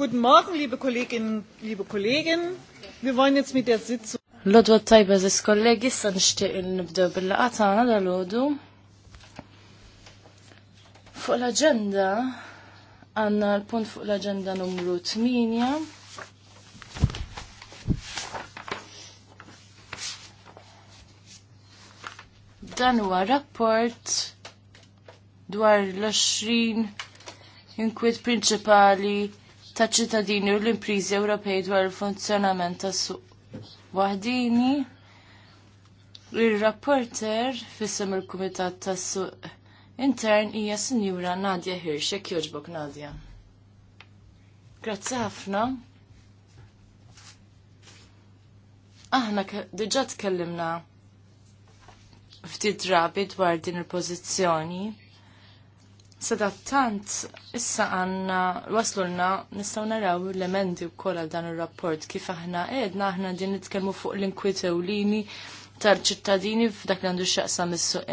Guten Morgen, liebe Kolleginnen, liebe Kollegen. Wir wollen jetzt mit der Sitzung. Lodwa tajba ziz kollegi, sa nishtiq nibdew bil-laqat għana dal-ħodu. Fuq l-agenda, għanna l-punt fuq l-agenda numru 8. Dan huwa rapport dwar l-20 inkwiet prinċipali ta' ċittadini u l-imprizi Ewropej dwar il-funzjonament tas suq waħdini. Il-rapporter fissem il-Kumitat tas suq intern hija Sinjura Nadja Hirschek joġbok Nadja. Grazzi ħafna. Aħna diġà tkellimna ftit drabi dwar din il-pożizzjoni Sadattant, issa għanna, waslulna, nistaw naraw l-emendi u koll dan il-rapport kif aħna edna aħna din nitkelmu fuq l inkwitewlini tal-ċittadini f'dak li għandu xaqsa missu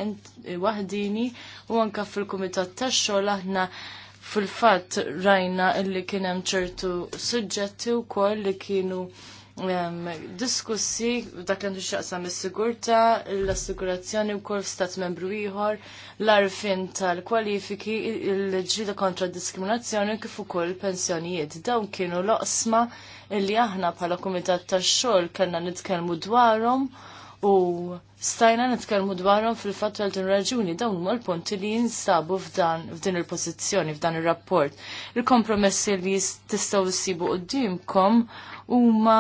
wahdini u anka fil-komitat tax-xogħol aħna fil-fatt rajna illi kien hemm ċertu suġġetti wkoll li kienu diskussi dak li għandu xaqsam is-sigurta, l-assigurazzjoni u kol stat membru ieħor, l-arfin tal-kwalifiki, l-ġida kontra diskriminazzjoni kif ukoll pensjonijiet. Dawn kienu loqsma li aħna bħala kumitat tax-xogħol kellna nitkellmu dwarhom u stajna nitkellmu dwarhom fil-fatt għal din raġuni dawn huma l-punti li jinsabu f'dan f'din il-pożizzjoni f'dan ir-rapport. Il Il-kompromessi li tistgħu issibu qudiemkom huma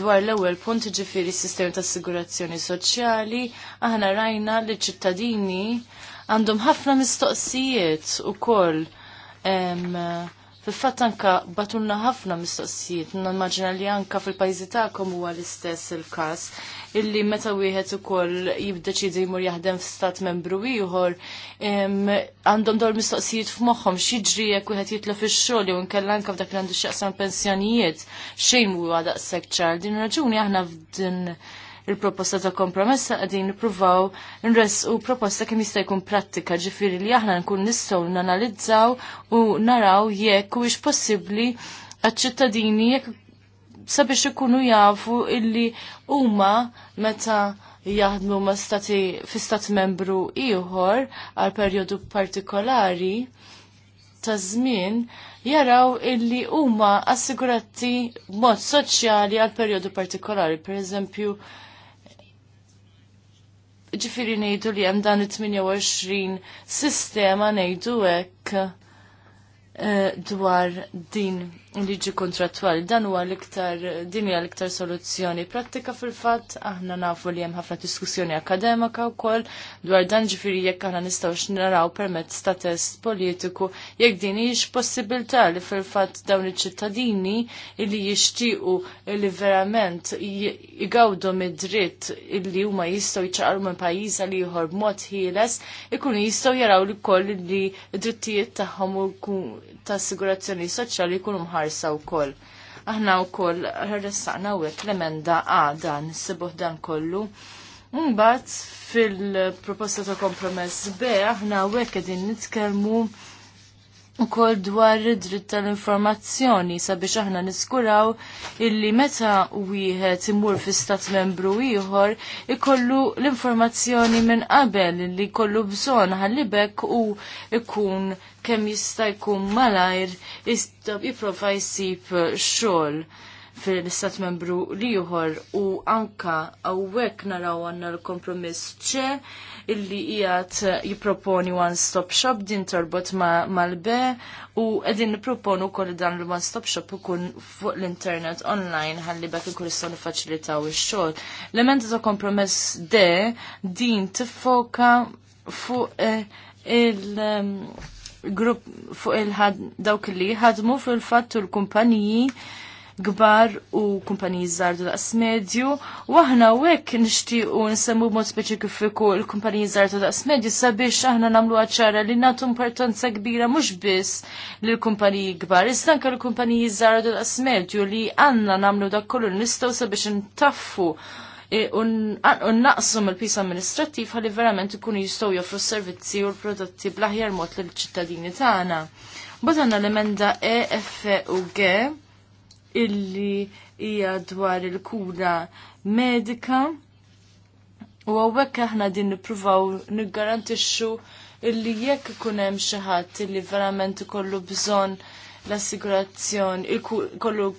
dwar l-ewwel punt ġifieri s-sistema ta' assigurazzjoni soċjali, aħna rajna li ċittadini għandhom ħafna mistoqsijiet ukoll Fil-fatt anka batunna ħafna mistoqsijiet, nammaġina li anka fil-pajzi tagħkom huwa l-istess il-każ illi meta wieħed ukoll jibdeċidi jmur jaħdem f'stat membru ieħor għandhom dol mistoqsijiet f'moħħhom x'jiġri jekk wieħed jitla fix-xogħol jew inkella anke f'dak li għandu x'jaqsam pensjonijiet xejn huwa daqshekk ċar. Din raġuni aħna f'din il-proposta ta' kompromessa għadin nipruvaw nres u proposta kem jista' jkun prattika ġifiri li aħna nkun nistgħu nanalizzaw u naraw jekk huwiex possibbli għaċ-ċittadini jekk sabiex ikunu jafu illi huma meta jaħdmu ma' stati fi stat membru ieħor għal perjodu partikolari ta' żmien jaraw illi huma assigurati mod soċjali għal perjodu partikolari, per eżempju ġifiri nejdu li hemm dan 28 sistema nejdu ek eh, dwar din liġi kontrattwali dan huwa l-iktar din hija l-iktar soluzzjoni prattika fil-fatt aħna nafu li hemm ħafna diskussjoni akademika wkoll dwar dan ġifieri jekk aħna nistgħux naraw permezz ta' test politiku jekk din hijiex possibilità li fil-fatt dawn iċ-ċittadini li jixtiequ li verament jgawdu mid-dritt illi huma jistgħu jiċċaqalu minn pajjiż li ieħor b'mod ħieles ikunu jistgħu jaraw li koll li d-drittijiet tagħhom ta' assigurazzjoni soċjali jkunu mħarsa wkoll. Aħna wkoll rressaqna hekk l-emenda għada nsibuh dan kollu. Mbagħad fil-proposta ta' kompromess B aħna hawnhekk qegħdin nitkellmu kol dwar id-dritt tal-informazzjoni sabiex aħna niskuraw illi meta wieħed imur fi stat membru ieħor ikollu l-informazzjoni minn qabel illi jkollu bżonn ħallibek u ikun kemm jista' jkun malajr jipprova jsib xogħol fil-istat membru liħor u anka għawek naraw għanna l-kompromiss ċe illi jgħat jipproponi one stop shop din torbot mal-be u qegħdin nipproponu wkoll dan l one stop shop ikun fuq l-internet online ħalli bekk ikun jistgħu niffaċilitaw ix-xogħol. L-element ta' kompromess de din tiffoka fuq eh, il- grupp fuq il-ħad dawk li ħadmu fil-fatt u l-kumpaniji gbar u kumpaniji żgħar daqs medju u aħna hekk nixtiequ nsemmu b'mod speċifiku l-kumpaniji żgħar daqs medju sabiex aħna nagħmlu ċara li nagħtu importanza kbira mhux biss lill-kumpaniji kbar, iżda anke l-kumpaniji żgħar daqs medju li għandna nagħmlu dak kollu nistgħu sabiex ntaffu naqsum il-pis amministrattiv għalli verament ikunu jistow joffru s-servizzi u l-prodotti blaħjar mod l-ċittadini tagħna. Bad għanna l-emenda EFUG u G illi hija dwar il-kura medika u għawek aħna din nipruvaw niggarantixxu illi jekk ikun hemm xi ħadd illi verament ikollu bżonn l-assigurazzjoni, kollu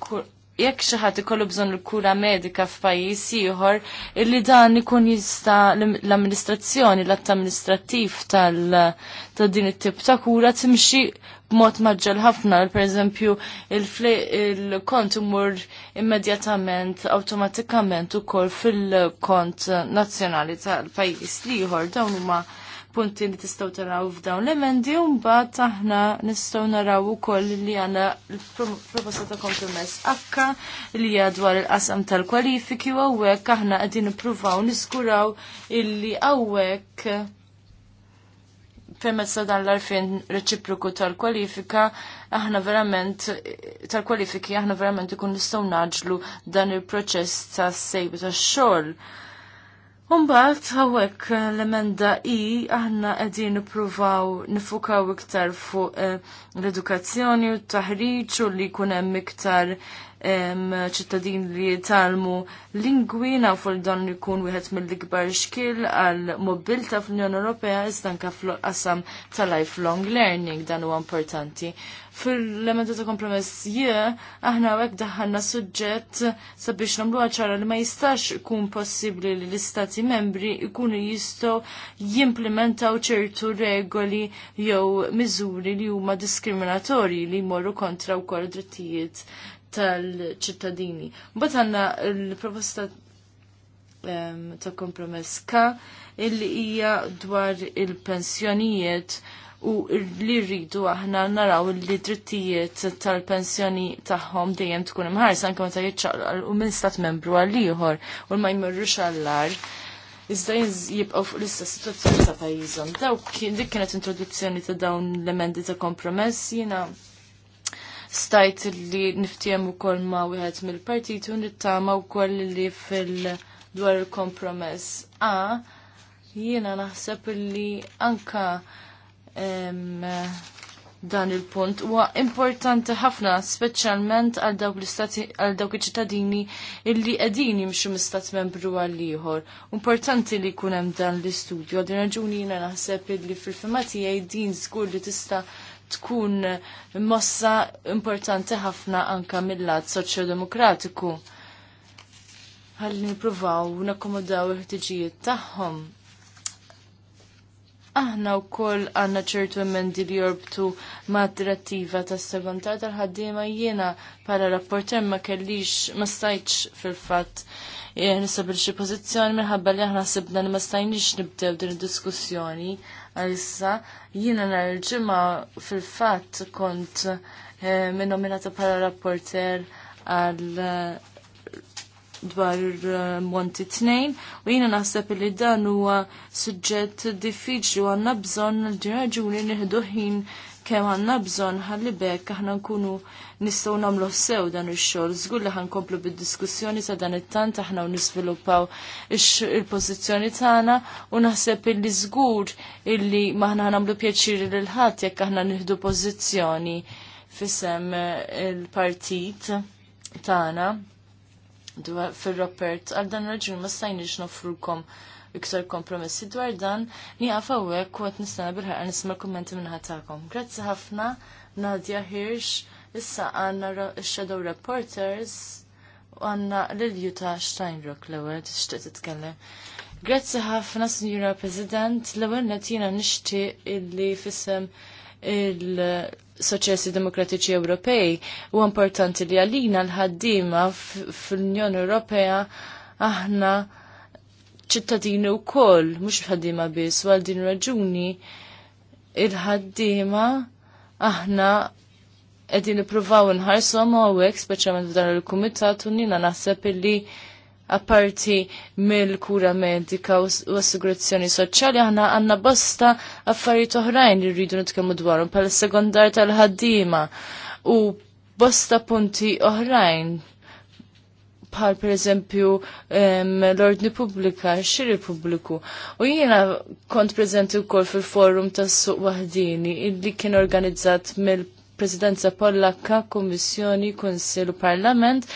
jekk xi ħadd ikollu bżonn il-kura medika f'pajjiż ieħor illi dan ikun jista' l-amministrazzjoni l-att amministrattiv tal ta' din it-tip ta' kura timxi b'mod maġġel ħafna pereżempju il-kont imur immedjatament awtomatikament ukoll fil-kont nazzjonali tal-pajjiż ieħor dawn huma punti li tistgħu taraw f'dawn l-emendi u mbagħad aħna nistgħu naraw ukoll li għandna l-proposta ta' kompromess akka li hija dwar il-qasam tal-kwalifiki u hawnhekk aħna qegħdin nippruvaw niskuraw illi hawnhekk permezz ta' dan l-arfin reċiproku tal-kwalifika, aħna verament, tal-kwalifiki, aħna verament ikun nistgħu naġlu dan il-proċess ta' sejbu ta' xogħol. Umbat, għawek eh, l-emenda i, aħna għedin nipruvaw nifukaw iktar fuq eh, l-edukazzjoni u t-taħriċ u li kunem iktar ċittadin li jitalmu lingwi nafu li dan jkun wieħed mill-ikbar xkil għal mobilta fl-Unjoni Ewropea iżda anke fl-qasam ta' lifelong learning dan huwa importanti. Fil-elementu ta' kompromess jie, aħna għek daħanna suġġett sabiex namlu ċara li ma jistax kun possibli li l-istati membri ikunu jistow jimplementaw ċertu regoli jew miżuri li huma diskriminatorji li jmorru kontra wkoll drittijiet tal-ċittadini. Mbagħad għandna l-proposta ehm, ta' kompromess ka illi hija dwar il-pensjonijiet u li rridu aħna naraw li drittijiet tal-pensjoni tagħhom dejjem tkun imħarsa anke meta jiċċaqal u minn stat membru għal ieħor u ma jmurrux għall lar iżda jibqaw fuq l-istess situazzjoni ta' pajjiżhom. Dawk dik kienet introduzzjoni ta' dawn l-emendi ta' kompromess jiena stajt li niftijem u kol ma wieħed mill-partitu nittama u kol li fil-dwar il-kompromess. A, jiena naħseb li anka dan il-punt huwa importanti ħafna, speċjalment għal dawk l-istati għal dawk iċ-ċittadini illi qegħdin jimxu mistat membru għal ieħor. Importanti li jkun hemm dan l-istudju, għal din raġuni jiena naħseb illi fil-fema tiegħi din żgur li tista' tkun mossa importanti ħafna anka mill-lat soċjodemokratiku. Ħalli nippruvaw nakkomodaw il-ħtiġijiet tagħhom aħna u koll għanna ċertu emendi li jorbtu ma' direttiva ta' segontar tal-ħaddima jiena para rapporter ma' kellix ma' stajċ fil-fat eh, nisabil xie pozizjoni minħabba li aħna sibna li ma' stajnix nibdew din diskussjoni għalissa jiena nhar ġimgħa fil-fatt kont eh, minnominata bħala rapporter għal eh, dwar eh, Monti Tnejn u jiena naħseb li dan huwa suġġett diffiċli u għandna bżonn l raġuni neħduħin kemm għandna bżonn ħalli bekk aħna nkunu nistgħu nagħmlu sew dan ix-xogħol. Żgur li ħankomplu bid-diskussjoni sa dan it-tant aħna nisviluppaw il-pożizzjoni tagħna u naħseb illi żgur illi maħna nagħmlu pjaċiri lil ħadd jekk aħna nieħdu pożizzjoni fisem eh, il-partit tagħna fir-Robert għal dan raġun ma stajniex nofrukom iktar kompromessi dwar dan, niqaf għafawek u qed nistana bil-ħarqa nisma' l minna ħatakom. Grazzi ħafna Nadja Hirsch, issa għandna shadow Reporters u għandna Liljuta Steinrock l-ewwel t-tkellem. Grazzi ħafna Signora President, l-ewwel qed jiena nixtieq illi fissem il- soċessi demokratiċi Ewropej u importanti li għalina l-ħaddima fl-Unjoni Ewropea aħna ċittadini u koll, mux ħaddima bis, għal din raġuni il-ħaddima aħna edin nipruvaw nħarsu għamu għawek, speċjalment f'dan il-kumitat, unnina naħseb illi apparti mill-kura medika u assigurazzjoni soċjali aħna għanna bosta affarijiet oħrajn li rridu nitkellmu dwarhom pal sekondar tal-ħaddiema u bosta punti oħrajn bħal per eżempju l-ordni pubblika, xiri pubbliku. U jiena kont prezenti wkoll fil-forum tas-suq waħdini illi kien organizzat mill Presidenza Pollakka, Kommissjoni, Kunsill u Parlament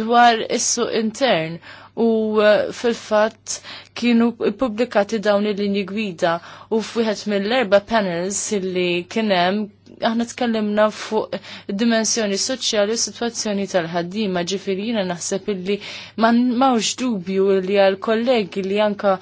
dwar issu intern u eh, fil-fatt kienu publikati dawn il-linji gwida u f'wieħed mill-erba panels li kienem aħna tkellimna fuq dimensjoni soċjali u situazzjoni tal-ħaddima, ġifirina naħseb illi ma mawx dubju li għal kollegi li anka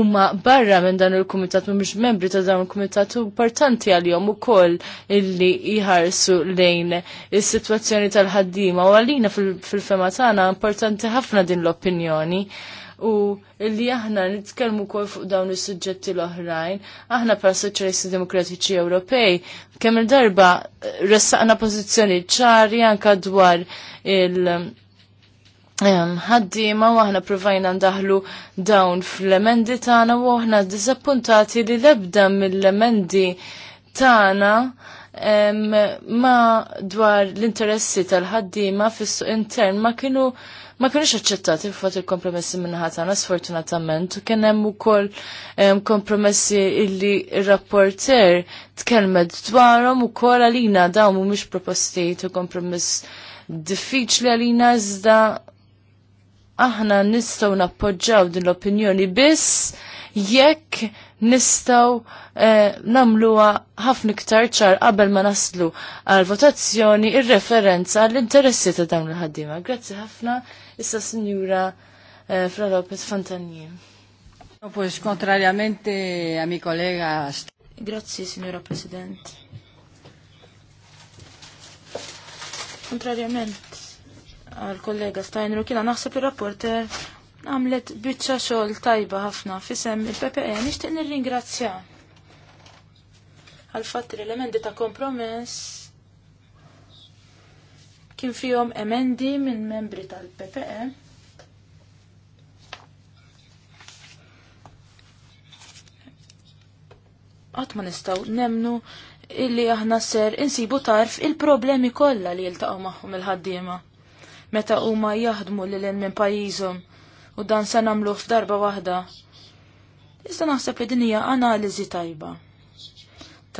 huma barra minn dan il-kumitat, mhumiex membri ta' dan il-kumitat importanti għalihom ukoll illi jħarsu lejn is-sitwazzjoni tal-ħaddima u għalina fil-fema tagħna importanti ħafna din l-opinjoni u li aħna nitkellmu wkoll fuq dawn is-suġġetti l-oħrajn, aħna bħala Soċjalisti Demokratiċi Ewropej kemm il-darba eh, ressaqna pożizzjoni ċari anke dwar il- ehm, ħaddima u aħna provajna ndaħlu dawn fl-emendi tagħna u aħna dizappuntati li lebda mill-emendi tagħna ehm, ma dwar l-interessi tal-ħaddima fis-suq intern ma kienu ma kienux aċċettati fot il-kompromessi minnaħatana sfortunatament u kien hemm ukoll kompromessi illi r rapporter tkellmet dwarhom ukoll għalina dawn mhumiex proposti u kompromess diffiċli għalina iżda aħna nistgħu nappoġġaw din l-opinjoni biss jekk nistaw eh, namluwa ħafna iktar ċar qabel ma naslu għal votazzjoni ir-referenza għall interessi ta' dawn il-ħaddiema. Grazzi ħafna. Issa Signora eh, Fra Lopez Fantanie. No, pues contrariamente a mi collega. Grazie, signora Presidente. Contrariamente al collega Steiner u kiena naħseb il-rapporter għamlet bicċa xogħol tajba ħafna fisem il-PPE nixtieq nirringrazzja għal fatt l-elementi ta' kompromess kien fihom emendi minn membri tal-PPE. Qatt ma nistgħu nemnu illi aħna ser insibu tarf il-problemi kollha li jiltaqgħu magħhom il-ħaddiema meta huma jaħdmu lil minn pajjiżhom u dan se nagħmlu f'darba waħda. Iżda naħseb li din hija analiżi tajba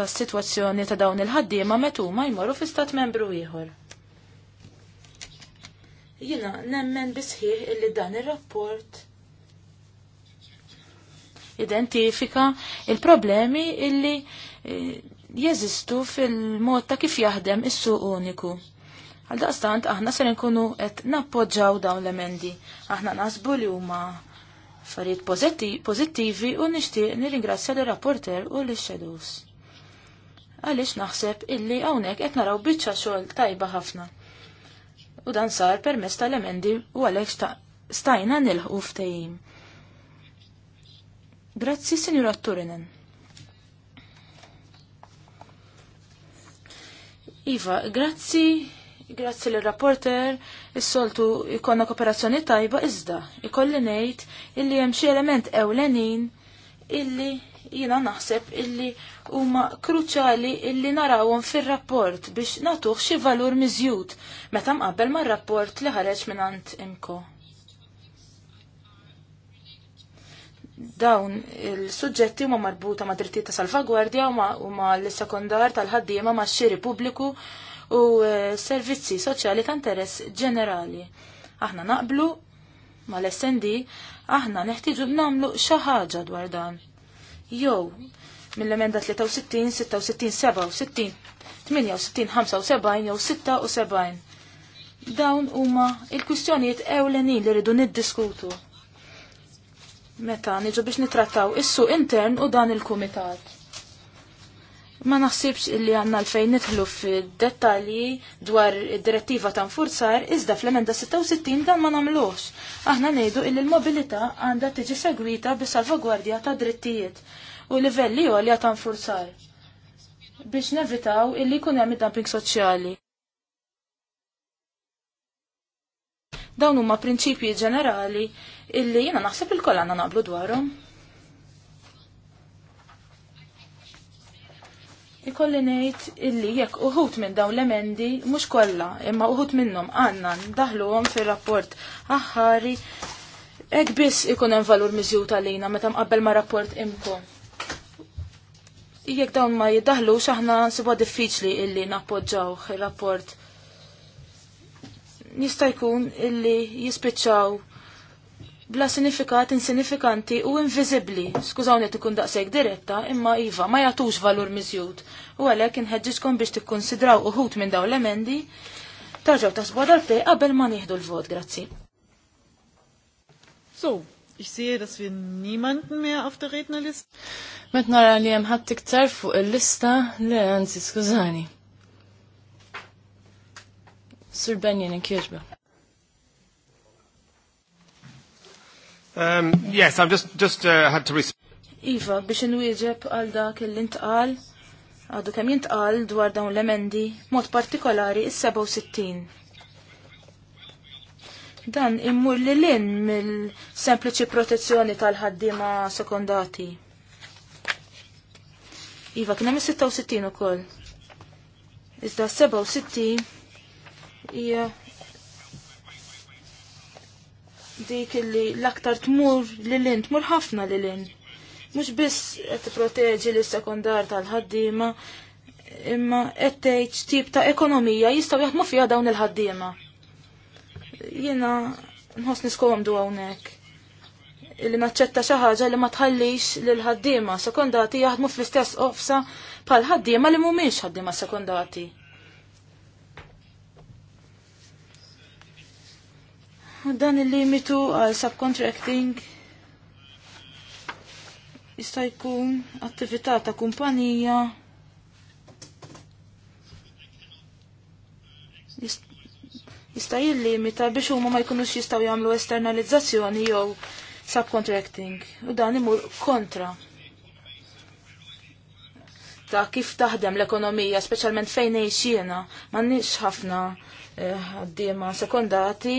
tas-sitwazzjoni ta' dawn il-ħaddiema meta huma jmorru fi stat membru ieħor. Jina nemmen bisħiħ illi dan ir-rapport identifika il-problemi illi eh, jeżistu fil-mod ta' kif jaħdem is uniku. Għal daqstant aħna ser nkunu qed nappoġġaw dawn l-emendi. Aħna nasbu li huma affarijiet pożittivi u nixtieq nirringrazzja l-rapporter u l xedus għalix naħseb illi għawnek qed naraw biċċa xogħol tajba ħafna u dan sar permess tal-emendi u għalhekk stajna nilħu ftehim. Grazzi, Sinjura Turinen. Iva, grazzi, grazzi l-rapporter, il soltu ikonna kooperazzjoni tajba iżda, ikolli ngħid illi hemm xi element ewlenin illi jina naħseb illi huma kruċali illi narawhom fir-rapport biex nagħtuh xi valur miżjud meta mqabbel mar-rapport li ħareġ minn għand imko. Dawn il-suġġetti huma marbuta ma' drittijiet ta' salvagwardja u ma' l-sekondar tal-ħaddiema ma' xiri pubbliku u eh, servizzi soċjali ta' interess ġenerali. Aħna naqblu mal snd aħna neħtieġu nagħmlu xi ħaġa dwar dan jew mill-emenda 63, 66, 67, 68, 75 jew 76. Dawn huma il-kwistjonijiet ewlenin li rridu niddiskutu. Meta niġu biex nitrattaw issu intern u dan il-kumitat. Ma naħsibx illi għanna l-fejn nitħlu f'dettalji dwar id-direttiva ta' nfurzar, iżda fl-emenda 66 dan ma namlux. Aħna nejdu illi l-mobilita għanda tiġi segwita bi salvagwardja ta' drittijiet u livelli għolja ta' forzar biex nevitaw illi kun hemm dumping soċjali. Dawn huma prinċipji ġenerali illi jiena naħseb il-koll għanna naqblu dwarhom. Ikolli ngħid illi jekk uħut minn dawn l-emendi mhux kollha, imma uħut minnhom għandna ndaħluhom fir-rapport aħħari hekk biss ikun hemm valur miżjut għalina meta mqabbel ma' rapport imkom jekk dawn ma jiddaħlux aħna sibwa diffiċli illi nappoġġaw il-rapport. Jista' jkun illi jispiċċaw bla sinifikat insinifikanti u Skużaw Skużawni tikun daqshekk diretta, imma iva ma jagħtux valur miżjud. U għalhekk inħeġġiskom biex tikkonsidraw uħut minn dawn l-emendi tarġaw tasbu għadal qabel ma nieħdu l-vot, grazzi. So, Ich sehe, dass wir niemanden mehr auf der Rednerliste. Met nara li hemm ħadd iktar fuq il-lista li anzi skużani. Sir Benjen inkjeġba. Um, yes, I've just, just uh, had to Iva, biex nwieġeb għal dak l-intqal, għadu kem jintqal dwar dawn l-emendi, mod partikolari is-67. Dan immur li l-in mill-sempliċi protezzjoni tal-ħaddima sekondati. Iva, kien hemm 66 ukoll. Iżda 67 hija dik li l-aktar tmur li l-in, tmur ħafna li l-in. Mux biss qed proteġi li sekondar tal-ħaddiema, imma qed tgħid tip ta' ekonomija jistgħu jaħdmu fiha dawn il-ħaddiema jiena niskom du hawnhekk. Illi naċċetta xi ħaġa li ma tħallix lil ħaddiema sekondati jaħdmu fl-istess qofsa bħal ħaddiema li mhumiex ħaddiema sekondati. Dan il-limitu għal subcontracting jista' jkun attività ta' kumpanija jista' jillimita biex huma ma jkunux jistgħu jagħmlu esternalizzazzjoni jew subcontracting u dan imur kontra ta' kif taħdem l-ekonomija, speċjalment fejn jiena, m'għandniex ħafna ħaddiema eh, sekondati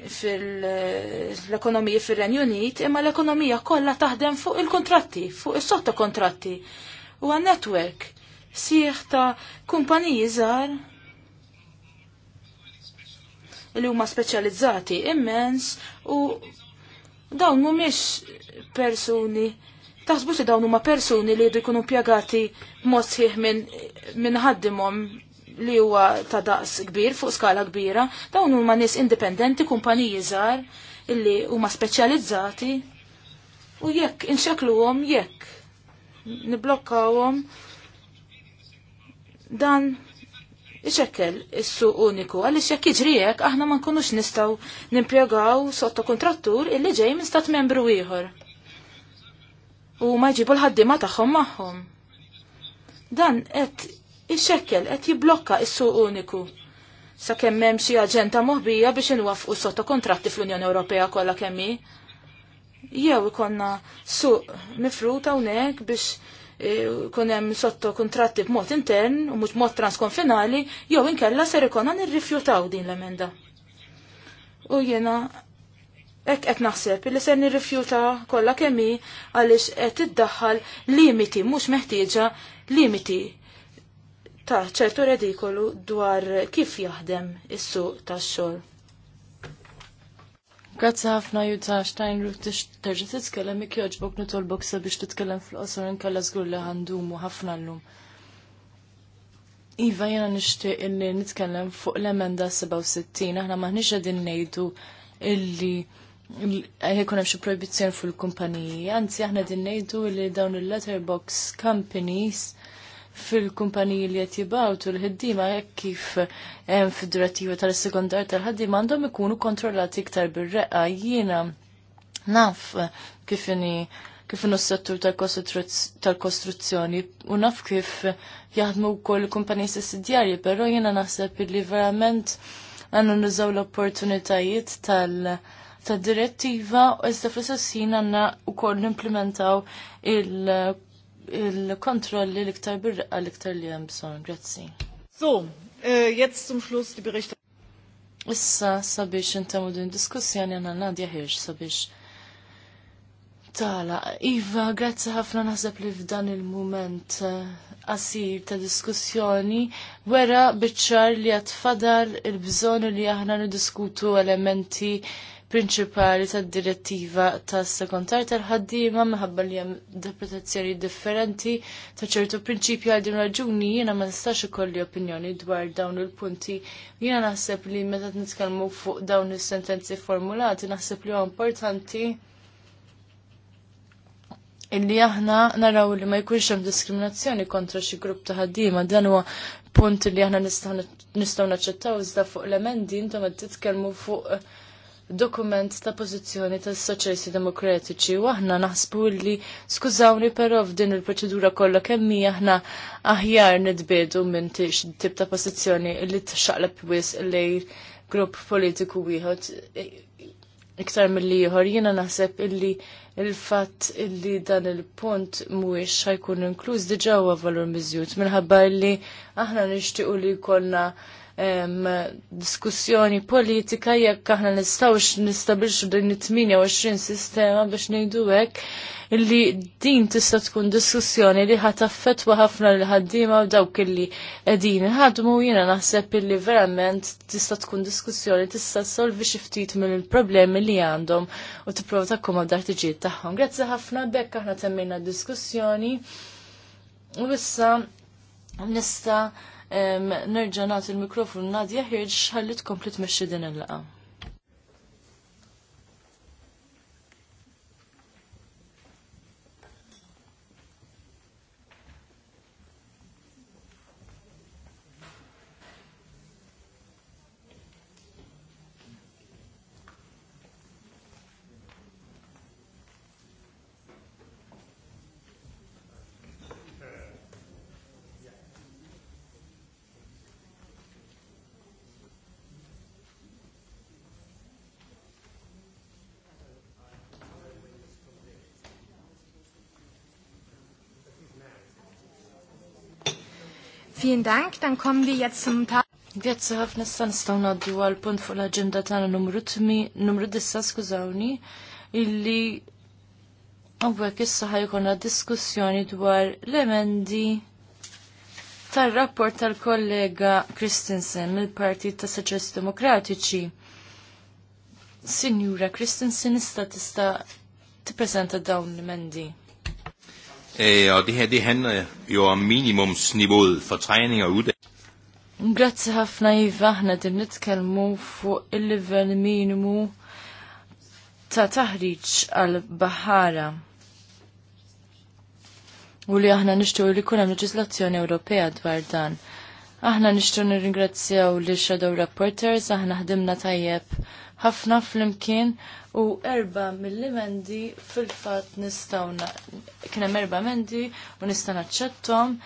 fil-ekonomija fil-Renju Unit, imma l-ekonomija kollha taħdem fuq il-kontratti, fuq is-sottokontratti. Huwa network sieħ ta' kumpaniji żgħar li huma speċjalizzati immens u dawn mhumiex persuni taħsbux li dawn huma persuni li jdu jkunu pjagati mod sħiħ minn ħaddimhom li huwa ta' daqs kbir fuq skala kbira, dawn huma nies indipendenti, kumpaniji żgħar illi huma speċjalizzati u jekk inxekluhom jekk niblokkawhom dan iċekkel is-suq uniku għaliex jekk iġrijek, aħna ma nkunux nistgħu nimpjegaw sotto kontrattur illi ġej minn stat membru ieħor. U ma jġibu l-ħaddiema tagħhom magħhom. Dan qed ixekkel qed jiblokka issu suq uniku sakemm hemm xi aġenta moħbija biex inwaffqu sotto kontratti fl-Unjoni Ewropea kollha kemm hi. Jew ikonna suq mifruta hawnhekk biex E, kunem sotto kontratti b'mod intern u mhux mod transkonfinali, jew inkella ser ikonna nirrifjutaw din l-emenda. U jiena hekk qed naħseb li ser nirrifjuta kollha kemm hi għaliex qed iddaħħal limiti mhux meħtieġa limiti ta' ċertu redikolu dwar kif jaħdem is-suq tax-xogħol. Grazzi ħafna Juta Steinruk terġa' titkellem mik jogħġbok nitolbok biex titkellem fil-qosor inkella żgur li u ħafna llum. Iva jena nixtieq illi nitkellem fuq l-emenda 67 aħna maħniex qegħdin ngħidu illi jkun hemm xi proibizzjoni fuq il-kumpaniji. Anzi aħna din ngħidu li dawn il-letterbox companies fil-kumpaniji li qed jibgħu l-ħiddiema hekk kif hemm fid tal-sekondar tal-ħaddiema għandhom ikunu kontrollati iktar bir-reqqa jiena naf kif inhi kif inhu s-settur tal-kostruzzjoni u naf kif jaħdmu wkoll kumpaniji sussidjarji, però jiena naħseb li verament għandu nużaw l-opportunitajiet tal- ta' direttiva, iżda fl-istess ħin għandna wkoll implementaw il- il-kontrolli l-iktar birqa l-iktar li hemm bżonn. Grazzi. So, eh, jetzt zum Schluss die Berichte. Issa sabiex intemu din diskussjoni għanna Nadja Hirsch sabiex Tala, Iva, grazzi ħafna naħseb li f'dan il-moment eh, qasir ta' diskussjoni wera biċċar li għatfadar il-bżon li aħna niddiskutu elementi prinċipali tad-direttiva tas sekontar tal-ħaddiema minħabba li hemm interpretazzjoni differenti ta' ċertu prinċipji għal din raġuni jiena ma nistax ikolli opinjoni dwar dawn il-punti. Jiena naħseb li meta nitkellmu fuq dawn is-sentenzi formulati naħseb li huwa importanti illi aħna naraw li ma jkunx hemm diskriminazzjoni kontra xi grupp ta' ħaddiema dan huwa punt li aħna nistgħu naċċettaw iżda fuq l-emendi intom qed titkellmu fuq dokument ta' pożizzjoni tas soċjalisti demokratiċi u aħna naħsbu li skużawni però f'din il-proċedura kollha kemm hija aħna aħjar nitbiedu minn tip ta' pożizzjoni li tixaqleb wis li grupp politiku wieħed e, iktar mill-li ieħor jiena naħseb illi il-fatt illi dan il-punt mhuwiex ħajkun inkluż diġà huwa valur miżjud minħabba li aħna nixtiequ li jkollna diskussjoni politika jekk aħna nistawx nistabilxu din it-28 sistema biex ngħidu hekk li din tista' tkun diskussjoni li ħat affettwa ħafna l ħaddiema u dawk illi qegħdin ħadmu jiena naħseb illi verament tista' tkun diskussjoni tista' solvi xi ftit mill-problemi li għandhom u tipprova takkomoda ħtiġijiet tagħhom. Grazzi ħafna bekk aħna temmejna d diskussjoni. U issa nista' nerġa' nagħti l-mikrofon Nadja Hirsch ħalli tkompli tmexxi din il-laqa. Vielen Dank, dann kommen wir jetzt zum Tag. Grazzi ħafna stan staw naddu għal punt fuq l-agenda tagħna numru tmi numru dissa skużawni illi hawnhekk issa ħajkuna diskussjoni dwar l-emendi tar-rapport tal-kollega Christensen mill-Partit ta' Soċjalisti Demokratiċi. Sinjura Christensen ista tista' tippreżenta dawn l-emendi. Øh, og det her, det handler jo om minimumsniveauet for træning og uddannelse. Grazzi ħafna Iva, ħna din nitkellmu fuq il-level minimu ta' taħriġ al bahara U li aħna nixtu li kuna leġislazzjoni Ewropea dwar dan. Aħna nixtu nirringrazzjaw li shadow rapporters, aħna ħdimna tajjeb ħafna flimkien u erba mill-emendi fil-fat nistawna. kien hemm erba emendi u nista' ċettom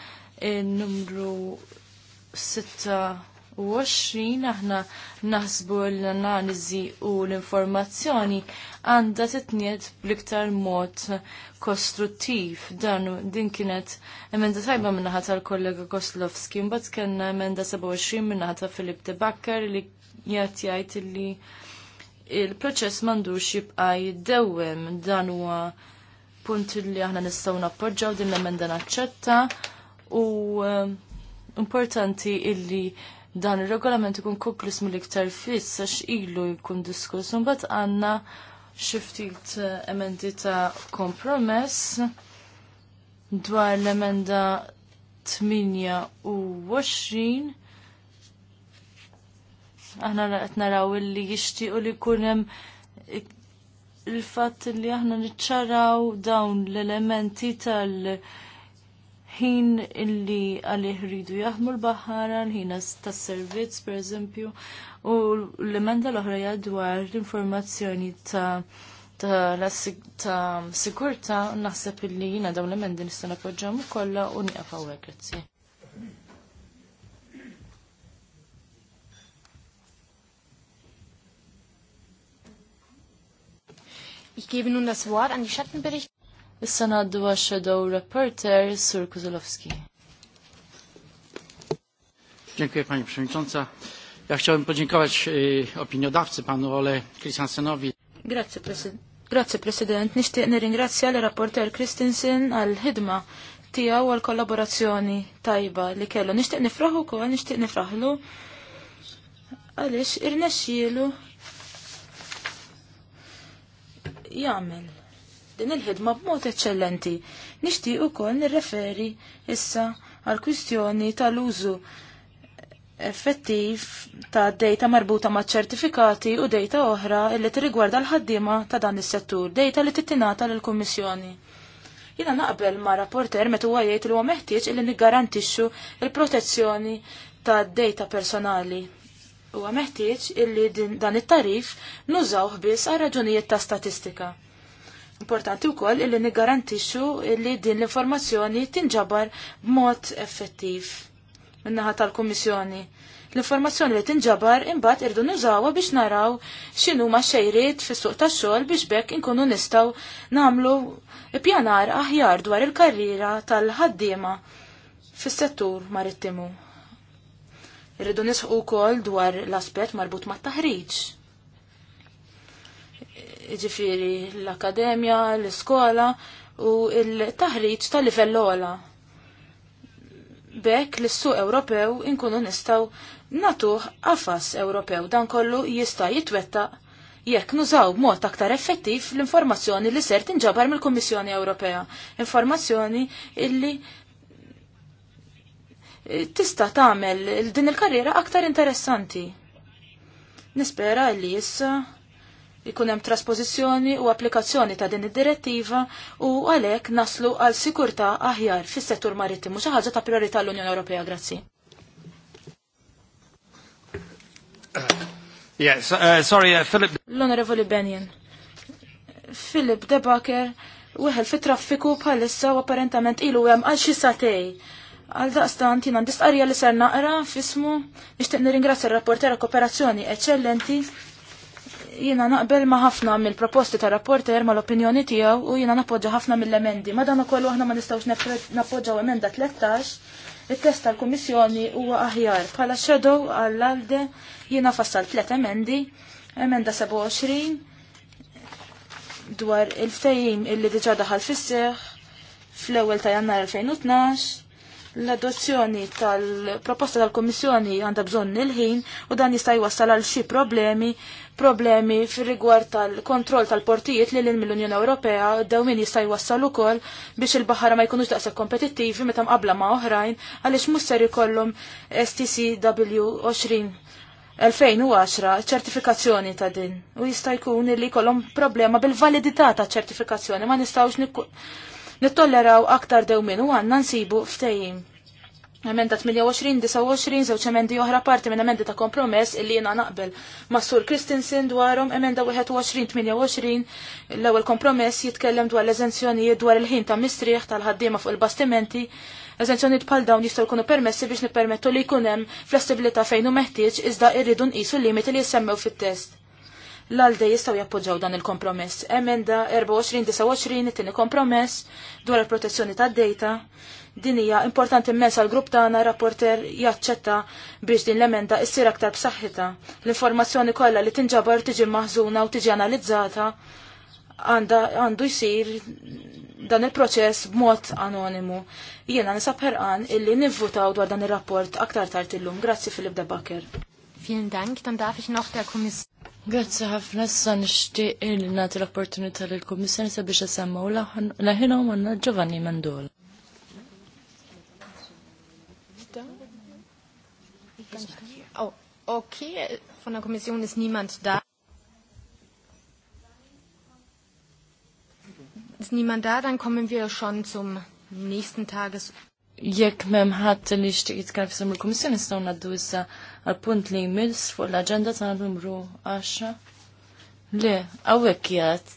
il-numru 26 aħna naħsbu l-analiżi u l-informazzjoni għandha titniet bl-iktar mod kostruttiv dan din kienet emenda tajba minnaħa tal-kollega Koslovski, mbagħad kellna emenda 27 minnaħa ta' Filip De Bakker li jgħid jgħid li il-proċess mandux jibqa' jiddewwem dan huwa punt li aħna nistgħu nappoġġaw din l-emenda naċċetta u um, importanti illi dan ir-regolament ikun kuklis mill-iktar fiss għax ilu jkun diskuss mbagħad għandna xi ftit eh, emendi ta' kompromess dwar l-emenda 28 aħna qed naraw illi jixtiequ li jkun hemm il-fatt li aħna niċċaraw dawn l-elementi tal- ħin illi għalih rridu jaħmu l-bahara, l-ħin tas servizz per eżempju, u l-emenda l-oħra jadwar l-informazzjoni ta' ta' sikurta naħseb illi jina dawn l-emendi nistan appoġġamu kollha u nieqaf hawnhekk grazzi. Ich gebe nun das Wort an die Schattenbericht. Sana Dua shadow Reporter Sur Kuzulowski. Dziękuję Pani Przewodnicząca. Ja chciałbym podziękować e, opiniodawcy, panu Ole Christiansenowi. Grazie, presid Grazie President. Nishtiq nirringrazzja l rapporter Christensen għal-ħidma tiegħu għal-kollaborazzjoni tajba li kellu. Nishtiq nifraħu kol, nishtiq nifraħlu għaliex irnexxielu jagħmel din il-ħidma b'mod eċċellenti. Nixtieq ukoll nirreferi issa għal kwistjoni tal-użu effettiv ta' data marbuta ma' ċertifikati u data oħra li tirrigwarda l-ħaddiema ta' dan is-settur, data li tittinata lill-Kummissjoni. Jina naqbel ma' rapporter meta huwa jgħid li huwa meħtieġ illi niggarantixxu il-protezzjoni ta' data personali huwa meħtieġ illi dan it-tarif nużawh biss għal raġunijiet ta' statistika. Importanti wkoll illi niggarantixxu illi din l-informazzjoni tinġabar b'mod effettiv minnaħa tal-Kummissjoni. L-informazzjoni li tinġabar imbagħad irdu nużawha biex naraw xinu ma xejrit fis-suq tax-xogħol biex bekk inkunu nistgħu nagħmlu pjanar aħjar dwar il-karriera tal-ħaddiema fis-settur marittimu. Irridu nisħu wkoll dwar l-aspett marbut mat-taħriġ. Ġifiri l-akademja, l-iskola u l-taħriġ tal-livell għola. Bek l-suq Ewropew inkunu nistgħu natuh għafas Ewropew dan kollu jista' jitwettaq jekk nużaw b'mod aktar effettiv l-informazzjoni li ser tinġabar mill-Kummissjoni Ewropea, informazzjoni illi tista' tagħmel din il-karriera aktar interessanti. Nispera li issa ikun hemm traspożizzjoni u applikazzjoni ta' din id-direttiva u għalhekk naslu għal sikurtà aħjar fis-settur marittimu xi ħaġa ta' priorità l-Unjoni Ewropea, grazzi. Yes, uh, sorry, uh, Philip. L-Onorevoli Benjen. Philip Debaker, weħel fit traffiku bħalissa u apparentament ilu hemm għal xi satej Għal daqstant jina ndistqarja li ser naqra fismu nixtieq nirringrazzja r-rapportera kooperazzjoni eċċellenti jina naqbel ma ħafna mill-proposti ta' rapporter ma l-opinjoni tiegħu u jina nappoġġa ħafna mill-emendi. Ma dan aħna ma nistgħux nappoġġaw emenda 13, it-test tal-Kummissjoni huwa aħjar. Bħala shadow għall-alde jina fassal tliet emendi, emenda 27 dwar il fejim illi diġà daħal fis fl-ewwel ta' Jannar 2012 L-adozzjoni tal-proposta tal komissjoni għandha bżonn il-ħin u dan jista' jwassal għal xi problemi, problemi fir-rigward tal-kontroll tal-portijiet li l mill-Unjoni Ewropea u daw min jista' jwassal ukoll biex il-baħara ma jkunux daqshekk kompetittivi meta mqabbla ma' oħrajn għaliex mhux ser ikollhom STCW 20 2010 ċertifikazzjoni ta' din u jista' jkun li kolom problema bil-validità ta' ċertifikazzjoni ma nistgħux nittolleraw aktar dew minn u għanna nsibu ftejim. Emenda 28-29, zewċ emendi oħra parti minn emendi ta' kompromess illi jena naqbel. Massur Kristinsin dwarom emenda 21-28, l-ewel kompromess jitkellem dwar l-eżenzjonijiet dwar il-ħin ta' mistrieħ tal-ħaddiema fuq il-bastimenti eżenzjoni bħal dawn jistgħu kunu permessi biex nippermettu li jkun hemm flessibilità fejn hu meħtieġ iżda irridu nqisu limiti li jsemmew fit-test l-għalde jistaw jappoġġaw dan il-kompromess. Emenda 24-29 it-tini kompromess dwar il-protezzjoni ta' data. Din hija importanti immens għal grupp tagħna rapporter jaċċetta biex din l-emenda issir aktar b'saħħitha. L-informazzjoni kollha li tinġabar tiġi maħżuna u tiġi analizzata għandu jsir dan il-proċess b'mod anonimu. Jiena nisab ħerqan illi nivvutaw dwar dan ir-rapport aktar tard illum. Grazzi Filip Debaker. Vielen Dank. Dann darf ich noch der Kommission. Grazie ħafna sa nixtieq li nagħti l-opportunità lill-Kummissjoni sabiex isemmaw laħinhom għandna Giovanni Mandol. Oh, okay, von der Kommission ist niemand da. Ist niemand da, dann kommen wir schon zum nächsten Tages. hat nicht, jetzt kann ich sagen, die Kommission ist noch nicht da għal punt li jmiss fuq l-agenda ta' numru 10. Le, għawek jgħat.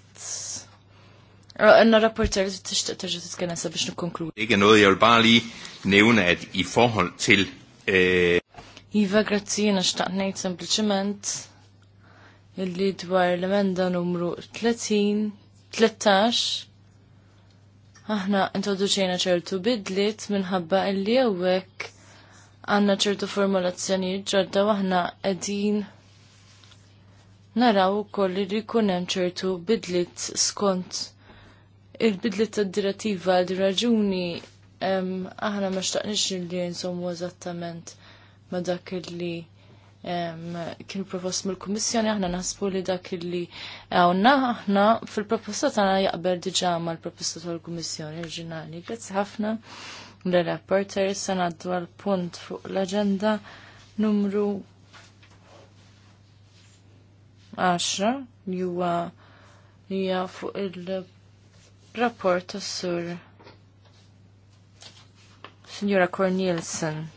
Għanna rapporter li t-ixtiq terġa t-tkena biex nikkonkludi. Igen u jgħal-bali nejuna għed jifoħol til. E- iva, grazzi, jena xtaqnejt sempliciment illi dwar l-emenda numru 30, 13, aħna introduċejna ċertu bidlit minħabba illi għawek għanna ċertu formulazzjoni ġodda waħna għedin naraw ukoll li kunem ċertu bidlit skont il-bidlit tad direttiva għal raġuni aħna ma xtaqnix li insommu eżattament ma dak li kien propost mill-Kummissjoni aħna naħsbu li dak li għawna aħna fil-proposta tagħna jaqbel diġà mal-proposta tal-Kummissjoni oriġinali. Grazzi ħafna l-rapporter sanaddu għal punt fuq l-agenda numru 10 juwa huwa hija fuq il-rapport sur Signora Cornielsen.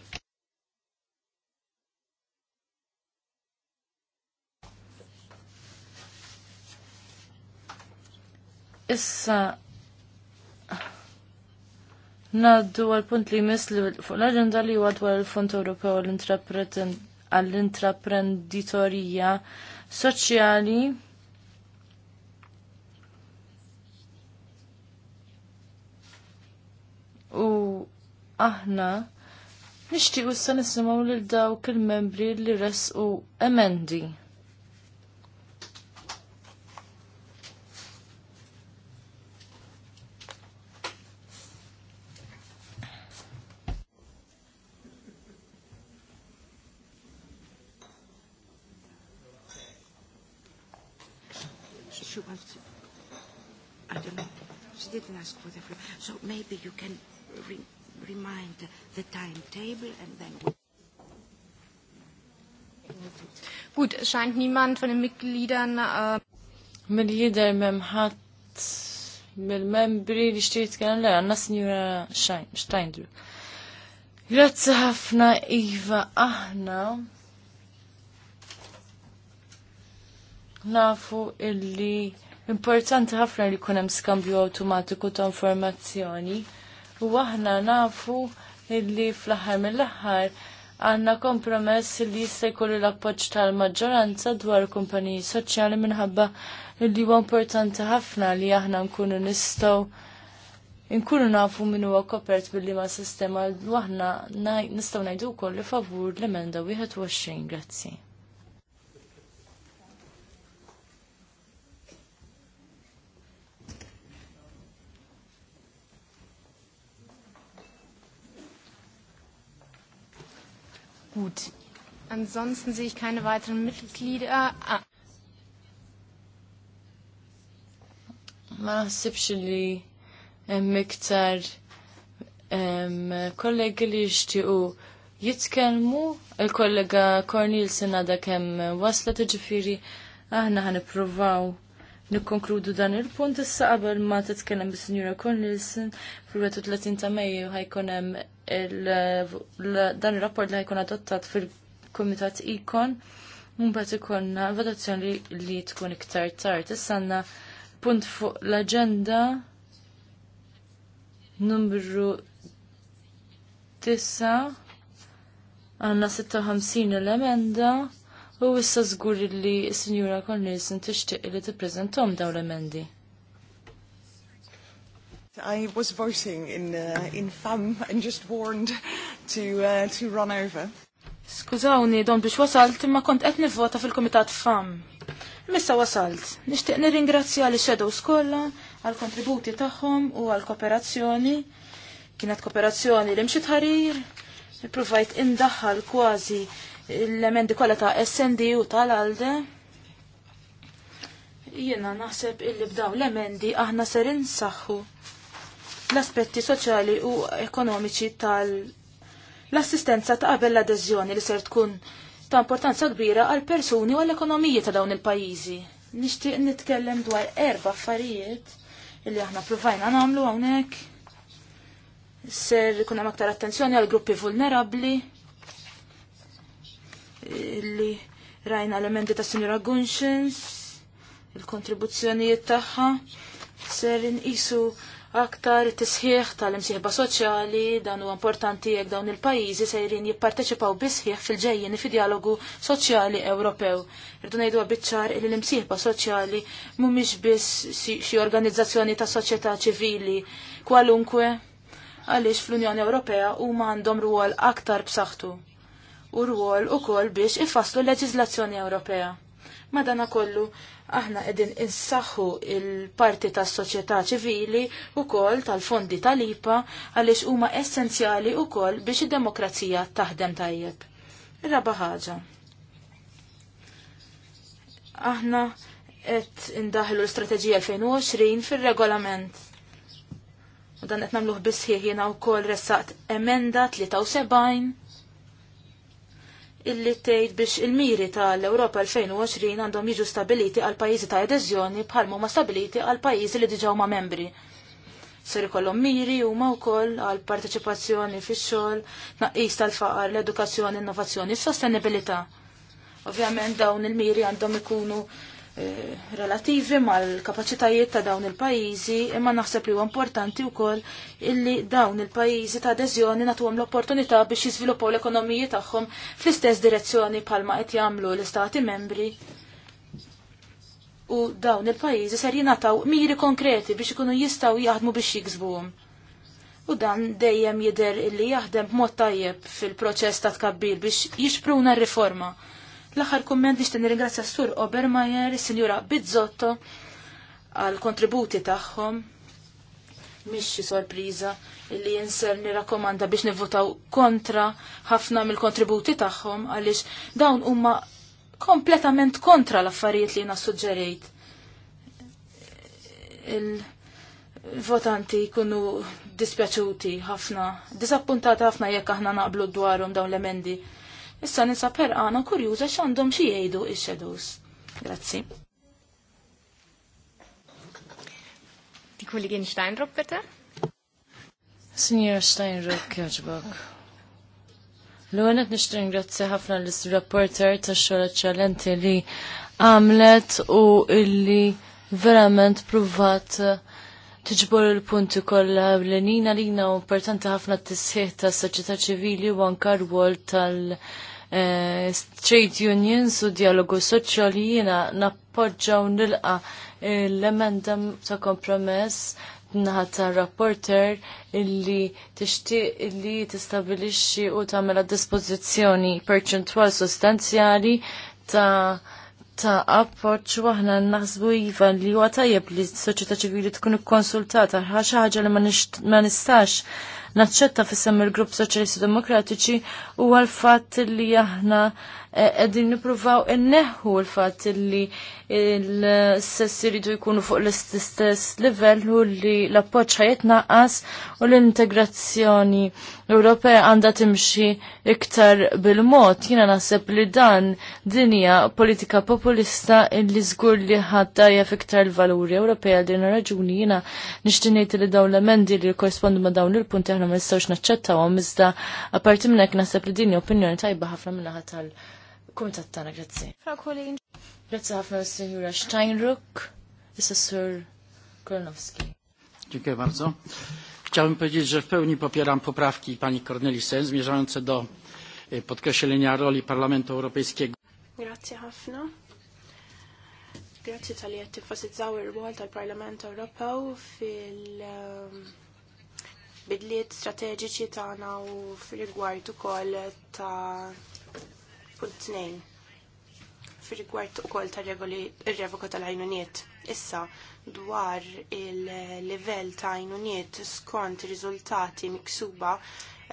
Issa Naddu għal-punt li mis li fuq l-agenda li huwa dwar il-Fond Ewropew għall-intraprenditorija soċjali. U aħna nixtiequ issa nisimgħu lil dawk il-membri li resqu emendi. table and then we Gut, scheint niemand von den Mitgliedern. Äh Mill-jider memħat mill-membri li xtiet kien le għanna Signora Steindru. Grazzi ħafna Iva aħna nafu illi importanti ħafna li kunem skambju automatiku ta' informazzjoni u aħna nafu illi fl-aħħar mill-aħħar għanna kompromess li jista' jkollu l-appoġġ tal-maġġoranza dwar kumpaniji soċjali minħabba li huwa importanti ħafna li aħna nkunu nistgħu nkunu nafu min huwa kopert billi ma' sistema u nistgħu ngħidu wkoll li favur l-emenda 21. Grazzi. Gut. Ansonsten sehe ich keine weiteren Mitglieder. Ah. Ma naħsibx li miktar kollegi li jixtiequ jitkellmu il-kollega Cornelsen għada kem waslet ġifiri aħna ħan ħanipruvaw nikkonkludu dan il-punt issa qabel ma titkellem bis-Sinjura Cornelison fil-31 ta' Mejju ħajkun hemm dan ir-rapport li ħajkun adottat fil-Kumitat Ikon. Mbagħad ikonna votazzjoni li tkun iktar tard. Issa għandna punt fuq l-aġenda numru 9 għandna 56 l-emenda u issa żgur li s-Sinjura Cornelison tixtieq li t-prezentom dawn l-emendi. I was voting in uh, in FAM and just warned to uh, to run over. Skużawni, don biex wasalt imma kont qed nivvota fil-Kumitat FAM. Missa wasalt. Nixtieq nirringrazzja li Shadows skolla għal kontributi tagħhom u għal kooperazzjoni. Kienet kooperazzjoni li mxi tħarir, provajt indaħħal kważi l-emendi kollha ta' SND u tal-alde. Jiena naħseb illi b'daw l-emendi aħna ser insaħħu l-aspetti soċjali u ekonomiċi tal-assistenza ta' qabel l-adeżjoni li ser tkun ta' importanza kbira għal persuni u l ekonomiji ta' dawn il-pajjiżi. Nixtieq nitkellem dwar erba' affarijiet illi aħna provajna nagħmlu hawnhekk. Ser ikun hemm aktar attenzjoni għal gruppi vulnerabbli, li rajna l-emendi ta' Sinjora Gunxins, il-kontribuzzjonijiet tagħha, ser inqisu aktar tisħiħ tal-imsieħba soċjali dan huwa importanti jekk dawn il-pajjiżi sejrin jipparteċipaw bisħiħ fil-ġejjin fi dialogu soċjali Ewropew. Irdu ngħidu biċċar li l-imsieħba soċjali mhumiex biss xi organizzazzjoni ta' soċjetà ċivili kwalunkwe għaliex fl-Unjoni Ewropea huma għandhom rwol aktar b'saħħtu u rwol u kol biex ifasslu leġizlazzjoni Ewropea. Madana kollu, aħna edin insaħħu il-parti tas soċjetà ċivili u kol tal-fondi tal-IPA għalix huma essenzjali u kol biex id-demokrazija taħdem tajjeb. Raba ħaġa. Aħna qed indaħlu l-Strateġija 2020 fir-regolament u dan qed nagħmluh bisħieħ jiena wkoll ressaqt emenda 73 illi tgħid biex il-miri tal-Ewropa 2020 għandhom jiġu stabiliti għal pajjiżi ta' adeżjoni bħal ma stabiliti għal pajjiżi li diġa huma membri. Ser ikollhom miri huma wkoll għal parteċipazzjoni fix-xogħol, naqis tal-faqar, l-edukazzjoni, innovazzjoni, s-sostenibilità. Ovvjament dawn il-miri għandhom ikunu Eh, relativi mal-kapacitajiet ta' dawn il-pajizi, imma naħseb li huwa importanti wkoll illi dawn il-pajizi ta' adeżjoni nagħtuhom l-opportunità biex jiżviluppaw l-ekonomiji tagħhom fl-istess direzzjoni bħalma qed jagħmlu l-istati membri. U dawn il-pajizi ser jingħataw miri konkreti biex ikunu jistgħu jaħdmu biex jiksbuhom. U dan dejjem jidher illi jaħdem b'mod tajjeb fil-proċess ta' tkabbir biex jixpruna r-riforma. L-aħħar kumment biex nirringrazzja s-sur Obermajer, sinjura Bizzotto, għal kontributi tagħhom. Mhix xi sorpriża li jinser nirakomanda biex nivvotaw kontra ħafna mill-kontributi tagħhom għaliex dawn huma kompletament kontra l-affarijiet li jiena suġġerejt. Il-votanti jkunu dispjaċuti ħafna, disappuntati ħafna jekk aħna naqblu dwarhom dawn l-emendi Issa nisa perqana kurjuża x'għandhom xi jgħidu ix-shadows. Grazzi. Die Kollegin Steinrock, bitte. Signor Steinrock, jaġbok. L-għanet nishtu grazzi ħafna l-rapporter ta' xogħol ċalenti li għamlet u illi verament pruvat tiġbor il-punti kolla l-nina l-ina u importanti ħafna t sħiħ ta' soċjetà ċivili u anka rwol tal- Eh, trade unions u dialogu soċjali jiena nappoġġaw nilqa l-emenda ta' kompromess naħata rapporter illi tixtieq illi tistabilixxi u tagħmel dispożizzjoni perċentwal sostanzjali ta' ta' appoġġ waħna naħsbu iva li huwa tajjeb li s-soċjetà ċivili tkun ikkonsultata ħaġa ħaġa li ma nistax naċċetta fissem il-Grupp Soċjalisti Demokratiċi u għal-fatt li aħna qegħdin nippruvaw inneħħu l-fatt li l-sess iridu jkunu fuq l-istess level u li l-appoġġ ħajetnaqas u l-integrazzjoni Ewropea għandha timxi iktar bil-mod. Jiena naħseb li dan din hija politika populista illi żgur li ħadda jaf iktar l-valuri Ewropea din raġuni jiena nixtieq ngħid li dawn l-emendi li korrespondu ma' dawn il-punti aħna ma nistawx naċċettawhom iżda apparti minn hekk naħseb li din opinjoni tajba ħafna minna ħatal. tal- il-kumitat tagħna grazzi. Fra Kolin. Grazzi s Sinjura Steinruck, s sur Kolonowski. Dziękuję bardzo. Chciałbym powiedzieć, że w pełni popieram poprawki pani Cornelissen zmierzające do e, podkreślenia roli Parlamentu Europejskiego. Grazie ħafna. Grazie e, tal tifasizzaw ir-rwol tal parlamentu Ewropew fil-bidliet ehm, strateġiċi tagħna u fil-rigward kol ta' Punt fi Fir-rigward ukoll ta' regoli ir-revoka tal-għajnuniet. Issa dwar il-livell ta' għajnuniet skont riżultati miksuba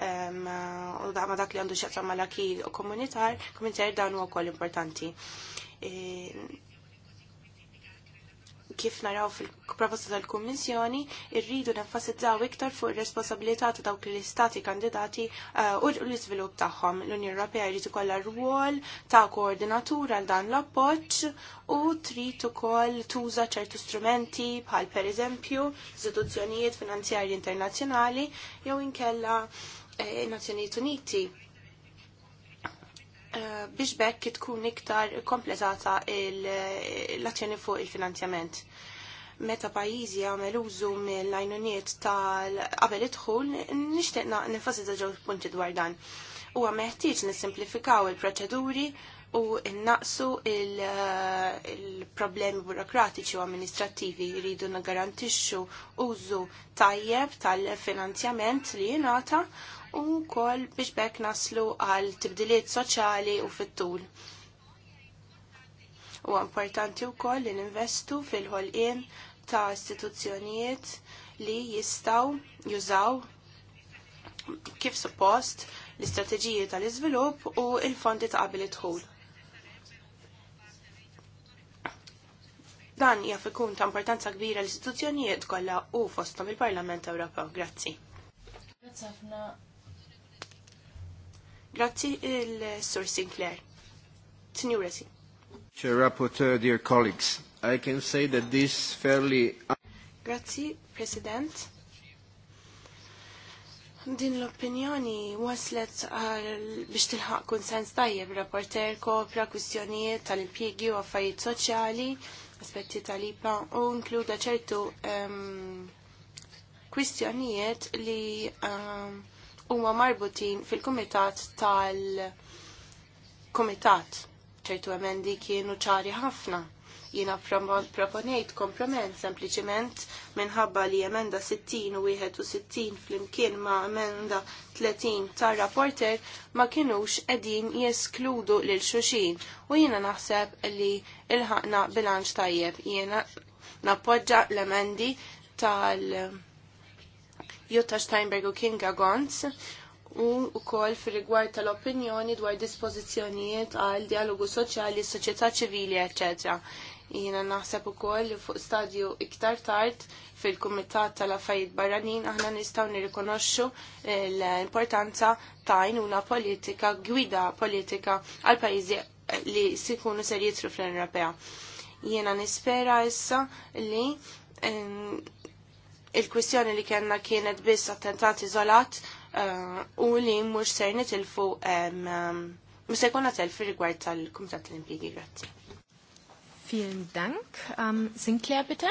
u da' dak li għandu xatra malaki u komunitar, komunitar dan u wkoll importanti e, kif naraw fil-proposta tal-Kummissjoni, irridu nenfasizzaw iktar fuq ir-responsabilità ta' dawk l-istati kandidati uh, u l-iżvilupp tagħhom. L-Unjoni Ewropea jrid ikollha rwol ta' koordinatura għal dan l-appoġġ u trid ukoll tuża ċertu strumenti bħal pereżempju istituzzjonijiet finanzjarji internazzjonali jew inkella eh, Nazzjonijiet Uniti Eh, biex bekk tkun iktar kompletata l-azzjoni fuq il-finanzjament. Meta pajjiżi għamel użu mill lajnuniet tal-qabel idħul, nixtieqna nifasizza ġew punti dwar dan. Huwa meħtieġ nissimplifikaw il-proċeduri u n-naqsu eh, il-problemi burokratiċi u amministrativi jridu nagarantixxu użu tajjeb tal-finanzjament li jingħata u wkoll biex bekk naslu għal tibdiliet soċjali u fit-tul. U importanti wkoll li ninvestu fil-ħolqien ta' istituzzjonijiet li jistaw jużaw kif suppost l-istrateġiji tal-iżvilupp u il-fondi ta' qabel idħul. Dan jaf ikun ta' importanza kbira l-istituzzjonijiet kollha u fostom il-Parlament Ewropew. Grazzi. Grazzi Grazzi il-Sur Sinclair. Signora Chair Rapporteur, dear colleagues, I can say that this fairly... Grazzi, President. Din l-opinjoni waslet biex tilħaq konsens tajjeb rapporter kopra kwistjonijiet tal-impjegi u affarijiet soċjali, aspetti tal-IPA u nkluda ċertu ehm, kwistjonijiet li um, huma marbutin fil-kumitat tal-kumitat. ċertu emendi kienu ċari ħafna. Jiena proponejt komprament sempliciment minħabba li emenda 60 u 61 flimkien ma' emenda 30 tar rapporter ma kienux edin jeskludu lil xuxin u jiena naħseb li ilħaqna bilanċ tajjeb. Jiena nappoġġa l-emendi tal- Jutta Steinberg u Kinga Gons u wkoll fir-rigward tal-opinjoni dwar dispożizzjonijiet għal dialogu soċjali, soċjetà ċivili, ecc. Jiena naħseb ukoll li fuq stadju iktar tard fil-Kumitat tal-Affarijiet Barranin aħna nistgħu nirrikonoxxu l-importanza ta' għajnuna politika, gwida politika għal pajjiżi li sikunu ser jitru fl-Ewropea. Jiena nispera issa li il-kwistjoni li kienna kienet biss attentati izolat eh, u li mux ser nitilfu um, um, mux jkun għatel fi rigward tal-Kumitat l-Impjegi. Grazzi. Vielen Dank. Um, Sinclair, bitte.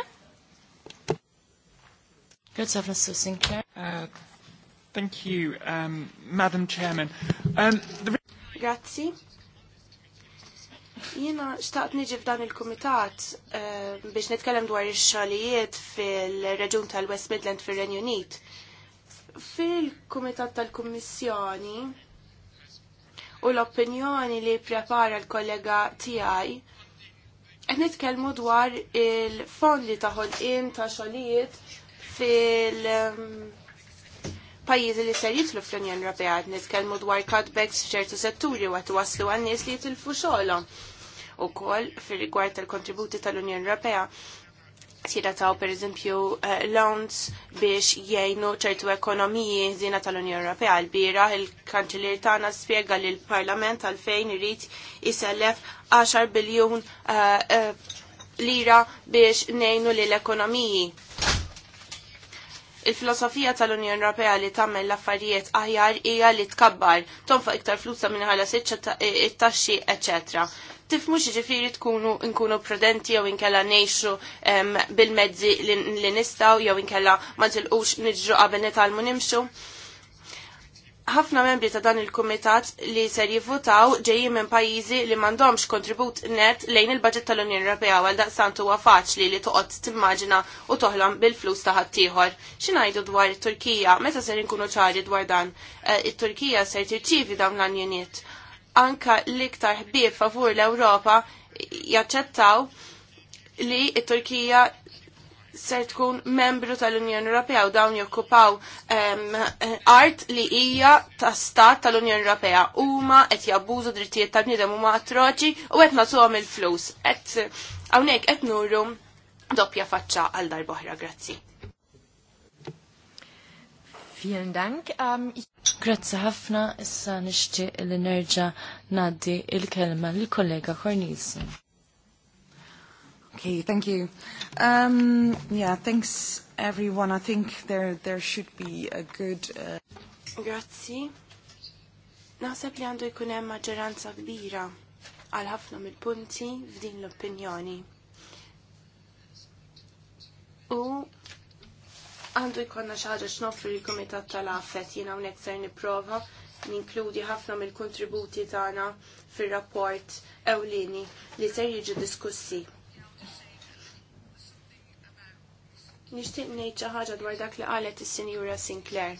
Grazie, Professor Sinclair. Uh, thank you, um, Madam Chairman. Um, the... Grazie. Jiena xtaqt niġi f'dan il-Kumitat eh, biex nitkellem dwar ix-xogħlijiet fil-Reġun tal-West Midland fir-Renju Unit. Fil-Kumitat tal-Kummissjoni u l-opinjoni li prepara l-kollega tiegħi qed nitkellmu dwar il-fondi ta' ħolqien ta' xogħlijiet fil- ehm, pajjiżi li ser jitlu fl-Unjoni Ewropea qed nitkellmu dwar cutbacks f'ċertu setturi waqt waslu għan-nies li jitilfu xogħolhom u kol fil-rigward tal-kontributi tal-Unjoni Ewropea taw per eżempju uh, loans biex jgħinu ċertu ekonomiji zina tal-Unjoni Europea. L-bira il-kanċelir tagħna spjega li l-Parlament għalfejn irid isellef 10 biljun uh, uh, lira biex nejnu li l-ekonomiji. Il-filosofija tal-Unjoni Europea li tagħmel l-affarijiet aħjar hija li tkabbar, tonfa iktar flusa minħala siċċa it-taxxi, eccetera tifmux ġifiri tkunu nkunu prudenti jew inkella nejxu bil-mezzi li nistaw jew inkella ma tilqux nġru qabel nitalmu nimxu. Ħafna membri ta' dan il-kumitat li ser jivvutaw ġejjin minn pajjiżi li m'għandhomx kontribut net lejn il-budget tal-Unjoni Ewropea għal daqsant huwa faċli li toqgħod timmaġina u toħlam bil-flus ta' ħaddieħor. X'ingħidu dwar it-Turkija meta ser inkunu ċari dwar dan? Eh, It-Turkija ser tirċivi dawn l-anjeniet anka l-iktar ħbieb favur l-Ewropa jaċċettaw li t-Turkija ser tkun membru tal-Unjoni Ewropea u dawn jokkupaw um, art li hija ta' stat tal-Unjoni Ewropea. Huma qed jabbużu drittijiet tal-bniedem huma atroċi u qed nagħtuhom il-flus. Qed hawnhekk qed nurru doppja faċċa għal darb'oħra. Grazzi. Vielen Dank. Um, ich Grazzi ħafna, issa nixtieq li nerġa' ngħaddi il-kelma lill-kollega Cornelsen. Okay, thank you. Um, yeah, thanks everyone. I think there there should be a good. Uh... Grazzi. Naħseb li għandu jkun hemm maġġoranza kbira għal ħafna mill-punti f'din l-opinjoni. U għandu jkollna xi ħaġa x'noffri l-Kumitat tal-Affett jiena hawnhekk ser nipprova ninkludi ħafna mill-kontributi tagħna fir-rapport ewlieni li ser jiġu diskussi. Nixtieq ngħid xi ħaġa dwar dak li qalet is-Sinjura Sinclair.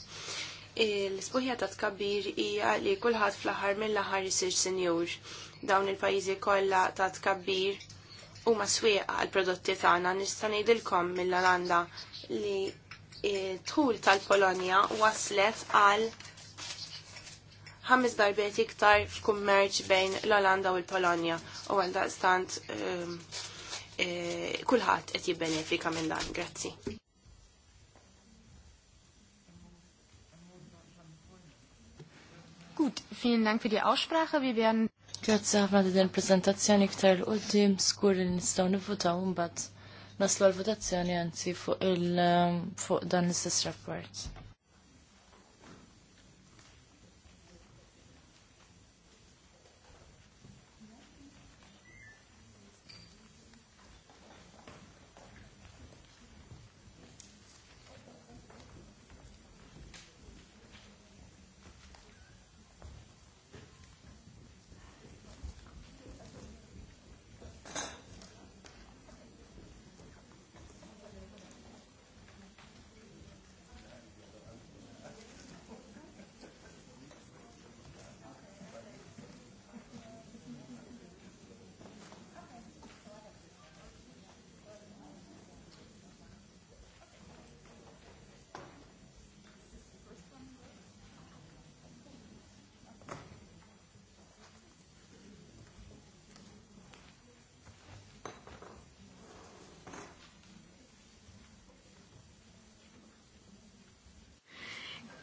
L-isbuħja ta' tkabbir hija li kulħadd fl-aħħar mill-aħħar isir sinjur. Dawn il-pajjiżi kollha ta' tkabbir huma swieq għal prodotti tagħna nista' ngħidilkom mill-Olanda li il-tul tal-Polonja waslet għal ħames darbiet iktar f'kummerċ bejn l-Olanda u l-Polonja u għal daqstant kullħat um, eh, kulħadd qed jibbenefika minn dan. Grazzi. Gut, vielen Dank für die Aussprache. Wir werden Grazzi ħafna din il-prezentazzjoni iktar l ultim skur l-nistaw nistgħu un-bat naslu l-votazzjoni anzi fuq, il, um, fuq dan l-istess rapport.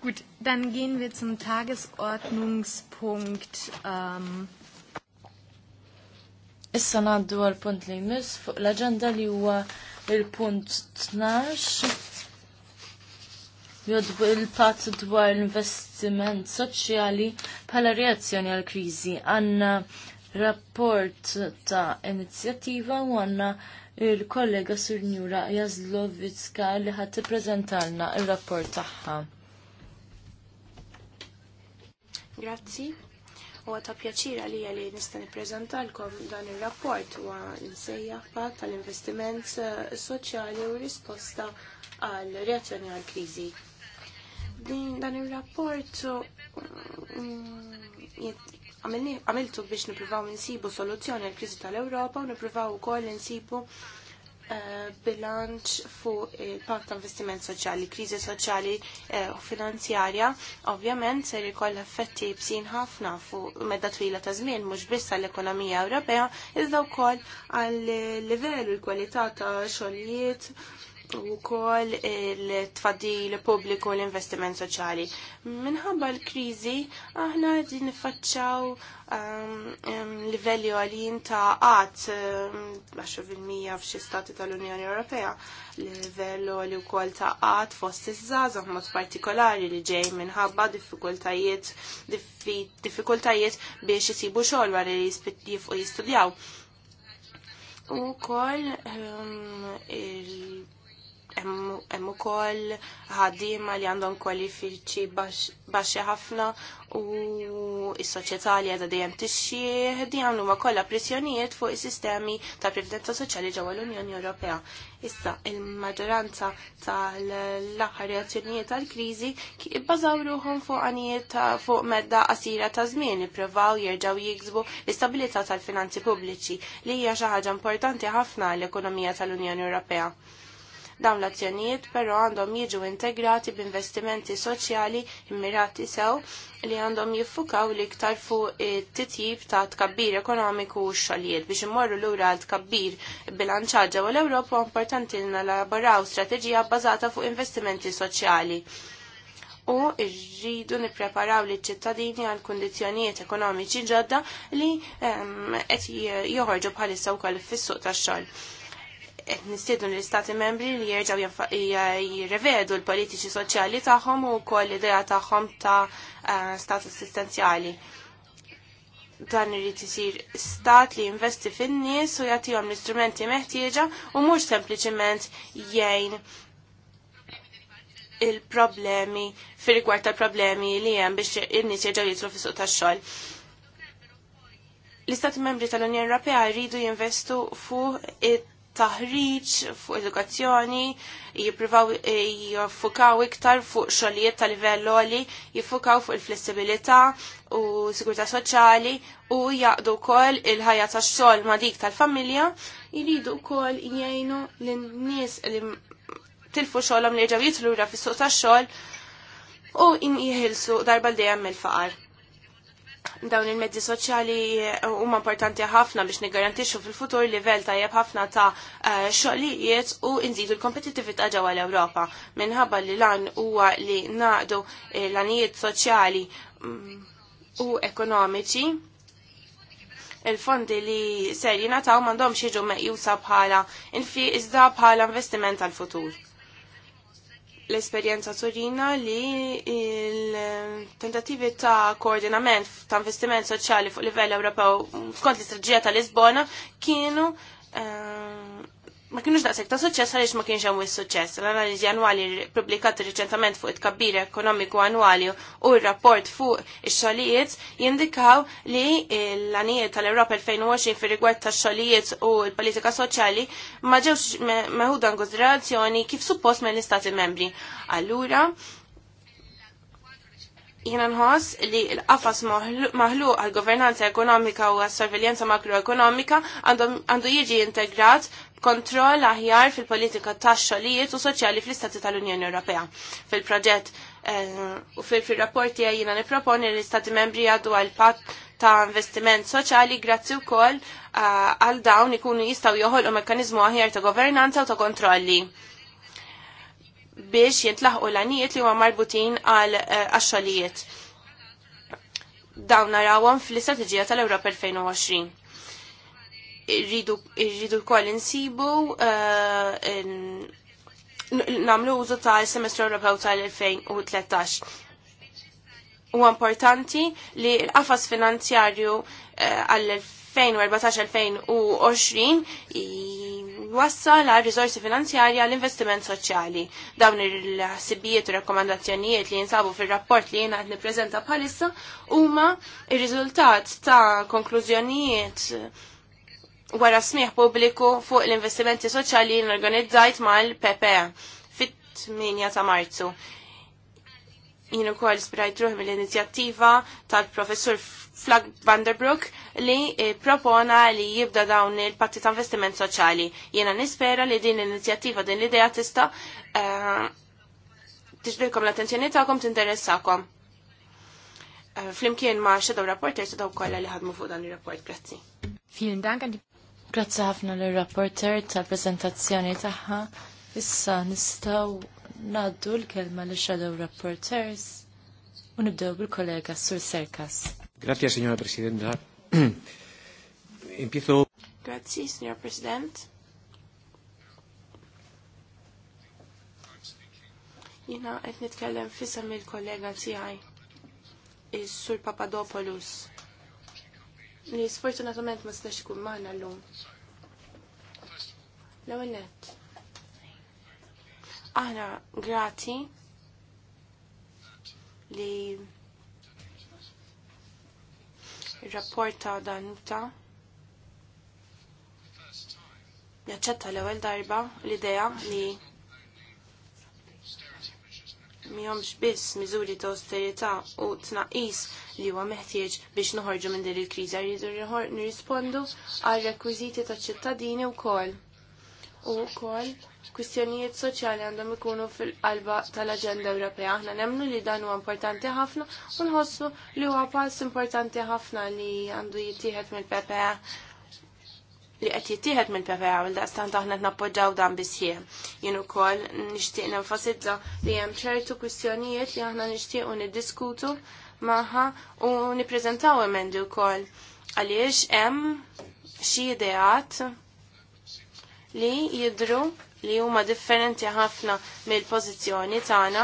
Gut, dann gehen wir zum Tagesordnungspunkt. Ähm Issa naddu għal punt li jmiss fuq l-agenda li huwa il-punt 12 jodbu il-pat dwar l-investiment soċjali bħala reazzjoni għal kriżi għanna rapport ta' inizjattiva u għanna il-kollega Surnjura Jazlovicka li ħat prezentalna il-rapport tagħha. Grazzi. U ta' pjaċira li għalli nista' nippreżentalkom dan ir-rapport huwa nsejjaħba tal-investiment eh, soċjali u risposta għal reazzjoni għal kriżi. Dan ir-rapport eh, mm, għamiltu biex nipruvaw nsibu soluzzjoni għal kriżi tal europa u nipruvaw ukoll nsibu Eh, bilanċ fuq il-Pakt ta' Investiment Soċjali, kriżi soċjali eh, u finanzjarja, ovvjament ser jkoll effetti bsin ħafna fuq medda twila ta' żmien mhux biss għall-ekonomija Ewropea, iżda wkoll għal livell u l-kwalità ta' xogħlijiet U kol il-tfaddil pubbliku l-investiment soċjali. Minħabba l-kriżi aħna din nifaċċaw um, um, livelli għalin ta' qatt um, mija f'xi stati tal-Unjoni Ewropea, livellu li wkoll ta' għat fost iż-żgħażagħ mod partikolari li ġej minħabba diffikultajiet diffikultajiet biex isibu xogħol wara li jifqu jistudjaw. U kol il hemm ukoll ħaddiema li għandhom kwalifiċi baxxi ħafna u s-soċjetà li għadha dejjem tixxieħ din għamlu ma kollha pressjonijiet fuq is-sistemi ta' previdenza soċjali ġewwa l-Unjoni Ewropea. Issa il-maġġoranza tal-aħħar reazzjonijiet tal-kriżi bbażaw ruħhom fuq għanijiet fuq medda qasira ta' żmien ippruvaw jerġgħu jiksbu l-istabilità tal-finanzi pubbliċi li hija xi ħaġa importanti ħafna l-ekonomija tal-Unjoni Ewropea. Dawn l-azzjonijiet però għandhom jiġu integrati b'investimenti soċjali immirati sew li għandhom jiffukaw l-iktar fuq it-titjib ta' tkabbir ekonomiku u xogħlijiet biex immorru lura għal tkabbir bilanċaġġa u l-Ewropa importanti li nalaboraw strateġija bbażata fuq investimenti soċjali u rridu nippreparaw li ċittadini għal kondizjonijiet ekonomiċi ġodda li ehm, qed joħorġu bħalissa wkoll fis-suq tax-xogħol. Nistiedu l-istati membri li jirġaw jirrevedu l-politiċi soċjali tagħhom u koll l-idea tagħhom ta' eh, stat assistenzjali. Dan irid isir stat li jinvesti fin-nies u jagħtihom l-istrumenti meħtieġa u mhux sempliċement jgħin il-problemi fir-rigward tal-problemi li hemm biex in-nies jerġgħu jitlu fis-suq tax-xogħol l-Istati membri tal-Unjoni Ewropea jridu jinvestu fuq taħriġ, fuq edukazzjoni, jippruvaw eh, jiffukaw iktar fuq xogħlijiet ta' livell għoli, jiffukaw fuq il-flessibilità u sigurtà soċjali u jaqdu wkoll il-ħajja tax-xogħol ma' dik tal-familja, jridu wkoll jgħinu lin-nies li tilfu xogħolhom li ġew jitlu fis-suq tax-xogħol u jieħilsu darba l dejjem mill-faqar dawn il-medji soċjali eh, huma importanti ħafna biex niggarantixxu fil-futur livell tajjeb ħafna ta' eh, xogħlijiet u nżidu l-kompetittività ġewwa l-Ewropa minħabba li lan huwa li naqdu eh, l-anijiet soċjali mm, u ekonomiċi il-fondi li ser jingħataw m'għandhomx jiġu meqjusa bħala infi iżda bħala investiment għal-futur l-esperienza Torina li il-tentativi ta' koordinament ta' investiment soċjali fuq livell Ewropew skont l-istraġija ta' Lisbona kienu um, ma kienux daqsek ta' suċċess għaliex ma kienx hemm suċċess. L-analiżi annwali pubblikat riċentament fuq it-kabbir ekonomiku annwali u r-rapport fuq ix-xogħlijiet jindikaw li l-għanijiet tal-Ewropa 2020 fir rigward tax-xogħlijiet u l-politika soċjali ma ġewx meħuda konsiderazzjoni kif suppost mill istati membri. Allura, Jena nħoss li l-qafas maħluq għal governanza ekonomika u għas-sorveljenza makroekonomika għandu jiġi integrat kontroll aħjar fil-politika tax u soċjali fl-Istati tal-Unjoni Ewropea. Fil-proġett eh, u fil-rapporti għajina niproponi li l-Istati membri għadu għal patt ta' investiment soċjali grazzi wkoll eh, għal dawn ikunu jistgħu joħolqu mekkaniżmu aħjar ta' governanza u ta' kontrolli biex jintlaħqu l-għanijiet li huma marbutin għal eh, għaxxolijiet. Dawn narawhom fl-istrateġija tal-Ewropa 2020. Irridu wkoll insibu eh, namlu użu tal-semestru Ewropew tal-2013. U importanti li l-qafas finanzjarju eh, għall-2014-2020 wassal għal risorsi finanzjarji għal investiment soċjali. Dawn il-ħsibijiet u rakkomandazzjonijiet li jinsabu fil-rapport li jena għad niprezenta bħalissa huma il-riżultat ta' konklużjonijiet wara smieħ pubbliku fuq l-investimenti soċjali li organizzajt mal-PPE fit-8 ta' Marzu. Jien ukoll sprajt mill-inizjattiva tal-professur Flag Vanderbrook li eh, propona li jibda dawn il-patti ta' investiment soċali. Jena nispera li din l-inizjattiva, din l-idea tista' uh, tiġbilkom l-attenzjoni ta'kom t-interessakom. Eh, flimkien ma' Shadow Reporters daw kolla li ħadmu fuq dan il-rapport. Grazzi. Film Dank. Grazzi ħafna l-rapporter tal-prezentazzjoni tagħha. Issa nistaw naddu l-kelma l-Shadow Reporters u nibdew bil-kollega Sur Serkas. Grazie, signora Presidenta. Empiezo. Grazie, signor Presidente. Jina għet nitkellem fissam il-kollega tijaj il sur Papadopoulos li sfortunatament ma stax ikun magħna llum. L-ewwel nett. Aħna grati li rapporta rapport ta' Danuta jaċċetta l-ewwel darba l-idea li mihomx biss miżuri ta' austerità u tnaqis li huwa meħtieġ biex noħorġu minn din il-kriżi rridu nirrispondu għal rekwiżiti taċ-ċittadini wkoll. U wkoll kwistjonijiet soċjali għandhom ikunu fil-qalba tal-Aġenda Ewropea. Aħna nemmnu li dan huwa importanti ħafna u nħossu li huwa pass importanti ħafna li għandu jittieħed mill-PPA li qed jittieħed mill-PPA u daqstant aħna nappoġġaw dan bisħieħ. Jien ukoll nixtieq nenfasizza li hemm ċertu kwistjonijiet li aħna nixtiequ niddiskutu magħha u nippreżentaw emendi wkoll għaliex hemm xi ideat li jidru li huma differenti ħafna mill-pożizzjoni tagħna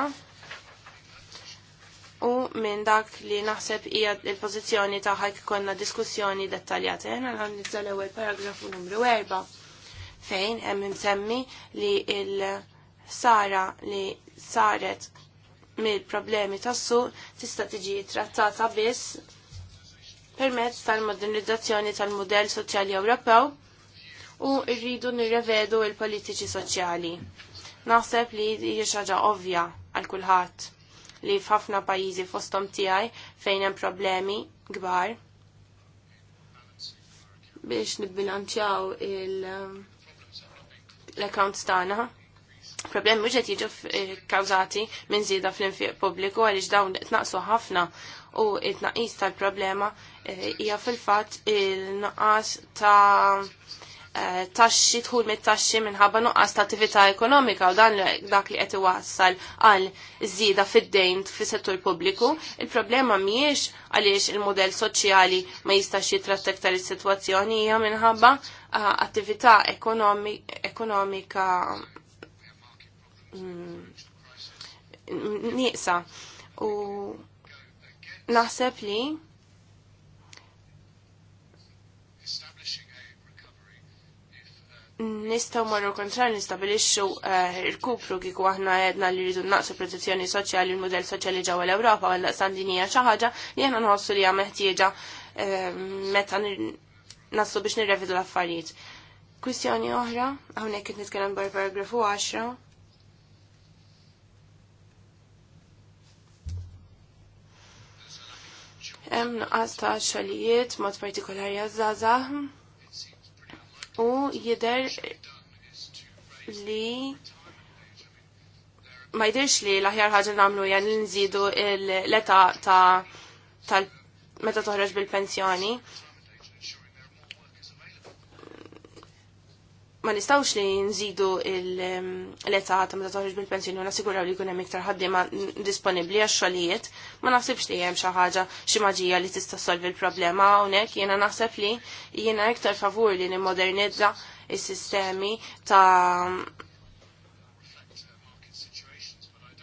u minn dak li naħseb hija l-pożizzjoni ħajk konna diskussjoni dettaljata. Jena għan nizzal ewwel paragrafu numru 4 fejn hemm insemmi li il-sara li saret mill-problemi tas-suq tista' tiġi trattata biss permezz tal-modernizzazzjoni tal-mudell soċjali Ewropew u rridu nirrevedu il-politiċi soċjali. Naħseb li hija xaġa ovvja għal kulħadd li f'ħafna pajjiżi fosthom tiegħi fejn hemm problemi kbar biex nibbilanċjaw l-accounts tagħna problemi mhux qed jiġu eh, kkawżati minn żieda fl-infiq pubbliku għaliex dawn tnaqsu ħafna u t tnaqqis tal-problema eh, hija fil-fatt il naqas ta' taxxi tħul mit-taxxi minħabba nuqqas ta' attività ekonomika u dan dak li qed iwassal għal żieda fid-dejn fis-settur pubbliku. Il-problema mhijiex għaliex il-modell soċjali ma jistax jitratt iktar is-sitwazzjoni hija minħabba attività ekonomika nieqsa. U naħseb li nistaw marru kontra nistabilixxu eh, il-kupru kieku aħna għedna li rridu naqsu protezzjoni soċjali l-modell soċjali ġewwa l-Ewropa għal sandinija xi ħaġa li aħna nħossu li hija meħtieġa eh, meta naslu biex nirrevidu l-affarijiet. Kwistjoni oħra, hawnhekk qed nitkellem bar paragrafu 10. Hemm nuqqas ta' xogħlijiet mod partikolari għaż-żgħażagħ u jider li ma jidirx li l-aħjar ħagġa namlu jan nżidu l-età ta' tal meta toħroġ bil-pensjoni. ma nistawx li nżidu l-età ta' meta toħroġ bil pensjoni u nassiguraw li jkun hemm iktar ħaddiema disponibbli għax xogħlijiet, ma naħsibx li hemm xi ħaġa xi maġija li tista' solvi l-problema hawnhekk jiena naħseb li jiena iktar favur li nimmodernizza is-sistemi ta'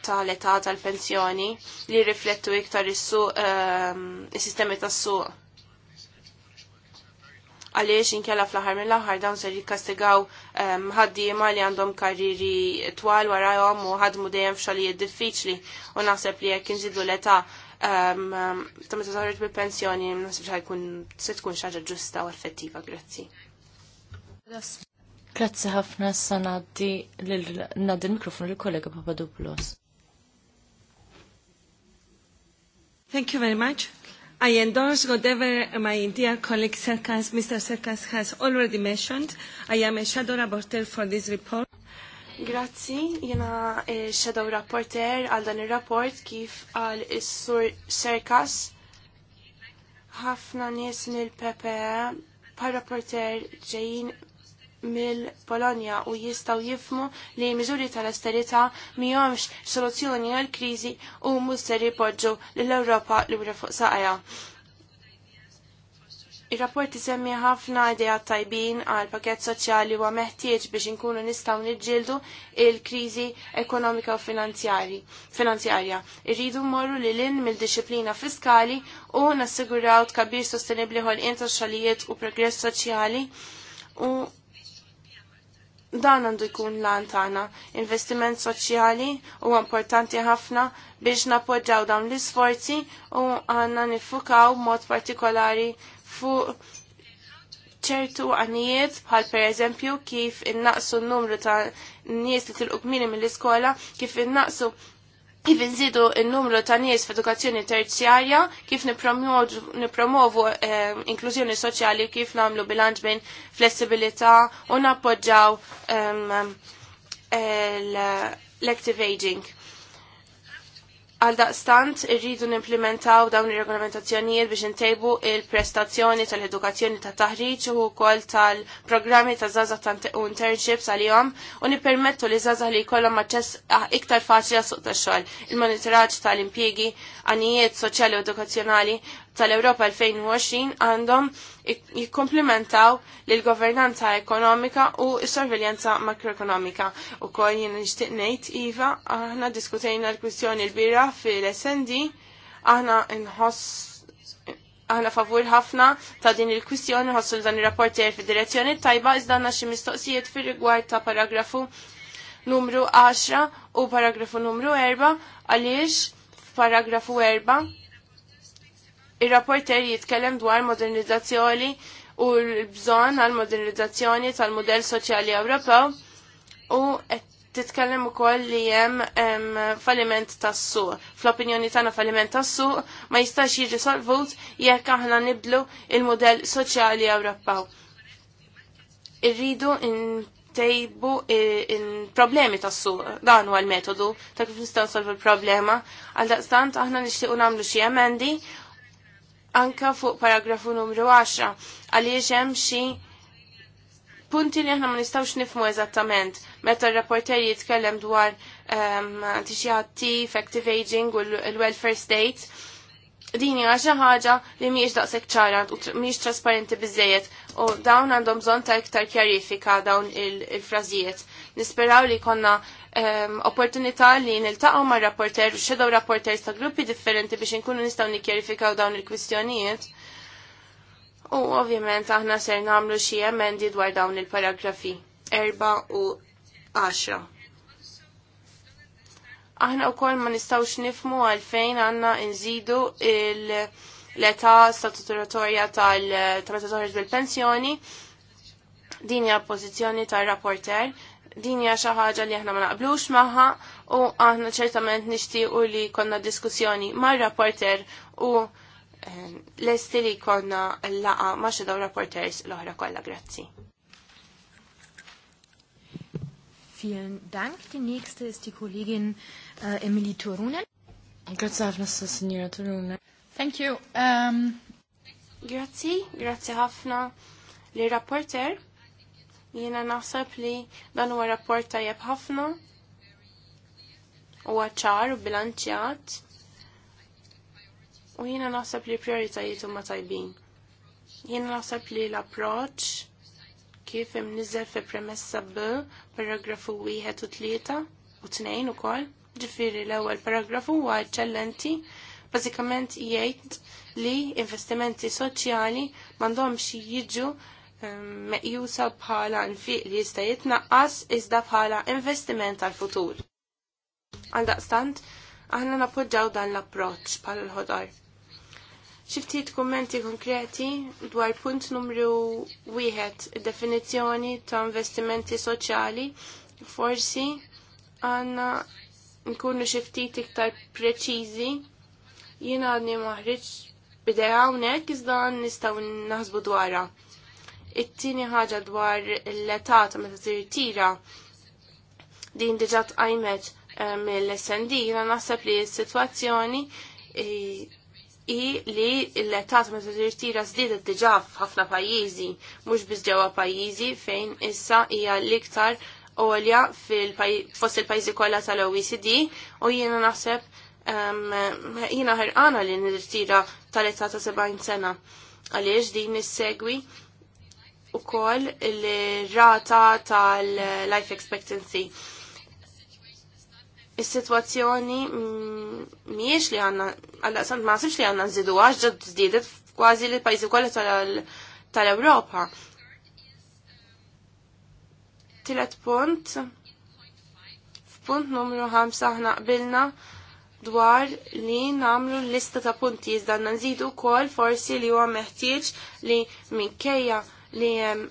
ta' l-età tal-pensjoni li riflettu iktar is-suq is-sistemi tas-suq għaliex inkella fl-aħħar mill-aħħar dawn ser jikkastigaw ehm, ħaddiema li għandhom karriri twal warahom u ħadmu dejjem f'xogħlijiet diffiċli u naħseb li jekk inżidu l-età ehm, ehm, ta' meta toħroġ bil-pensjoni naħseb li ħajkun se tkun xi ħaġa ġusta u effettiva, grazzi. Grazzi ħafna sa ngħaddi l mikrofonu lill-kollega Papadopoulos. Thank you very much. I endorse whatever my dear colleague Serkas, Mr. Serkas has already mentioned. I am a shadow rapporteur for this report. Grazzi, jena eh, shadow rapporteur għal dan il-rapport kif għal il sur Serkas. Ħafna nies mill-PPE pa rapporteur ġejjin mill-Polonja u jistaw jifmu li miżuri tal-austerità mihomx soluzzjoni għal kriżi u muster jipoġġu l-Ewropa libra fuq saqja. ir rapporti semmi ħafna idea tajbin għal pakett soċjali u meħtieġ biex inkunu nistgħu niġġieldu il-kriżi ekonomika u finanzjarja. Irridu morru li l-in mill-disciplina fiskali u nassiguraw tkabbir sostenibbli ħolqien tax-xogħlijiet u progress soċjali u dan għandu jkun lan tana. Investiment soċjali huwa importanti ħafna biex napoġġaw dawn l-isforzi u għandna nifukaw mod partikolari fuq ċertu għanijiet bħal per eżempju kif innaqsu n-numru ta' nies li tilqu mill-iskola, kif innaqsu kif nżidu n-numru ta' nies f'edukazzjoni terzjarja, kif nipromovu eh, inklużjoni soċjali, kif namlu bilanċ bejn flessibilità u nappoġġaw l-active aging. Għal daqstant irridu n-implementaw dawn ir-regolamentazzjonijiet biex intejbu il-prestazzjoni tal-edukazzjoni ta' taħriġ u wkoll tal-programmi ta' zaza ta' internships għalihom u nippermettu li zaza li jkollhom aċċess iktar faċli għas suq tax-xogħol. Il-monitoraġġ tal-impjiegi, għanijiet soċjali u edukazzjonali tal-Europa 2020 għandhom jikkomplementaw l-governanza ekonomika u s-sorveljanza makroekonomika. U kol jena nishtiqnejt, Iva, aħna diskutejna l-kwistjoni l-bira fil-SND, aħna nħoss aħna favur ħafna ta' din il-kwistjoni ħossu dan il-rapporter fi direzzjoni tajba iżda xi mistoqsijiet fir-rigward ta' paragrafu numru 10 u paragrafu numru 4 għaliex f'paragrafu 4 Ir-rapporter jitkellem dwar modernizzazzjoni u l-bżon għal modernizzazzjoni tal-modell soċjali Ewropew u titkellem ukoll li hemm falliment tas-suq. Fl-opinjoni tagħna falliment tas-suq ma jistax jiġi solvut jekk aħna niblu il-modell soċjali Ewropew. Irridu ntejbu il-problemi tas-suq. Dan huwa l-metodu ta' kif nistgħu nsolvu l-problema. Għal daqstant aħna nixtiequ nagħmlu xi emendi anka fuq paragrafu numru 10 għaliex hemm xi punti li aħna ma nistgħux nifmu eżattament meta r-rapporter jitkellem dwar xi ehm, antixiati, effective aging u l-welfare state. Dini hija xi ħaġa li mhijiex daqshekk ċara u mhijiex trasparenti biżejjed u dawn għandhom bżonn ta' iktar kjarifika dawn il-frażijiet. Nisperaw li konna um, opportunità li niltaqgħu ma' rapporter u xedgħu rapporters ta' gruppi differenti biex inkunu nistgħu nikkjerifikaw dawn il-kwistjonijiet. U ovvjament aħna ser nagħmlu xi emendi dwar dawn il-paragrafi 4 u 10. Aħna wkoll ma nistgħux nifmu għalfejn għandna nżidu l-età statutoratorja tal-meta bil-pensjoni din hija pożizzjoni tar-rapporter din hija xi ħaġa li aħna ma naqblux magħha u aħna ċertament nixtiequ li konna diskussjoni mar-rapporter u eh, l-esti li konna laqa ma' xi daw rapporters l-oħra kollha grazzi. Vielen Dank. Die nächste ist die Kollegin äh, Emily Turunen. Grazie ħafna, signora Turunen. Thank you. Um... Ähm, grazie, grazie ħafna li rapporter Jiena naħseb li dan huwa rapport tajjeb ħafna huwa ċar u bilanċjat u jiena naħseb li prioritajiet huma tajbin. Jiena naħseb li l-approċ kif imniżel fi premessa B paragrafu wieħed u tlieta u tnejn ukoll, ġifieri l-ewwel paragrafu huwa eċċellenti bażikament jgħid li investimenti soċjali m'għandhomx jiġu meqjusa bħala nfiq li jista' jitnaqqas iżda bħala investiment għal-futur. Għaldaqstant, aħna nappoġġaw dan l-approċċ bħala l ħodar Xi ftit kummenti konkreti dwar punt numru wieħed id-definizzjoni ta' investimenti soċjali forsi għandna nkunu xi ftit iktar preċiżi jiena għadni maħriġ bidea hawnhekk iżda nistgħu naħsbu dwarha It-tieni ħaġa dwar l-età ta' meta tirtira din diġà tqajmet eh, mill-SND, jiena naħseb li s-sitwazzjoni i li l-età ta' meta tirtira żdiedet diġà f'ħafna pajjiżi, mhux biss ġewwa pajjiżi fejn issa hija l-iktar għolja fost il-pajjiżi kollha tal-OECD u jiena naħseb jiena ħerqana li nirtira tal-età ta' 70 sena. Għaliex din is-segwi ukoll il-rata tal-life expectancy. Is-sitwazzjoni mm, mhijiex li għandna għal-daqsant ma li għandna nżidu għax ġad żdiedet kważi li pajjiżi kollha tal-Ewropa. Tilet punt, f'punt numru 5 aħna qbilna dwar li namlu lista ta' punti iżda nżidu kol forsi li huwa meħtieġ li minkejja li jem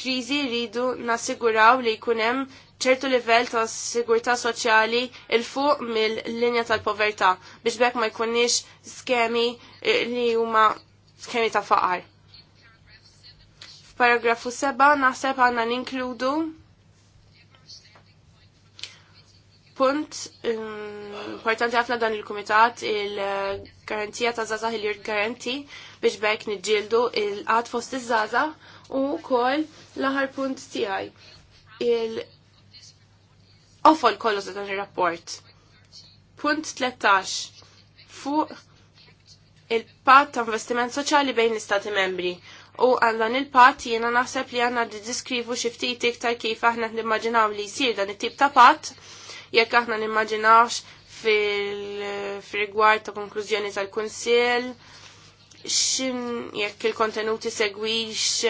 krizi rridu nasiguraw li jkunem ċertu livell ta' sigurtà soċjali il fuq mill-linja tal-povertà biex bekk ma jkunniex skemi eh, li huma skemi ta' faqar. F'paragrafu 7 naħseb għandna ninkludu punt importanti ħafna dan il-kumitat il garantija ta' zazah il-jurt garanti biex bekk niġġieldu il-qad fost iż-żazah u wkoll l punt tiegħi il ofol kollox dan ir-rapport. Punt 13 Fu il-pat ta' investiment soċjali bejn l-istati membri. U għandan il-pat jiena naħseb li għanna diskrivu xiftit iktar kif aħna nimmaġinaw li jisir dan it-tip ta' pat, jekk aħna nimmaġinawx fil-rigward ta' konklużjoni tal-Kunsill, xin jekk il-kontenuti segwix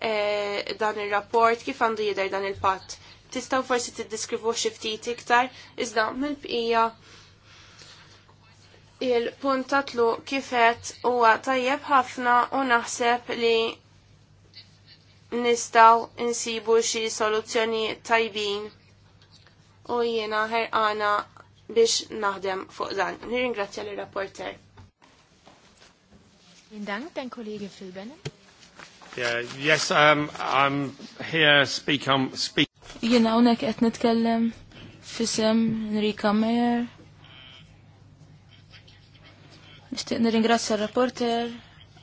eh, dan il-rapport, kif għandu jidher dan il-patt. Tistaw forsi t xi ftit iktar, iżda mill-bqija il-punt tatlu kifet huwa tajjeb ħafna u naħseb li nistaw insibu xi soluzzjoni tajbin u jiena ħerqana biex naħdem fuq dan. Nirringrazzja l-rapporter yes, um, I'm here speak on um, speak. You know, unek qed nitkellem fisem Enrika Meyer. Nixtieq nirringrazzja r-rapporter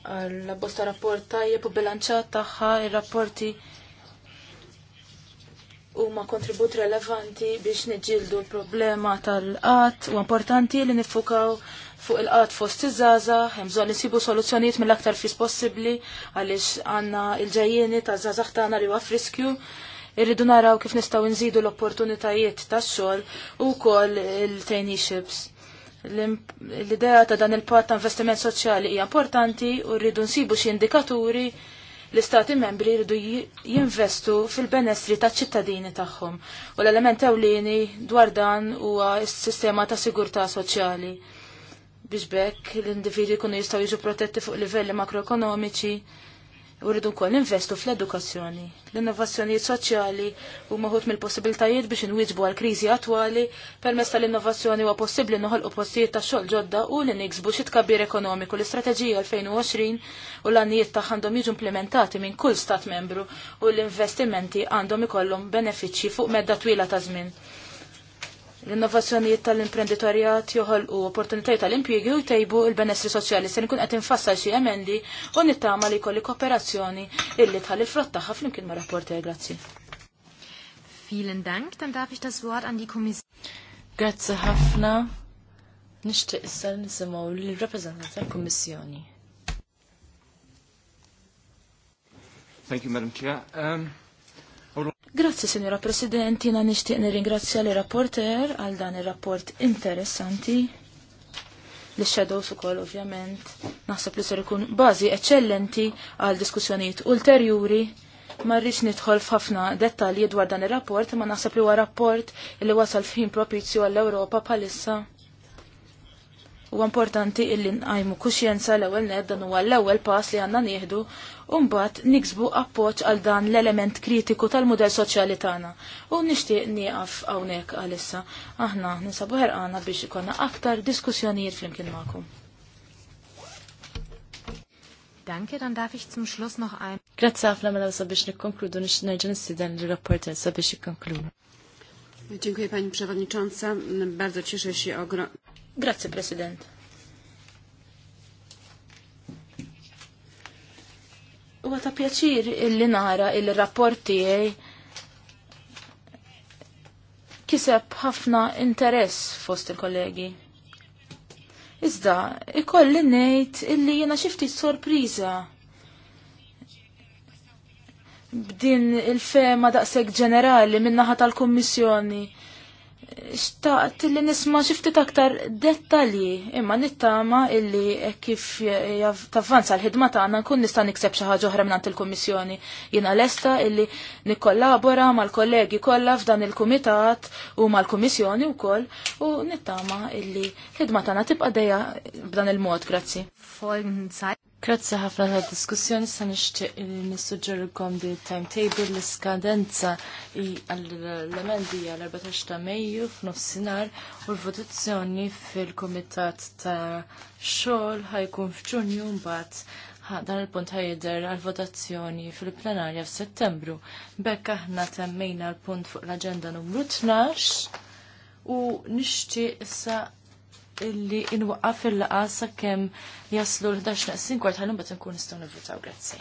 għal bosta rapport tajjeb u bilanċat tagħha ir-rapporti huma kontribut relevanti biex neġildu l-problema tal-qat u importanti li nifukaw fuq il-qat fost iż-żaza, hemm bżonn isibu soluzzjonijiet mill-aktar fis possibbli għaliex għandna l ġajjeni ta' żazax tagħna li huwa friskju. Irridu naraw kif nistgħu nżidu l-opportunitajiet tax-xogħol u wkoll il-traineeships. L-idea ta' dan il-patt ta' investiment soċjali hija importanti u rridu nsibu xi indikaturi l-istati membri jridu jinvestu fil-benestri ta' ċittadini tagħhom u l-element ewlieni dwar dan huwa s-sistema ta' sigurtà soċjali. Biex bekk l-individwi jkunu jistgħu jiġu protetti fuq livelli makroekonomiċi U rridu wkoll investu fl-edukazzjoni. L-innovazzjonijiet soċjali u maħut mill-possibiltajiet biex inwiġbu għal kriżi attwali permess tal-innovazzjoni huwa possibbli noħolqu postijiet ta' xogħol ġodda u li niksbu xi tkabbir ekonomiku l-istrateġija 2020 u l-għannijiet ta' jiġu implementati minn kull stat membru u l-investimenti għandhom ikollhom benefiċċji fuq medda twila ta' żmien. L-innovazzjonijiet tal-imprenditorjat joħolqu opportunitajiet tal-impjiegi u jtejbu il-benessri soċjali se nkun qed infassal xi emendi u nittama li jkolli kooperazzjoni illi tħalli frott tagħha flimkien ma' rapporter grazzi. Vielen Dank, dann darf ich das Wort an die Kommission. Grazie ħafna. Nixtieq issa nisimgħu lill-rappreżentant tal-Kummissjoni. Thank you, Madam Chair. Um... Grazzi, Signora President, jina nishtiq nirringrazzja li rapporter għal dan il-rapport interessanti. Li xedow su kol, ovvjament, naħseb li ser ikun bazi eccellenti għal diskussjonijiet ulterjuri. Ma rridx nidħol f'ħafna dettalji dwar dan ir-rapport, ma naħseb li huwa rapport li wasal f'ħin propizju għall-Ewropa bħalissa. U importanti illi nqajmu kuxjenza l-ewwel ned dan huwa l-ewwel pass li għandna nieħdu Umbat niksbu appoċ għal dan l-element kritiku tal-modell soċjali tagħna. U nixtieq nieqaf hawnhekk għalissa. Aħna ninsabu ħerqana biex ikonna aktar diskussjonijiet flimkien magħkom. Danke, dan darf ich zum Schluss noch ein. Grazie għafna mela sabiex nikkonkludu nix nerġa' nistieden l-rapporter sabiex nikkonkludu. Dziękuję Pani Przewodnicząca. Bardzo cieszę się ogromnie. Grazie President. huwa ta' pjaċir illi nara il-rapport tiegħi kiseb ħafna interess fost il-kollegi. Iżda, ikolli ngħid illi jiena xi ftit sorpriża b'din il-fema daqshekk ġenerali min-naħa tal-Kummissjoni xtaqt li nisma xiftit aktar dettalji imma nittama illi kif tavvanza l-ħidma tagħna nkun nista' nikseb xi ħaġa oħra mingħand il-Kummissjoni. Jiena lesta illi nikkollabora mal-kollegi kollha f'dan il-kumitat u mal-Kummissjoni wkoll u nittama illi l-ħidma tagħna tibqa' dejja b'dan il-mod, grazzi. Grazzi ħafna ta' diskussjoni sa' nixtieq nissuġġerilkom di timetable l-iskadenza għall emendi għal-14 ta' Mejju f'nofsinhar u l-votazzjoni fil-Kumitat ta' xogħol ħajkun f'Ġunju mbagħad dan il-punt ħajder għal-votazzjoni fil-plenarja f'Settembru. Bekk aħna temmejna l-punt fuq l-aġenda numru 12 u nixtieq issa illi inwaqqaf il-laqa sakemm kem jaslu l-11 naqsin kwart ħallum bat nkun nistaw nivvutaw. Grazzi.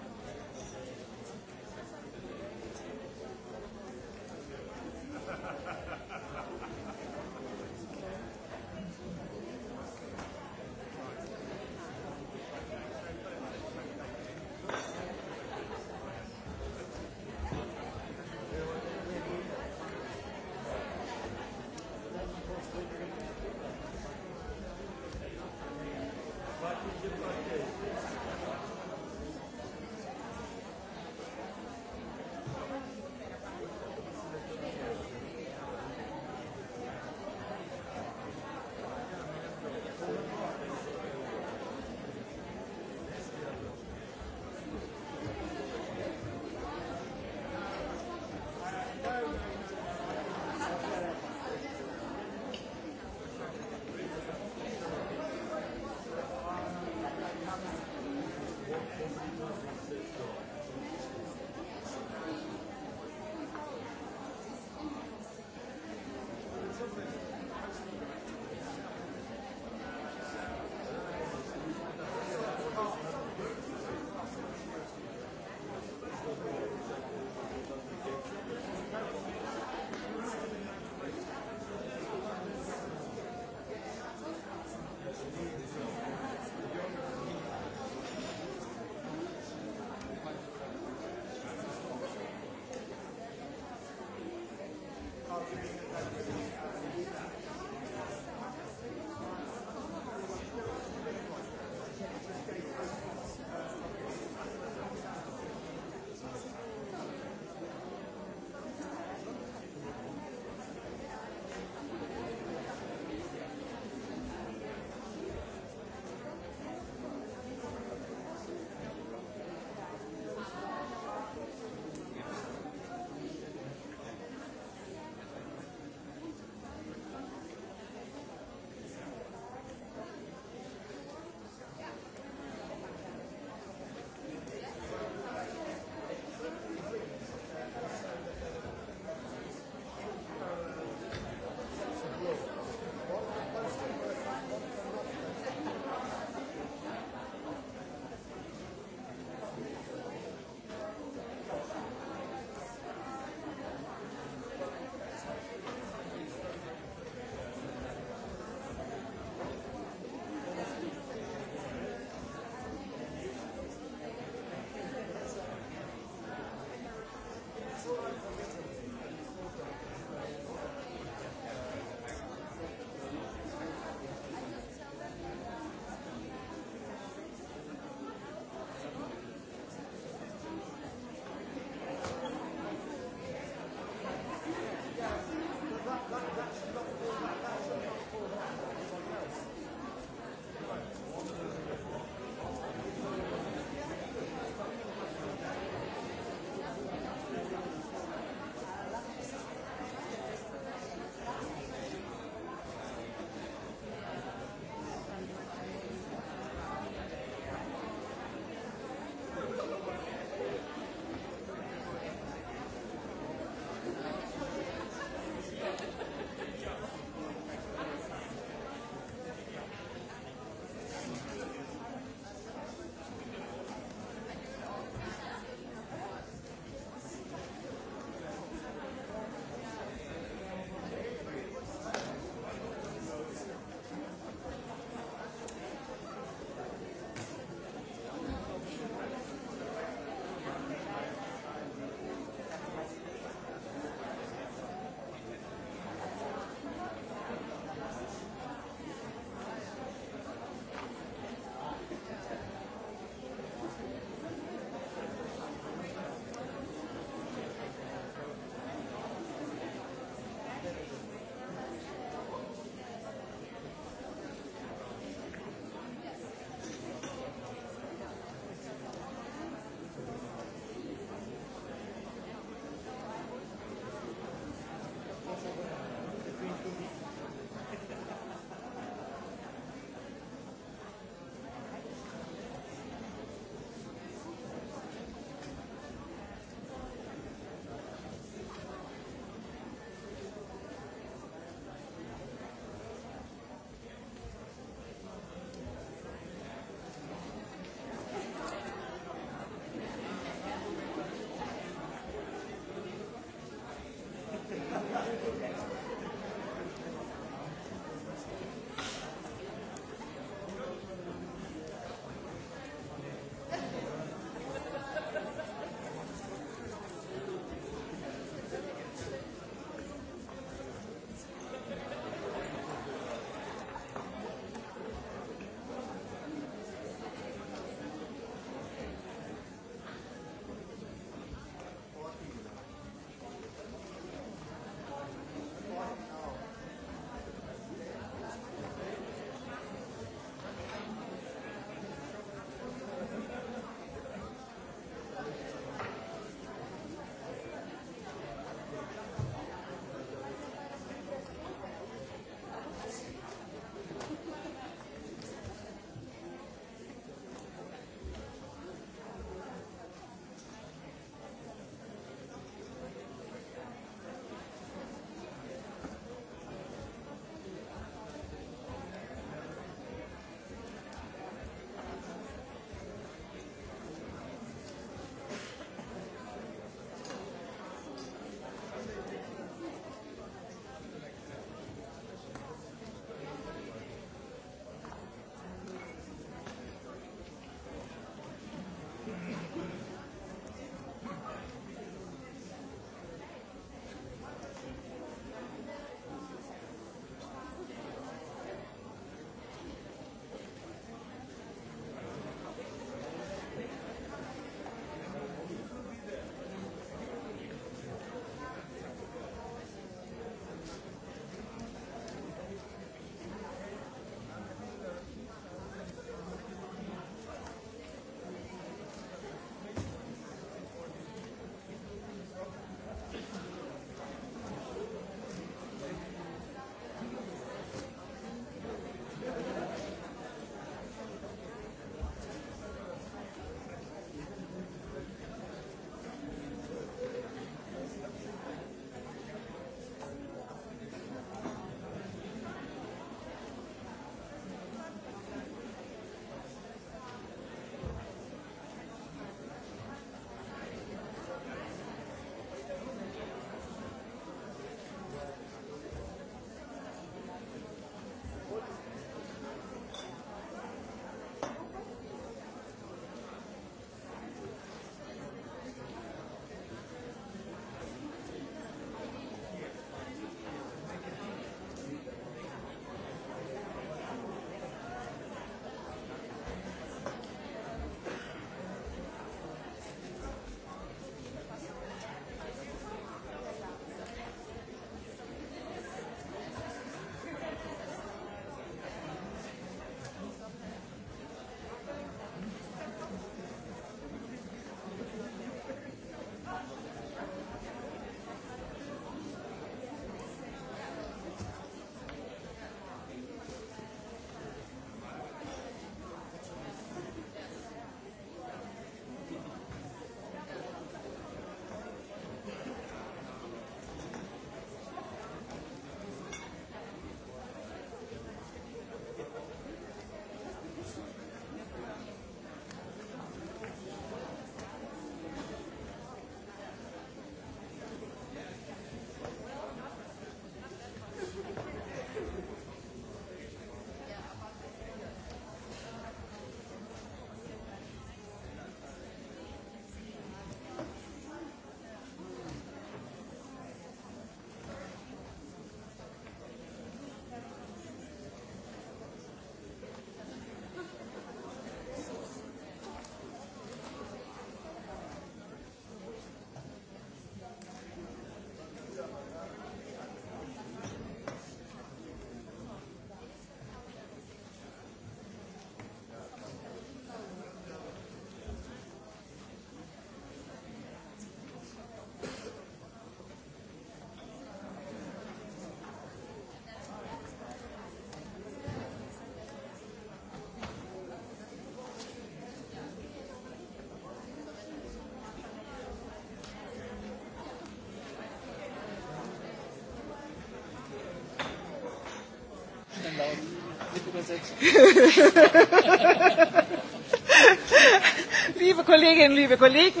liebe Kolleginnen, liebe Kollegen,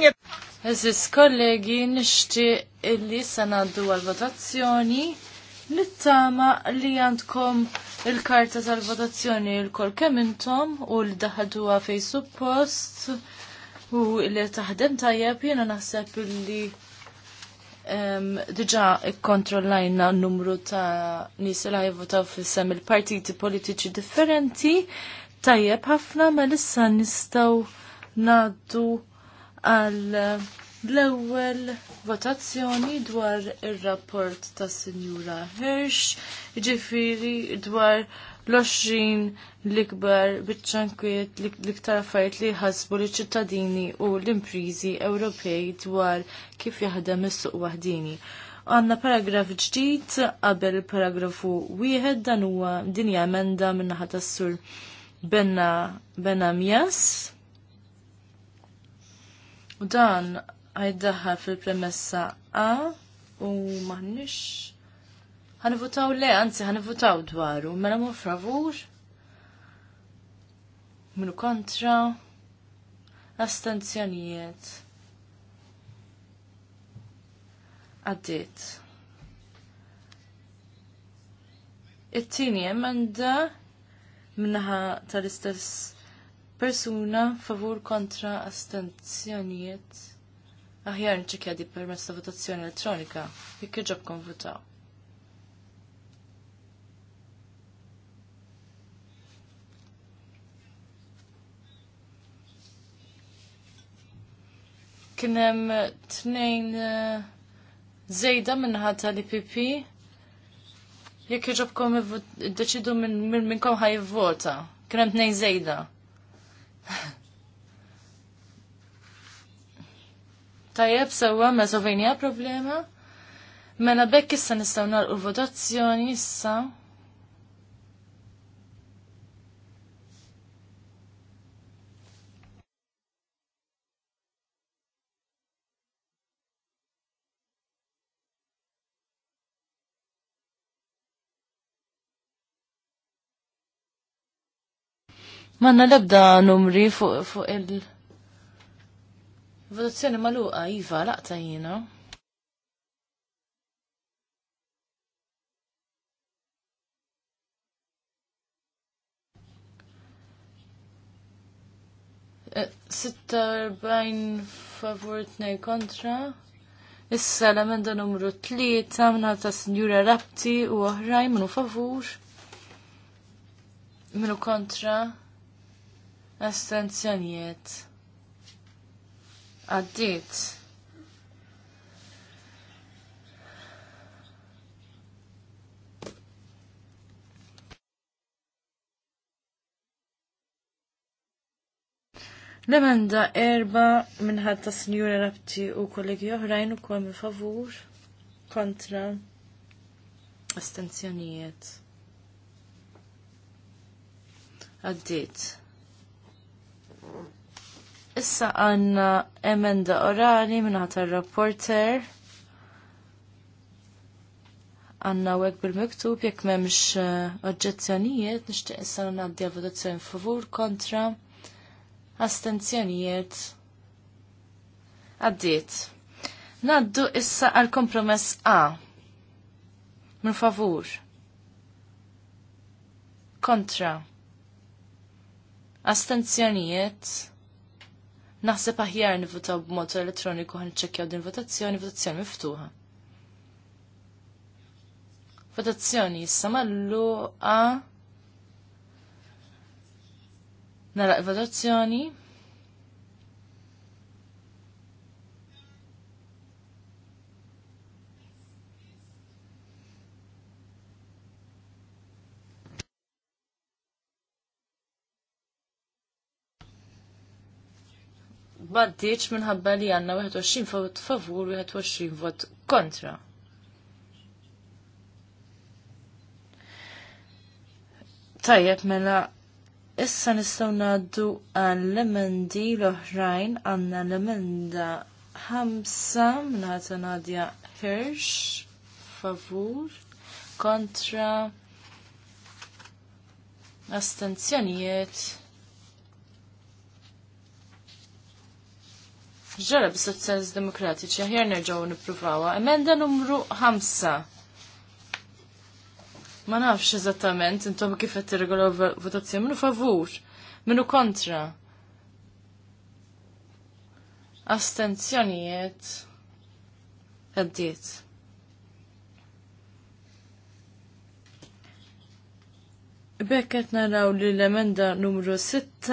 ist kollegi, nishti illi sanaddu għal-votazzjoni nittama li għandkom il-karta tal-votazzjoni il-kol kemintom u l-daħduwa fej suppost u li taħdem tajjeb jena naħseb illi Diġa kontrollajna n-numru ta' nis li ħajvotaw fil-sem il-partiti politiċi differenti, tajjeb ħafna ma lissa nistaw naddu għal l-ewwel votazzjoni dwar ir-rapport ta' Sinjura Hirsch, ġifiri dwar l-20 l-ikbar bitċankwiet l-iktar affarijiet li jħassbu li ċittadini u l-imprizi Ewropej dwar kif jaħdem is-suq waħdini. Għanna paragraf ġdid qabel paragrafu wieħed dan huwa din hija emenda minnaħa tas-sur Benna Benna Mjas. U dan għajdaħħal fil-premessa A u maħnix Ħanivutaw le, anzi ħanivutaw dwaru, mela mu fravur, Minu kontra. Astenzjonijiet. Għaddit. It-tieni emenda minnaħa tal-istess persuna favur kontra astenzjonijiet. Aħjar nċekja di permess ta' votazzjoni elettronika, jekk ġobkom votaw. kienem eh, tnejn zejda minnħata tal-IPP. Jek iġobkom id-deċidu minnkom ħaj vota. Kienem tnejn zejda. Tajjeb, sewa, ma' Slovenija problema. Mela bekk issa nistaw narqu votazzjoni issa. Manna lebda numri fuq fu il- Votazzjoni maluqa, Iva, laqta jina. Eh, Sitta favur tnej kontra. Issa l-emenda numru 3 minna ta' Sinjura Rapti u oħrajn minnu favur. Minnu kontra astenzjonijiet għaddit. L-emenda erba minnħatta Sinjura Rabti u kollegi oħrajn u kol minn favur kontra astenzjonijiet. Għaddit. Issa għanna emenda orali minnaħta rapporter għanna għek bil-miktub jekk memx eh, oġġezzjonijiet nishtiq issa għaddi votazzjoni favur kontra astenzjonijiet għaddiet. Naddu issa għal kompromess A minn favur kontra astenzjonijiet Naħseb aħjar nivvotaw b'mod elettroniku ħan ċekkjaw din votazzjoni, votazzjoni miftuħa. Votazzjoni issa malluqa. Naraq votazzjoni. maddiċ minħabba li għanna 21 vot favur 21 vot kontra. Tajjeb mela issa nistgħu ngħaddu għall l-emendi l-oħrajn għandna l-emenda ħamsa mingħata Nadja Hirsch favur kontra astenzjonijiet ġara bis demokratiċi ħjar nerġgħu nippruvawha. Emenda numru 5. Ma nafx eżattament intom kif qed tirregolaw votazzjoni minnu favur, minnu kontra. Astenzjonijiet. Għaddiet. Bekket naraw li l-emenda numru 6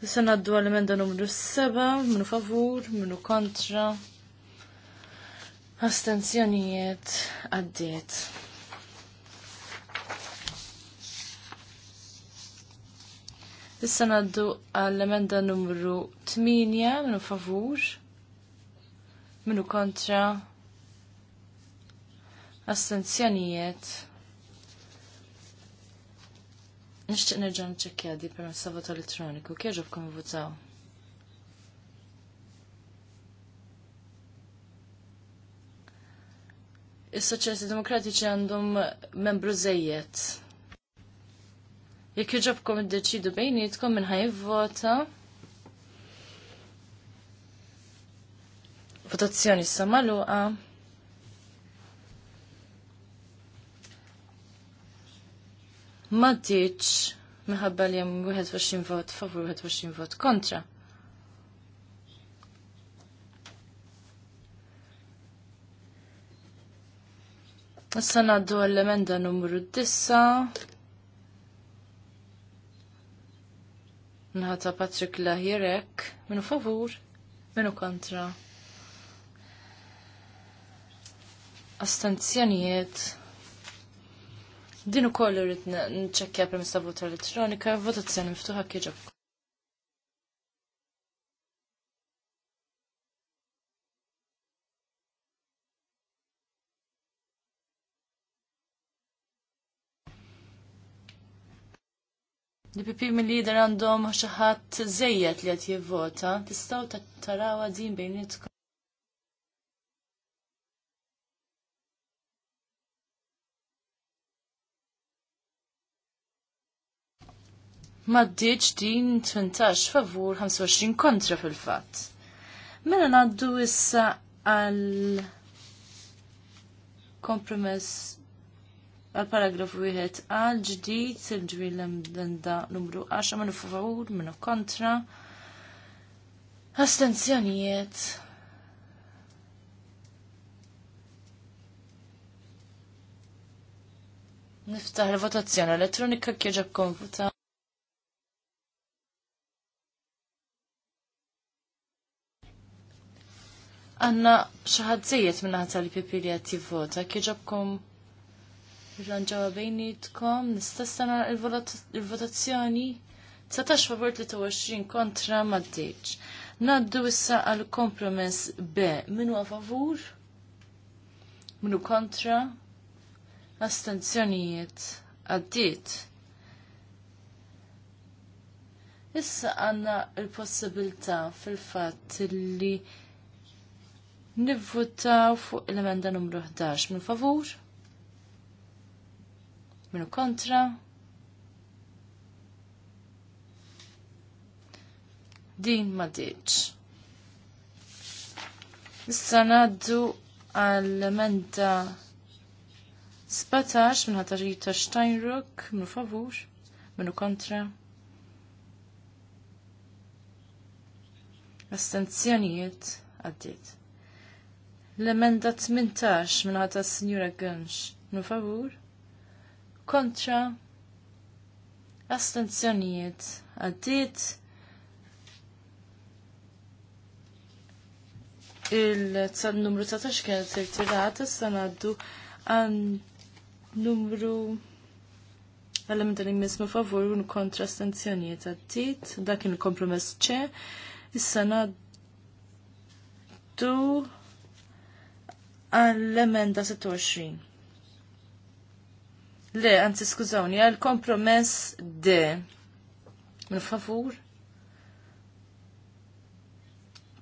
Issa naddu għal-emenda numru 7, minu favur, minu kontra. Astenzjonijiet għaddiet. Issa naddu għall-emenda numru 8, minu favur, minu kontra. Astenzjonijiet Nixtieq nerġa' nċekkja di permezz ta' vot elettroniku. Kieġobkom votaw? Is-Soċjalisti Demokratiċi għandhom membru żejjed. Jekk id iddeċidu bejnietkom minn vota. Votazzjoni sa maluqa. ma ditx minħabba li hemm wieħed 21 vot favur wieħed 21 vot kontra. Issa ngħaddu għall-emenda numru 9. Nħata Patrick Lahirek, minu favur, minu kontra. Astenzjonijiet. Din ukoll irid nċekkja permezz ta' vota elettronika, votazzjoni miftuħa kieġab. DPP mill-lider għandhom xaħat zejjet li għat jivvota, tistaw tarawa din bejnietkom. maddiċ din 18 favur 25 kontra fil-fat. Mela naddu issa għal kompromess għal paragraf wieħed għal ġdid il-ġwil l-emdenda numru 10 minn favur minn kontra astenzjonijiet Niftaħ il votazzjoni elettronika kieġa konfuta. għanna xaħad zejiet minna tal-pipi li għati vota, kieġobkom rranġawa bejnietkom, nistastana il-votazzjoni, 19 favor 23 kontra maddeċ. Naddu issa għal kompromess B, minu għafavur, favur, minu kontra, astenzjonijiet, għaddit. Issa għanna il-possibilta fil-fat li Nivvutaw fuq l-emenda numru 11. Minu favur? Minu kontra? Din ma diċ. Issa naddu għall-emenda 17 minn ħatarita Steinrock, minu favur, minu kontra. Astenzjonijiet għaddit. L-emenda 18 minn ħata s-Sinjura Gönx. Nu favur? Kontra? Astenzjonijiet. Għaddit? Il-numru 19 kienet s-san għaddu għan numru għal-emenda li mismu favur un kontra astenzjonijiet għaddit. Dakin kompromess ċe. s-san għaddu għall-emenda 26. Le, anzi skużawni, għall-kompromess D. Minn favur?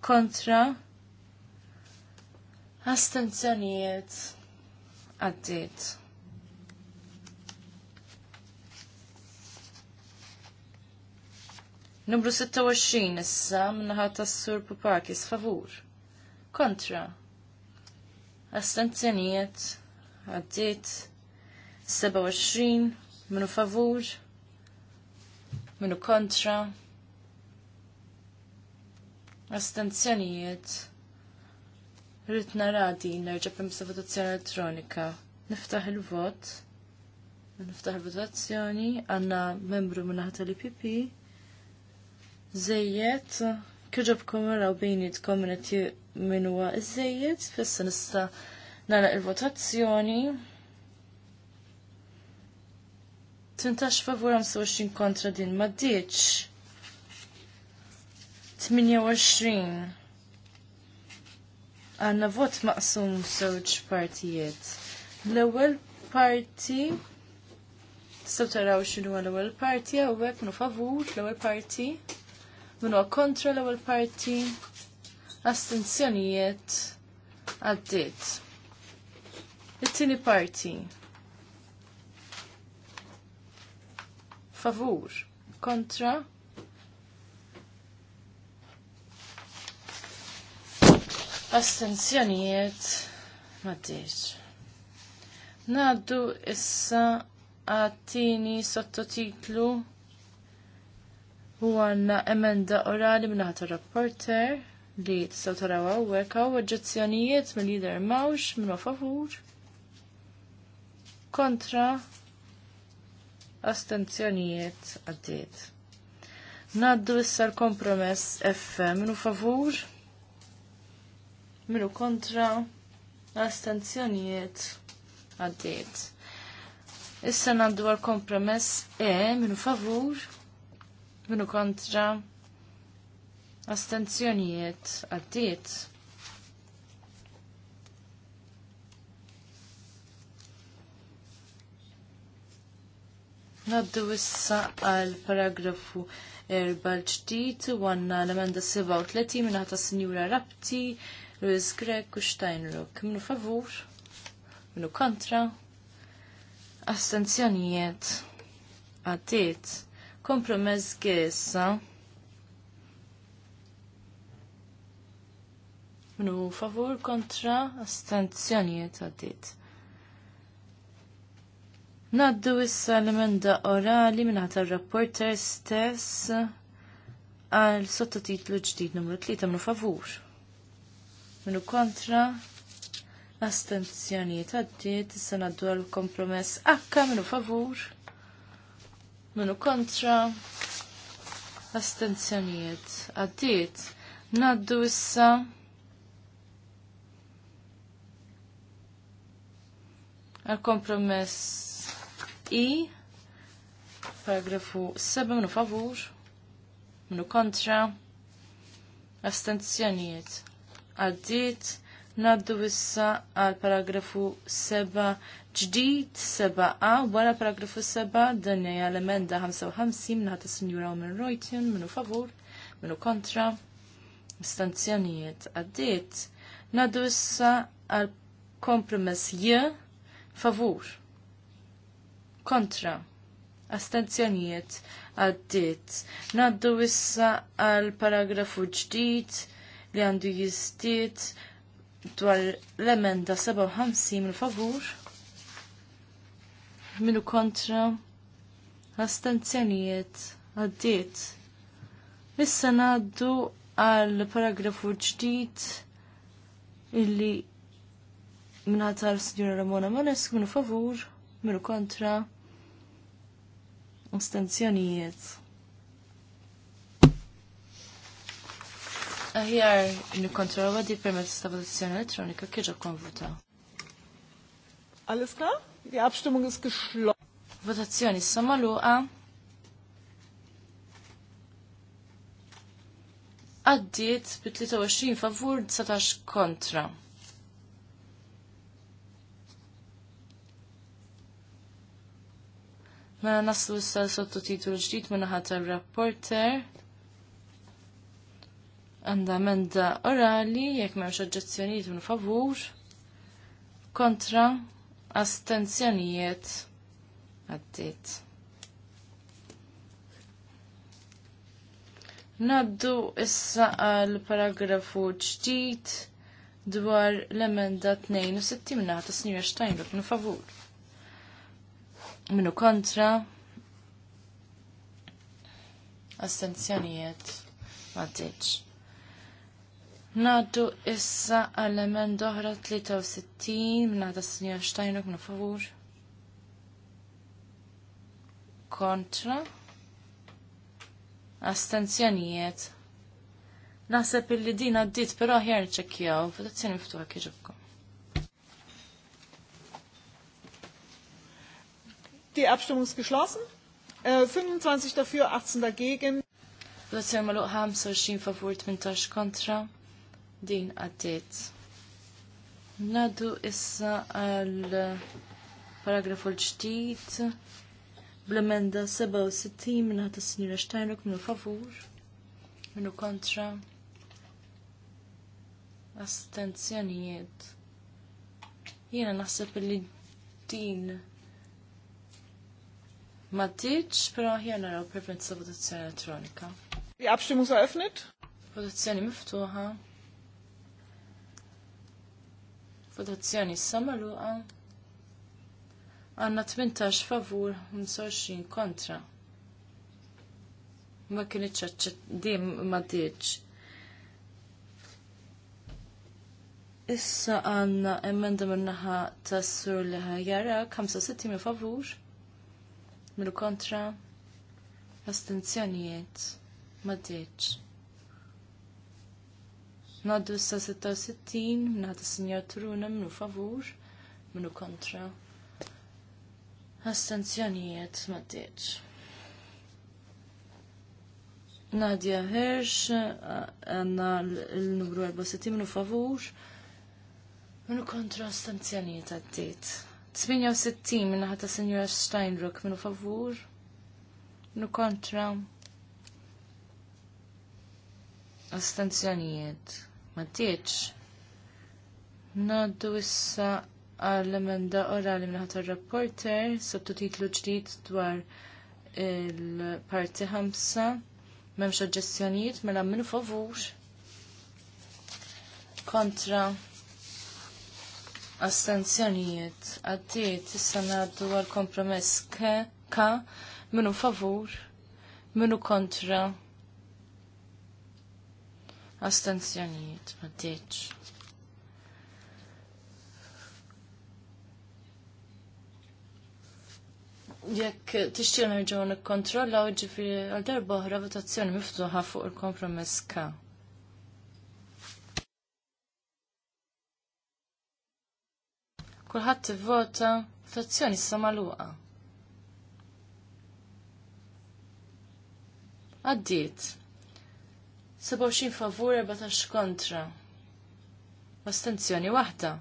Kontra? Astenzjonijiet għaddit. Numru 26 issa minnaħat tas-Sur Pupakis favur. Kontra astenzjonijiet għaddit 27 minu favur minu kontra astenzjonijiet rritna radi nerġa' permessa votazzjoni elettronika niftaħ il-vot niftaħ il-votazzjoni għanna membru minna ħata li pipi zejjed kħiġobkom għaraw bejnietkom minn min huwa iżejjed, fissa nista' nara il-votazzjoni. Tintax favur 25 kontra din ma 28 għanna vot maqsum żewġ partijiet. L-ewwel parti tistgħu taraw x'inhu l-ewwel parti għawek minnu favur l-ewwel parti minu kontra l-ewwel parti astenzjonijiet għaddit. It-tieni parti. Favur kontra astenzjonijiet maddiċ. Naddu issa għattini sottotitlu u għanna emenda orali minnaħat rapporter li tistaw taraw għawek għaw oġġezzjonijiet mill jider mawx minn favur kontra astenzjonijiet għaddiet. Naddu issa l-kompromess F minu favur minu kontra astenzjonijiet għaddiet. Issa naddu għal-kompromess E minu favur minnu kontra Astenzjonijiet għaddiet. Naddu issa għal paragrafu erba l-ġdijt u għanna l-emenda 37 minna ta' Sinjura Rapti, Luis Grek u Steinrock. Minu favur, minu kontra, astenzjonijiet, għaddiet, kompromess għessa. Minu favur kontra astenzjonijiet għaddit. Naddu issa l-emenda orali minnaħta rapporter stess għal sottotitlu ġdid numru 3 minu favur. Minu kontra astenzjonijiet għaddit, issa naddu għal kompromess akka minu favur. Minu kontra astenzjonijiet għaddit. Naddu issa al Kompromess I, paragrafu 7, minu favur, minu kontra, astenzjonijiet. Għaddit, naddu issa għal paragrafu 7 ġdid 7a, wara paragrafu 7 dan hija emenda 55 naħat is-Sinjura minn rojtjen, minu favur, minu kontra, istanzjonijiet għaddit, Naddu issa għal kompromess J, favur kontra astenzjonijiet għaddit. Naddu issa għal paragrafu ġdid li għandu jistiet dwar l-emenda 57 mil favur minu kontra astenzjonijiet għaddiet. Issa naddu għal paragrafu ġdid illi minna l sinjura Ramona Manes minu favur, minu kontra, astenzjonijiet. Aħjar kontra di permezz ta' votazzjoni elettronika kieġa konvuta. Alles klar? Die Abstimmung Votazzjoni geschlossen. Votazzjoni luqa. Għaddiet bi 23 favur 19 kontra. Mela naslu issa sottotitlu ġdid minn ħadd ir-rapporter. Għandha emenda orali jekk m'hemmx oġġezzjonijiet minn favur kontra astenzjonijiet għaddiet. Naddu issa għal paragrafu ġdid dwar l-emenda 62 minn ta' Sr. Steinberg minn favur. Minu kontra. Astenzjonijiet. Maddiċ. Naddu issa għall-emen doħra 63 minna ta' s-sinjor Steinuk minna favur. Kontra. Astenzjonijiet. Naħseb illi din għaddit, pero ħjar ċekjaw, votazzjoni miftuħa kieġibkom. Die Abstimmung ist geschlossen. Äh, 25 dafür, 18 dagegen. Nadu issa għal paragrafu l ġtijt bl-emenda 67 minn ħata s-sinjura Steinruk minnu favur, minnu kontra, astenzjonijiet. Jiena naħseb li din Ma ditx, pero ħjar naraw preferenza ta' votazzjoni elettronika. Die Abstimmung ist eröffnet. Votazzjoni miftuħa. Votazzjoni samaluqa. Għanna 18 favur, 25 kontra. Ma kienx dim ma ditx. Issa għanna emenda minnaħa tas-sur li 65 favur mill kontra astenzjonijiet maddiċ. Naddu sa 66 minnaħta sinjor Turuna minnu favur minnu kontra astenzjonijiet maddiċ. Nadja Hirsch għanna l-numru 64 minnu favur minnu kontra astenzjonijiet għaddit. 68 minna ta' Senjora Steinrock minu favur, minu kontra astenzjonijiet. Ma tieċ. Naddu issa għall-emenda orali minnaħat il-rapporter, sottotitlu ġdid dwar il-parti ħamsa, memx oġġessjonijiet, mela minn favur, kontra astenzjonijiet għaddiet issa ngħaddu għal kompromess ke ka minu favur minu kontra astenzjonijiet għaddiet. Jekk tixtieq nerġgħu nikkontrollaw ġifieri għal darba oħra votazzjoni miftuħa fuq il-kompromess ka. kulħadd ivvota votazzjoni issa magħluqa. Għaddiet. 27 favur 14 kontra. Astenzjoni waħda.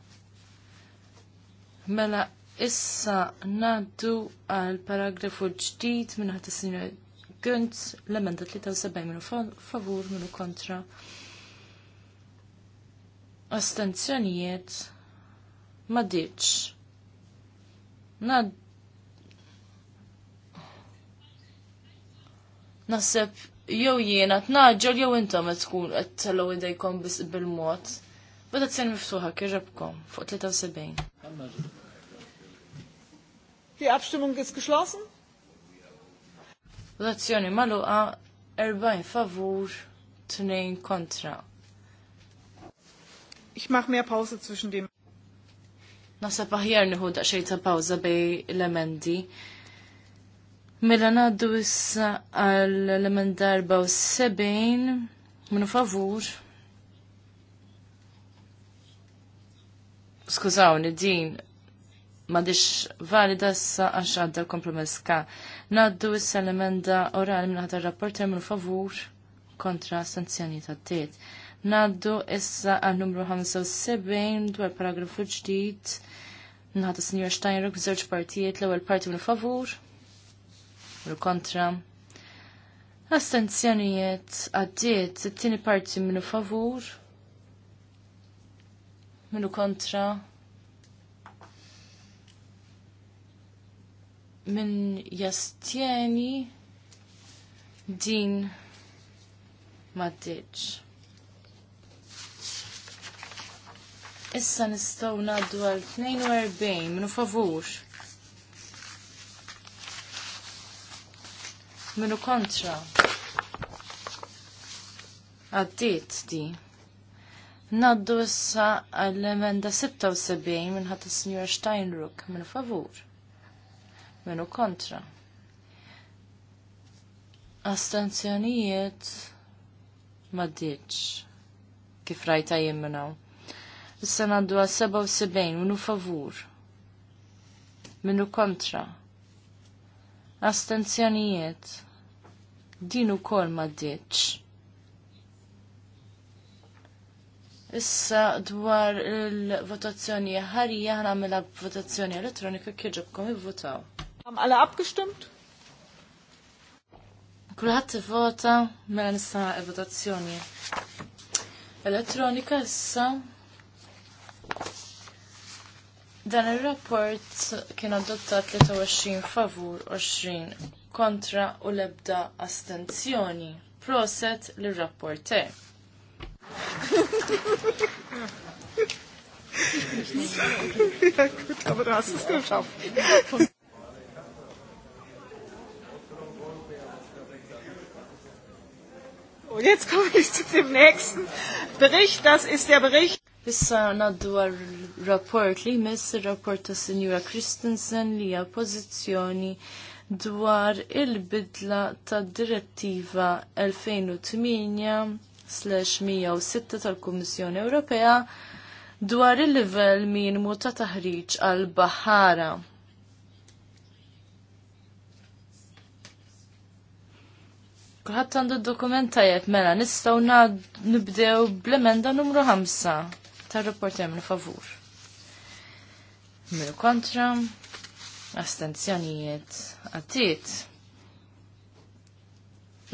Mela issa naddu għal paragrafu ġdid minn ħadd is-sinjor Gönz l-emenda 73 minu favur minu kontra. Astenzjonijiet ma ditx. Nad Nasib, jow jiena tnaġġel jow intom qed tkun qed telgħu idejkom biss bil mot Bada t-sen miftuħa kirrebkom fuq 73. Die Abstimmung ist geschlossen? Votazzjoni magħluqa 40 favur, 2 kontra. Ich mache mehr Pause zwischen dem Nasab aħjar nħu daqxej ta' pawza bej l-emendi. Mela naddu issa għal l-emend darba u sebejn minu favur. Skużawni, din madix valida issa għax għadda kompromess ka. Naddu issa l-emenda orali minn ħadar rapporter minu favur kontra sanzjoni ta' t-tiet. Naddu issa għal numru 75 dwar paragrafu ġdid. Nħadu Sinjor Steinruk b'żewġ partijiet l-ewwel parti minn favur u kontra. Astenzjonijiet għaddiet it-tieni parti minn favur minn kontra. Min jastjeni din ma' Issa nistgħu ngħaddu għal 42 minu favur. Minu kontra. Għaddit di. Naddu issa għall-emenda 76 minn ħadd is-Sinjor Steinruck minu favur. Minu kontra. Astenzjonijiet maddiċ kif rajta jimmenaw. Issa għandu għal 77 minu favur. Minu kontra. Astenzjonijiet. Dinu kol ma ditx. Issa dwar il-votazzjoni ħarija ħnamela votazzjoni elettronika kieġobkom i-votaw. Għam għala abgestimt? Kulħadd vota mela nissa votazzjoni elettronika issa Dan il-rapport kien adottat 23 favur 20 kontra u lebda astenzjoni. Proset l-rapporter. Ja, Und jetzt komme ich zu dem nächsten Bericht. Das ist der Bericht. Issa naddu għal rapport li jmiss il-rapport ta' Sinjura Christensen li hija pożizzjoni dwar il-bidla ta' direttiva 2008-106 tal-Kummissjoni Ewropea dwar il-livell minimu ta' taħriġ għal bahara Kulħadd għandu d-dokument mela nistgħu nibdew bl-emenda numru 5 tar-rapport hemm favur. Minu kontra, astenzjonijiet għaddiet.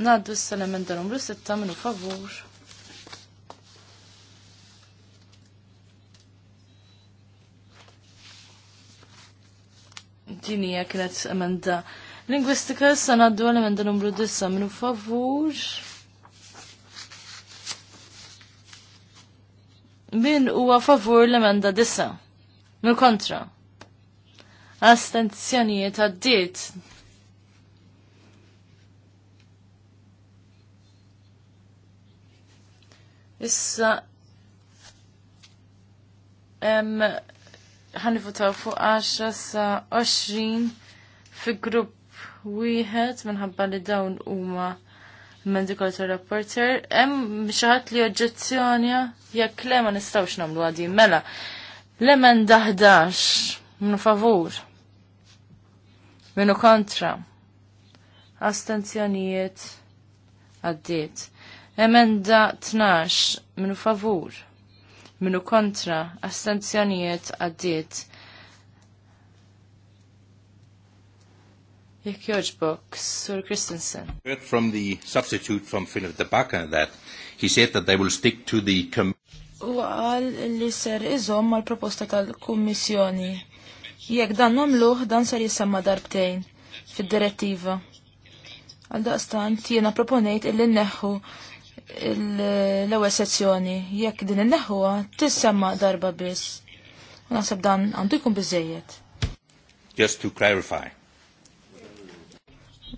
Naddu s-salamenda numru setta minu favur. Dinija kienet emenda lingwistika, s-sanaddu għal-emenda numru 10 minu favur. Min huwa favur l-emenda disa? Min kontra? Astenzjonijiet għaddit. Issa ħanifutaw fuq 10 sa 20 fi grupp wieħed minħabba li dawn huma Mendikol rapporter hemm xi ħadd li oġġezzjoni jekk le ma nistgħux nagħmlu għadi mela. Lemen daħdax minu favur. Minu kontra. Astenzjonijiet għaddiet. Emenda 12 minu favur. Minu kontra. Astenzjonijiet għaddiet. Jekk joġbok, Sir Christensen. Heard from the substitute from Philip de Baca that he said that they will stick to the U għal li ser iżom mal proposta tal-Kummissjoni. Jekk dan nomluħ, dan ser jisemma darbtejn fid-direttiva. Għal daqstant jiena proponejt illi neħu l-ewwel sezzjoni. Jekk din inneħħuha tissemma darba biss. U naħseb dan għandu jkun biżejjed. Just to clarify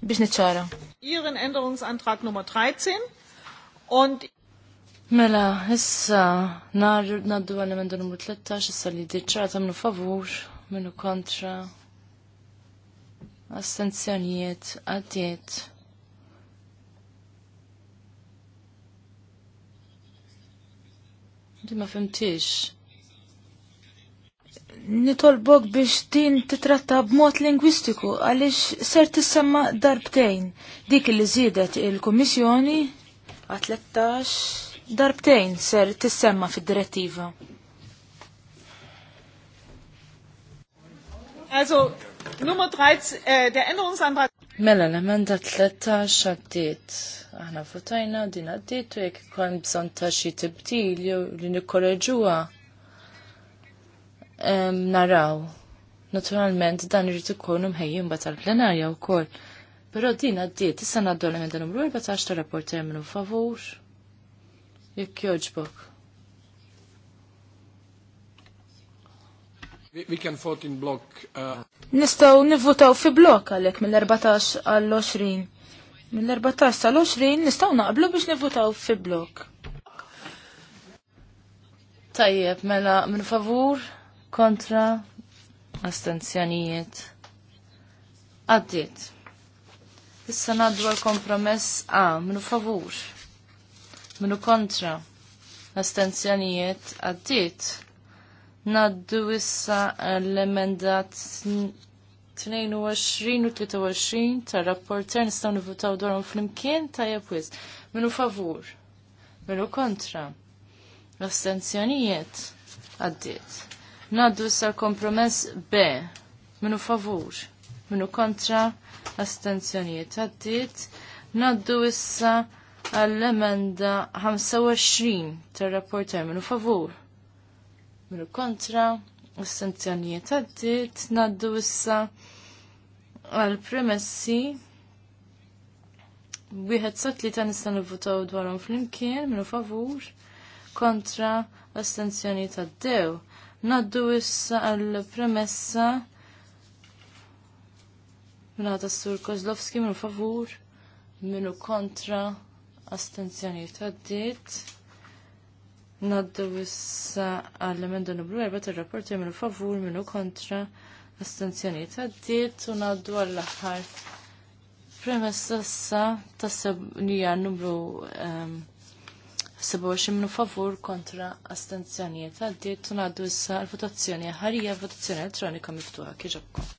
biex niċċara. Ihren Änderungsantrag Nummer 13 und Mela, issa, nar naddu għal-emendu numru 13, issa li diċċara tamnu favur, minnu kontra, astenzjonijiet, għaddiet. Di ma fimtix nitolbok biex din titratta b'mod lingwistiku għaliex ser tissemma darbtejn. Dik li zidet il-Kummissjoni għatlettax darbtejn ser tissemma fid-direttiva. Also, nummer 13, äh, der Änderungsantrag. Mela, l-emenda 13 għaddit. Aħna votajna din għaddit u jek kon bżon ta' xi tibdil jew li nikkoreġuha naraw. Naturalment dan irid ikun imħejjin bat tal-plenarja wkoll. Però din għaddiet issa ngħaddu l-emenda numru 14 ta' rapport terminu favur. Jekk joġbok. We can vote in block. Uh... Nistaw nivvotaw fi blok għalek mill-14 għall-20. Mill-14 għall-20 nistaw naqblu biex nivvotaw fi blok. Tajjeb, mela, minn favur, kontra astenzjonijiet għaddiet. Issa naddu għal kompromess A, minu favur, minu kontra, astenzjonijiet għaddiet. Naddu issa l-emendat 22 u 23 ta' rapporter nistaw nivutaw dwarhom fl-imkien ta' jepwiz. Minu favur, minu kontra, astenzjonijiet għaddiet. Naddu issa kompromess B. Minu favur. Minu kontra astenzjoniet. Għaddit. Naddu issa għall-emenda 25 tar-rapporter minu favur. Minu kontra astenzjoniet. Għaddit. Naddu issa għall premessi Wieħed sa tlieta votaw dwarom dwarhom flimkien minu favur kontra astenzjoni għaddew. Għaddew. Naddu issa għal-premessa minna ta' Sur Kozlovski minn favur, minnu kontra astenzjoniet għaddit. Naddu issa għall-emenda numru 4 ta' rapporti minnu favur, minnu kontra astenzjoniet għaddit u naddu għall-ħar premessa sa' ta' sabnija numru um, 27 minu favur kontra astenzjonijiet għaddiet u ngħaddu issa l-votazzjoni ħarija votazzjoni elettronika miftuħa kieġobkom.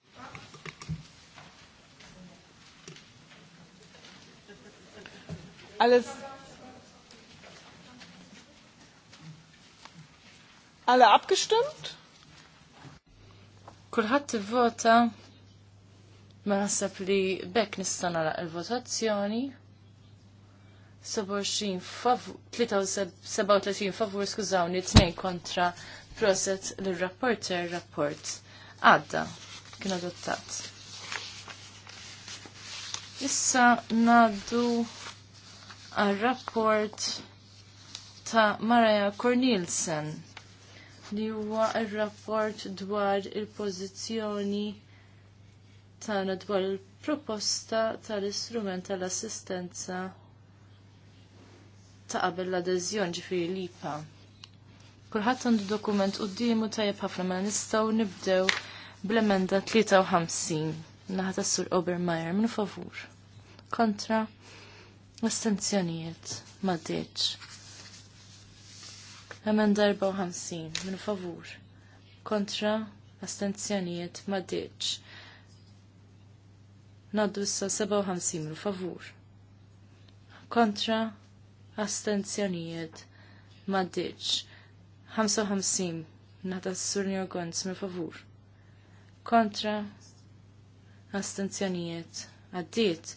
Alles Alle abgestimmt? Kulħadd ivvota ma naħseb li bekk nista' l il-votazzjoni favur, 37 favur, skużawni, 2 kontra proset l-rapporter rapport. Għadda, kien adottat. Issa naddu għal-rapport ta' Maraja Cornilsen li huwa r-rapport dwar il-pożizzjoni tagħna dwar il-proposta tal-istrument tal-assistenza ta' qabel l-adeżjon ġifiri l-IPA. Kulħadd għandu dokument qudiemu tajjeb ħafna ma mela nistgħu nibdew bl-emenda 53 naħa tas-sur Obermeyer minn favur. Kontra astenzjonijiet ma' deċ. Emenda 54 minn favur. Kontra astenzjonijiet ma' deċ. Naddu issa 57 minn favur kontra astenzjonijiet maddiċ. 55 nata s-surnio gonz me favur. Kontra astenzjonijiet għaddiet.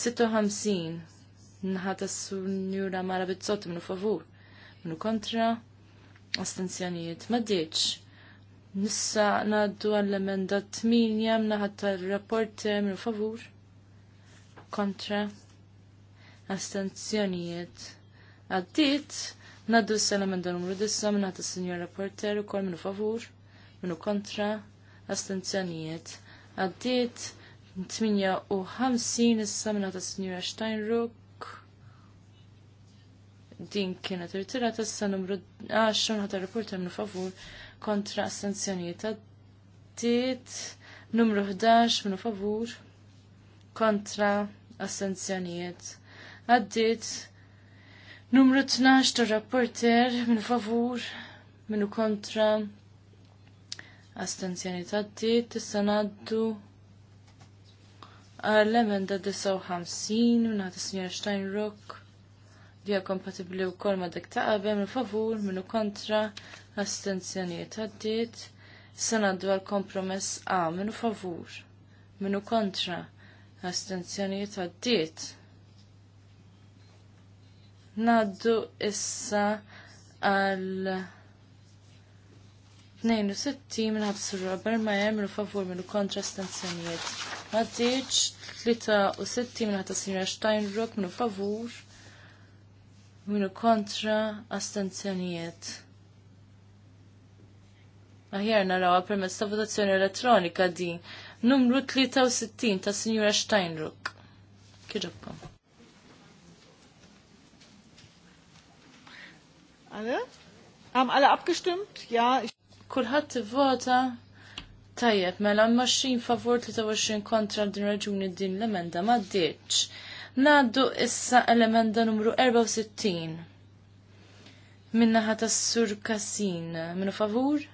56 nata s-surnio mara bizzot minu favur. minu kontra astenzjonijiet maddiċ. Nissa naddu għall-emenda 8 naħat tal-rapport minu favur kontra astenzjonijiet għaddit naddu s-element numru dissa minna ta' senjor rapporter u kol minnu favur, minnu kontra, astenzjonijiet. Għaddit 58 issa minna ta' senjor Steinruck. Din kienet ritirata issa numru 10 minna ta' rapporter minnu favur kontra astenzjonijiet. Għaddit numru 11 minnu favur kontra astenzjonijiet. Għaddit Numru 12 ta' rapporter minn favur, minnu kontra, astenzjoni ta' d-diet, tista' naddu għall-emenda 59 minna ta' signora Steinrock dija hija kompatibbli wkoll ma' dak ta' qabel minn favur, minnu kontra, astenzjoni ta' se naddu għal kompromess A minnu favur, minnu kontra, astenzjoni ta' Naddu issa għal 62 minn ħabsu rubber ma jemlu favur minn kontra stanzjoniet. Għaddiċ 63 minn rubber stajn rock minn favur minn kontra stanzjoniet. Aħjar naraw permezz ta' votazzjoni elettronika din. Numru 63 ta' signora Steinrock. Kieġobkom. Alle? Haben alle abgestimmt? Ja. Kulħadd ivvota tajjeb mela mmaxxin favur 23 kontra din raġuni din l-emenda ma ddiċ. Naddu issa l-emenda numru 64. ħata tas Sur Kasin. Minu favur?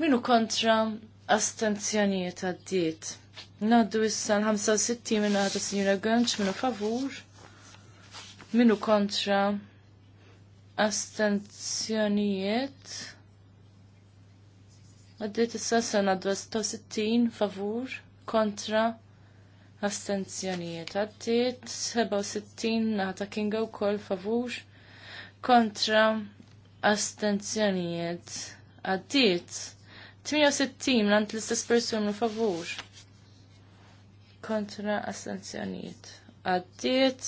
Minu kontra astenzjonijiet għaddiet. Naddu issa l-65 minnaħa s Sinjura għanċ. Minu favur? Minu kontra astenzjonijiet għaddit issa sena sittin favur kontra astenzjonijiet għaddit 67 naħta kinga u kol favur kontra astenzjonijiet għaddit 68 lant l-istess personu favur kontra astenzjonijiet għaddit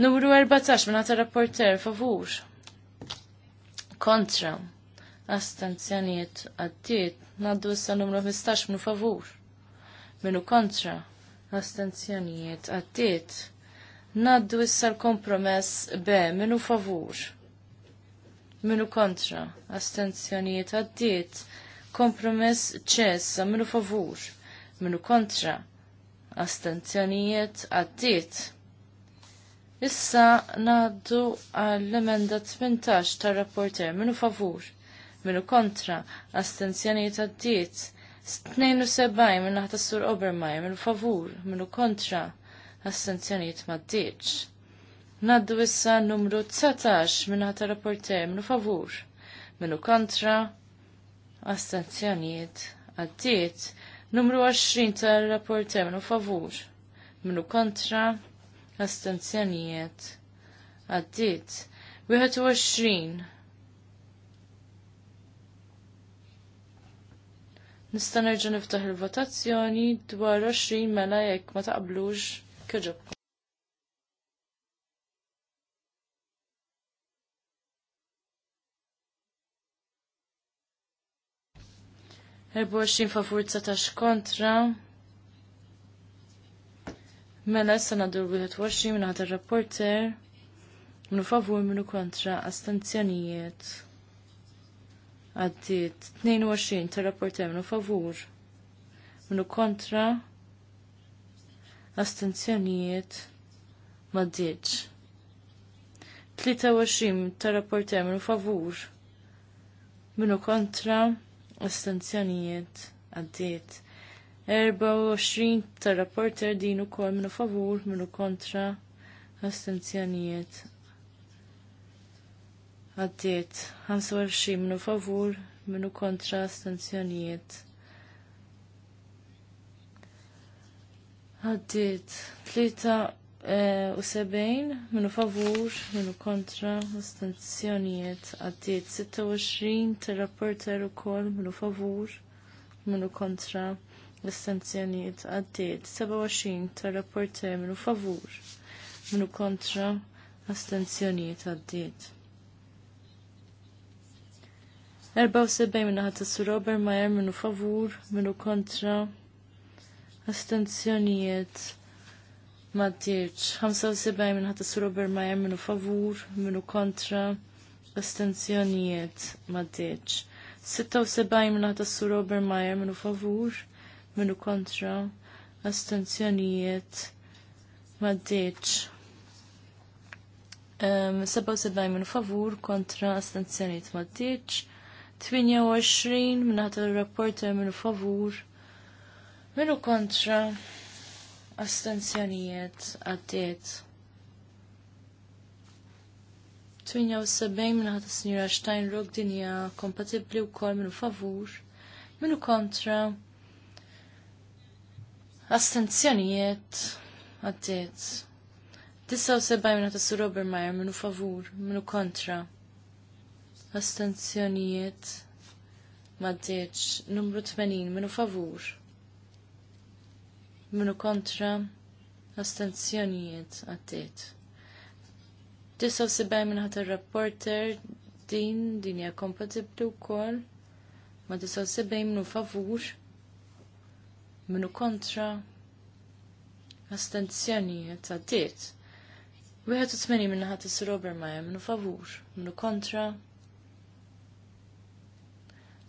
Numru 14 minn għata rapporter favur. Kontra. Astanzjaniet għaddiet. Naddu issa numru 15 minn favur. Minu kontra. Astanzjaniet għaddiet. Naddu issa l-kompromess B minu favur. Minu kontra. Astanzjaniet għaddiet. Kompromess ċessa minu favur. Minu kontra. Astanzjaniet għaddiet Issa naddu għall-emenda 18 tar rapporter minu favur, minu kontra, astenzjoni ta' diet, 72 minn naħta sur Obermaj, minu favur, minu kontra, astenzjoni ma' diet. Naddu issa numru 19 minn naħta rapporter minu favur, minu kontra, astenzjoniet għaddiet. Numru 20 tar rapporter minu favur, minu kontra, astenzjonijiet għaddit. 21 Nista' nerġa' niftaħ il-votazzjoni dwar 20 mela jekk ma taqblux kieġobkom. Erbu fa' favur 19 kontra, Mela issa nadur l waxi minn ħadd ir-rapporter minnu favur minnu kontra astenzjonijiet. Għaddit, 22 tar-rapporter minnu favur minnu kontra astenzjonijiet ma 23 ta' rapporter minu favur, minnu kontra astenzjonijiet għaddit. 24 ta' rapporter din u kol minu favur, minu kontra astenzjonijiet. Għaddiet 25 minu favur, minu kontra astenzjonijiet. Għaddiet 73 eh, minu favur, minu kontra astenzjonijiet. Għaddiet 26 ta' rapporter u kol minu favur, minu kontra astenzjonijiet l-istanzjoniet għaddiet 27 tar rapport minu favur minu kontra l-istanzjoniet għaddiet. 74 minna ħat s Robert Majer minu favur minu kontra l-istanzjoniet maddiċ. 75 minn ħat s Robert Majer minu favur minu kontra astenzjoniet maddiċ. 76 minn ħat s Robert Majer minu favur minu kontra astenzjonijiet maddeċ. Um, 77 minu favur kontra astenzjonijiet maddeċ. 28 minnaħt il-rapporter minu favur minu kontra astenzjonijiet għaddiet. 78 minnaħat il-Sinjura Steinrug dinja kompatibli u kol minu favur minu kontra Astenzjonijiet għaddiet. 79 minna tassu Robert Meyer minnu favur, minnu kontra. Astenzjonijiet maddeċ. Numru 80 minnu favur. Minnu kontra. Astenzjonijiet għaddiet. 79 minna ħat rapporter din din hija kompatibbli wkoll ma 79 minnu favur minu kontra astenzjoni astenzjonijiet għaddiet. 81 minna ħat is-Robert Maja minu favur, minu kontra astenzjoni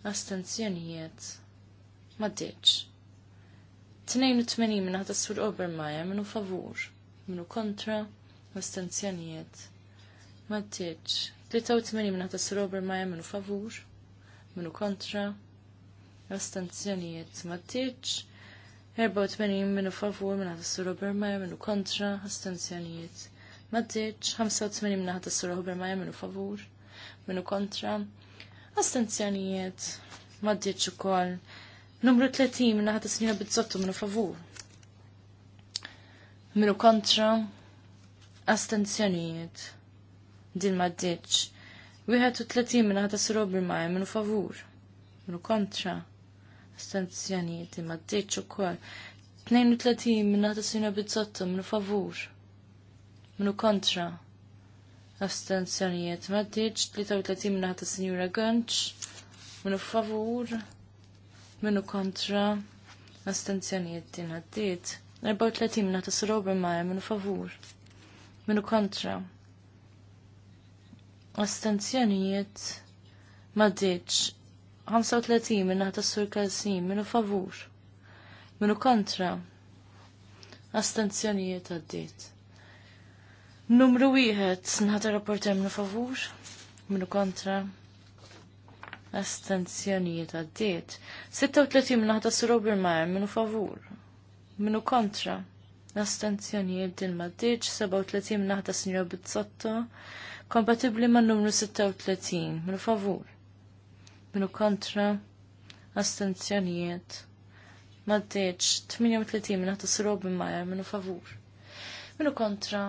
ma astenzjonijiet maddiċ. 82 minna ħat is-Sur Obermaja minu favur, minu kontra astenzjoni jiet ma astenzjonijiet maddiċ. 83 minna ħat is-Sur Obermaja minu favur, minu kontra astenzjoni jiet ma maddiċ. 84 minu favur minna ta' sura Bermaja minu kontra astenzjonijiet. Maddiċ 85 minna ta' sura Bermaja minu favur minu kontra astenzjonijiet. Maddiċ u koll. Numru 30 minna ta' sura bizzottu minu favur. Minu kontra astenzjonijiet. Din maddiċ. 31 minna ta' sura Bermaja minu favur minu kontra astenzjonijiet stanzjonijiet imma d deċu kol. 32 minna ta' sinja bizzotto minnu favur, minnu kontra. Astanzjonijiet ma' d-deċ 33 minna ta' sinjura għanċ, minnu favur, minnu kontra. Astanzjonijiet din għaddit. 34 minna ta' s-robi maja minnu favur, minnu kontra. Astanzjonijiet ma' d-deċ 35 minna ta' sur kalsim, minu favur, minu kontra, astenzjonijiet għaddit. Numru wieħed nħata rapporter minu favur, minu kontra, astenzjonijiet għaddit. 36 minna ta' sur obermajer, minu favur, minu kontra, astenzjonijiet din maddiċ, 37 minna ta' sinjor Bizzotto, kompatibli ma' numru 36, minu favur minu kontra astenzjonijiet maddeċ 38 minu s-robi Majer minu favur minu kontra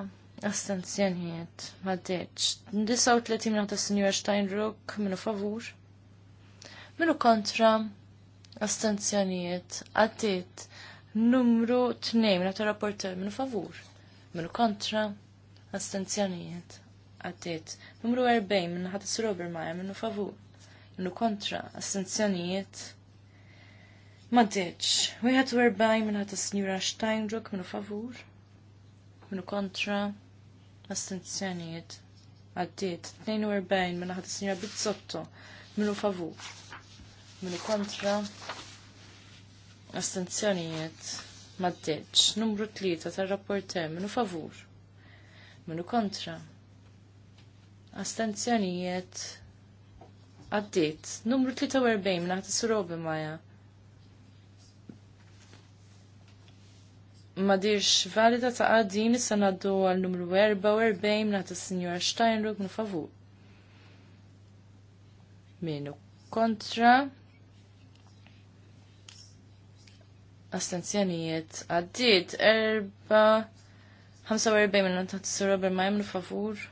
astenzjonijiet maddeċ 39 minu ħatas Senjor Steinrock minu favur minu kontra astenzjonijiet għaddit numru 2 minu ħatas rapporter minu favur minu kontra astenzjonijiet għaddit numru 40 minu ħatas Robin Majer minu favur nu kontra assenzjonijiet ma ditx. Wieħed u erbaj minn ħata Snjura Steinbrook minnu favur minnu kontra assenzjonijiet għaddiet. 42 minn ħata Snjura Bizzotto minnu favur minnu kontra assenzjonijiet ma ditx. Numru 3 tar-rapporter minnu favur minnu kontra astenzjonijiet Għaddit. Numru 43 minna għat s-robi maja. Madirx valida ta' għaddin issa naddu għal numru 44 minna għat s-senjor Steinrug minn favur. Minu kontra. Astenzjonijiet għaddit. Erba. 45 minna għat s-robi maja minn favur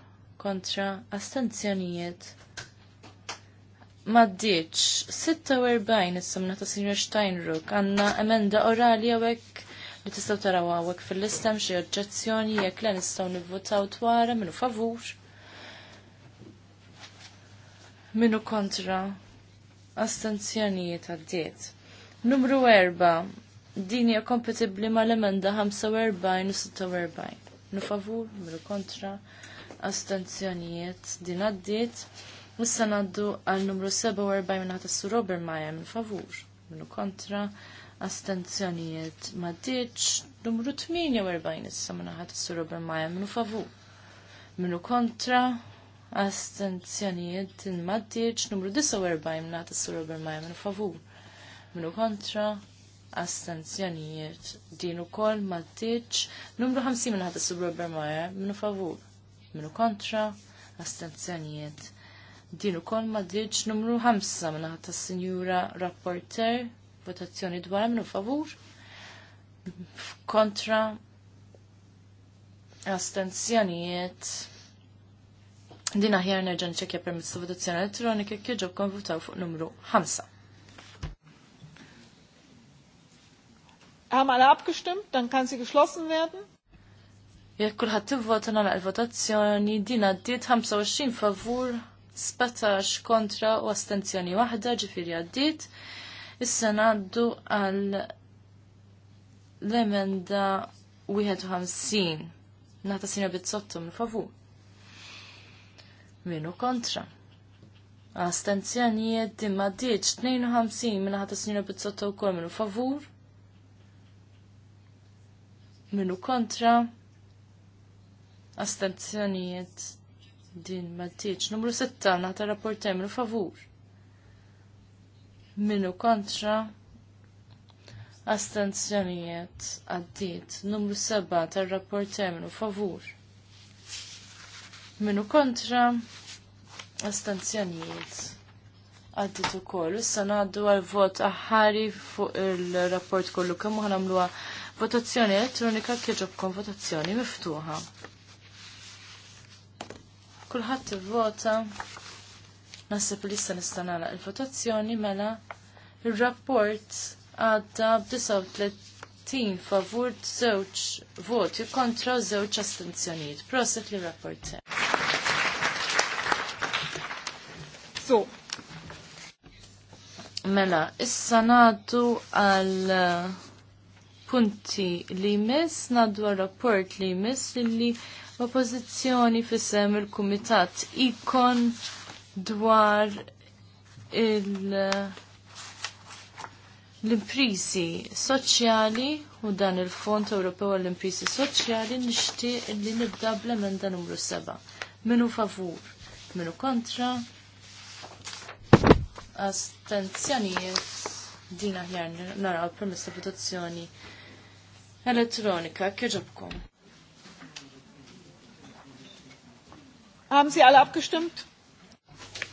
kontra astenzjonijiet Maddiċ, 46 is semna ta' Sr. Steinruk għanna emenda orali għawek li tistaw taraw għawek fil-listem xie oġġezzjoni jekk le nistaw nivvotaw twara minu favur. Minu kontra astenzjonijiet għaddiet. Numru 4. Din hija kompatibbli mal-emenda 45 u 46. Minu favur, minu kontra astenzjonijiet din għaddiet. Mussa naddu għal numru 47 minna tassu Robert Maja minn favur, minnu kontra, astenzjonijiet maddiċ, numru 48 issa minna tassu Robert Maja minnu favur, minnu kontra, astenzjonijiet maddiċ, numru 49 minna tassu Robert Maja minnu favur, minnu kontra, astenzjonijiet din ukoll maddiċ, numru 50 minna tassu Robert Maja minnu favur, minnu kontra, astenzjonijiet din ukoll ma numru 5 minna ta' sinjura rapporter votazzjoni dwar minnu favur kontra astenzjonijiet din aħjar nerġa' nċekkja permezz ta' votazzjoni elettronika kif kon votaw fuq numru 5. Haben alle abgestimmt, dann kann sie geschlossen werden. Jekk kulħadd tivvota nagħlaq il-votazzjoni din għaddiet 25 favur 17 kontra u astenzjoni waħda ġifiri għaddit. Issa għaddu għal l-emenda 51. Nata sinja bizzottu minn favu. Minu kontra. Astenzjonijiet dimma għaddit 52 minn ħata sinja bizzotto u kol minu favur. Minu kontra. Astenzjonijiet din maddiċ. Numru 6 nata rapportem minu favur. Minu kontra astenzjonijiet għaddit. Numru 7 tar rapportem minu favur. Minu kontra astenzjonijiet għaddit u koll. Issa naddu għal vot aħari fuq il-rapport kollu kemm ħanamluha votazzjoni elettronika kieġobkom votazzjoni miftuħa. Kulħadd ivvota. Nasib li issa nista' nagħlaq il-votazzjoni mela ir-rapport għadda b'39 favur żewġ voti kontra żewġ astenzjonijiet. Proset li rapport. So. Mela, issa nagħdu għal punti li jmiss, ngħaddu għal rapport li jmiss li oppożizzjoni fissem il-kumitat ikon dwar il- l-imprisi soċjali u dan il-Fond Ewropew għall-Imprisi Soċjali nixtieq li nibda bl-emenda numru 7. Minu favur, minu kontra, astenzjonijiet din aħjar naraw permess ta' votazzjoni elettronika kieġobkom. Haben Sie alle abgestimmt?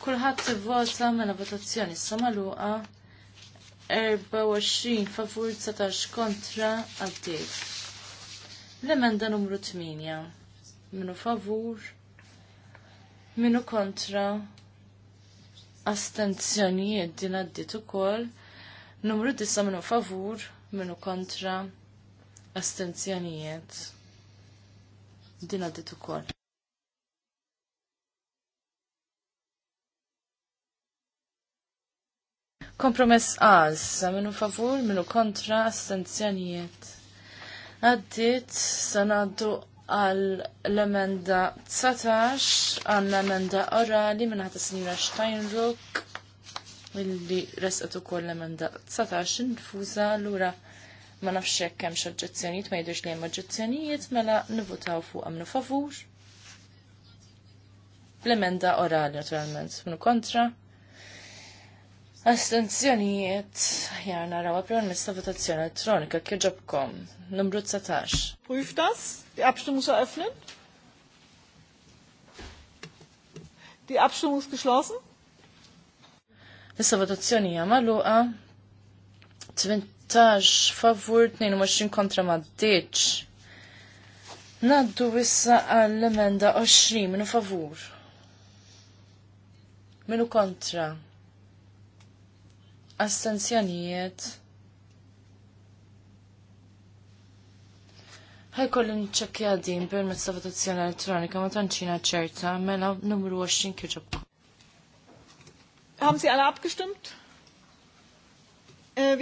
Kulħadd ivvota mela votazzjoni issa 24 favur 19 kontra għaddiet. L-emenda numru 8. Minu favur, minu kontra, astenzjonijiet din għaddit ukoll. Numru 9 minu favur, minu kontra, astenzjonijiet din għaddit ukoll. Kompromess għaz, minnu favur, minnu kontra, astenzjonijiet. Għaddit, sanaddu għal l-emenda 19, għal l-emenda orali minn ħata sinjura Steinruck, illi resqet ukoll l-emenda 19, infuża l-ura ma nafx hekk hemm oġġezzjonijiet ma jidux li hemm oġġezzjonijiet mela nivutaw fuq għamnu favur. L-emenda orali naturalment minnu kontra. Astenzjonijiet, jar raw għapjon mista votazzjoni elettronika kieġobkom, numru 19. Prüf jiftas? Di Abstimmung musa għafnin? Di Abstimmung mus geschlossen. Issa votazzjoni hija magħluqa 18 favur 22 kontra ma' ditx. Naddu wissa għall-emenda 20 minu favur. Minu kontra. Ħaj Ħajkolli nċekkja din permezz ta' votazzjoni elettronika ma tanċina ċerta mela numru 20 kieġob. Haben Sie alle abgestimmt? Äh,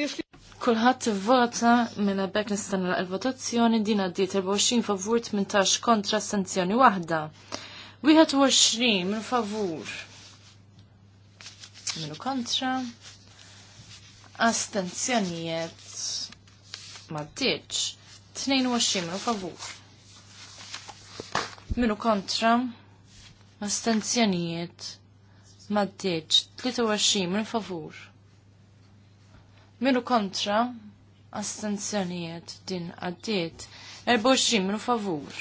Kulħadd ivvota minn mela bekk nistenna l-votazzjoni din għaddiet 24 favur 18 kontra sanzjoni waħda. 21 minn favur. Minu kontra astenzjonijiet maddiċ 22 minu favur minu kontra astenzjonijiet maddiċ 23 minu favur minu kontra astenzjonijiet din għaddiet 24 minu favur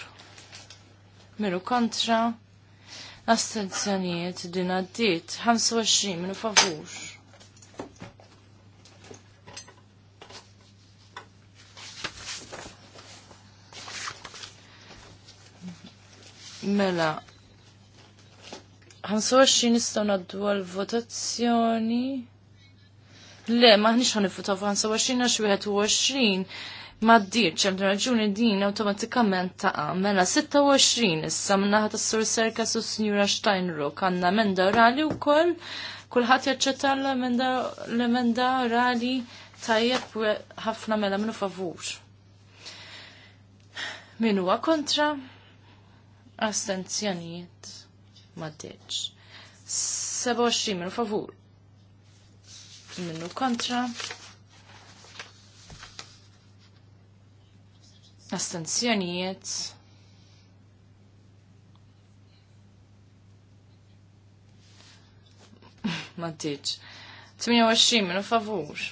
minu kontra astenzjonijiet din għaddiet 25 minu favur Mela, 25 nistaw naddu għal-votazzjoni. Le, maħnix għan votaw xin għax 21 ma d-dir ċemdu raġuni din automatikament taqa. Mela 26 issa minnaħat s-sur serka su s-njura Steinrock għanna menda orali u koll kullħat jaċċetta l-emenda orali tajjeb ħafna mela minu favur. Minu għakontra? kontra? Astenzjonijiet maddiċ. 27 minu favur. Minu kontra. Astenzjonijiet. Maddiċ. 28 minu favur.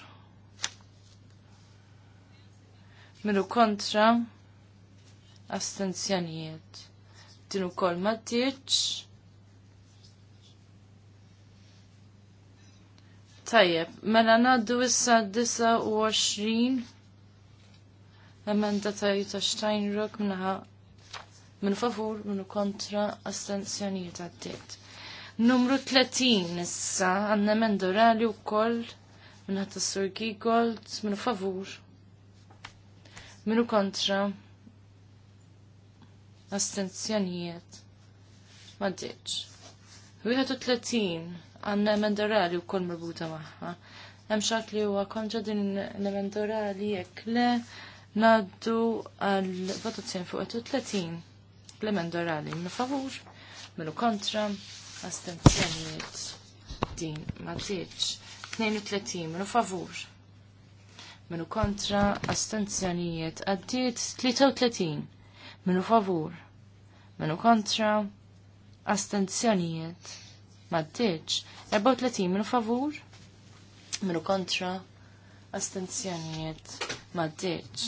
Minu kontra. Astenzjonijiet din ukoll ma Tajjeb, mela naddu issa 29 emenda tajta Steinrock minnaħa minn favur minn kontra astenzjonijiet għaddiet. Numru 30 issa għandna emenda orali wkoll minn minnaħa is-Sur Gold minn favur minn kontra astenzjonijiet ma ddiċ. 31 għanna emendorali u kol marbuta maħħa. Hemm xart li huwa kontra din l-emendorali jekk le naddu għal votazzjoni fuq 30 l-emendorali minn favur, minn kontra, astenzjonijiet din ma ddiċ. 32 minu favur. Minu kontra astenzjonijiet għaddiet 33 minu favur. Menu kontra, astenzjonijiet, maddiċ, 34 minu favur, menu kontra, astenzjonijiet, maddiċ.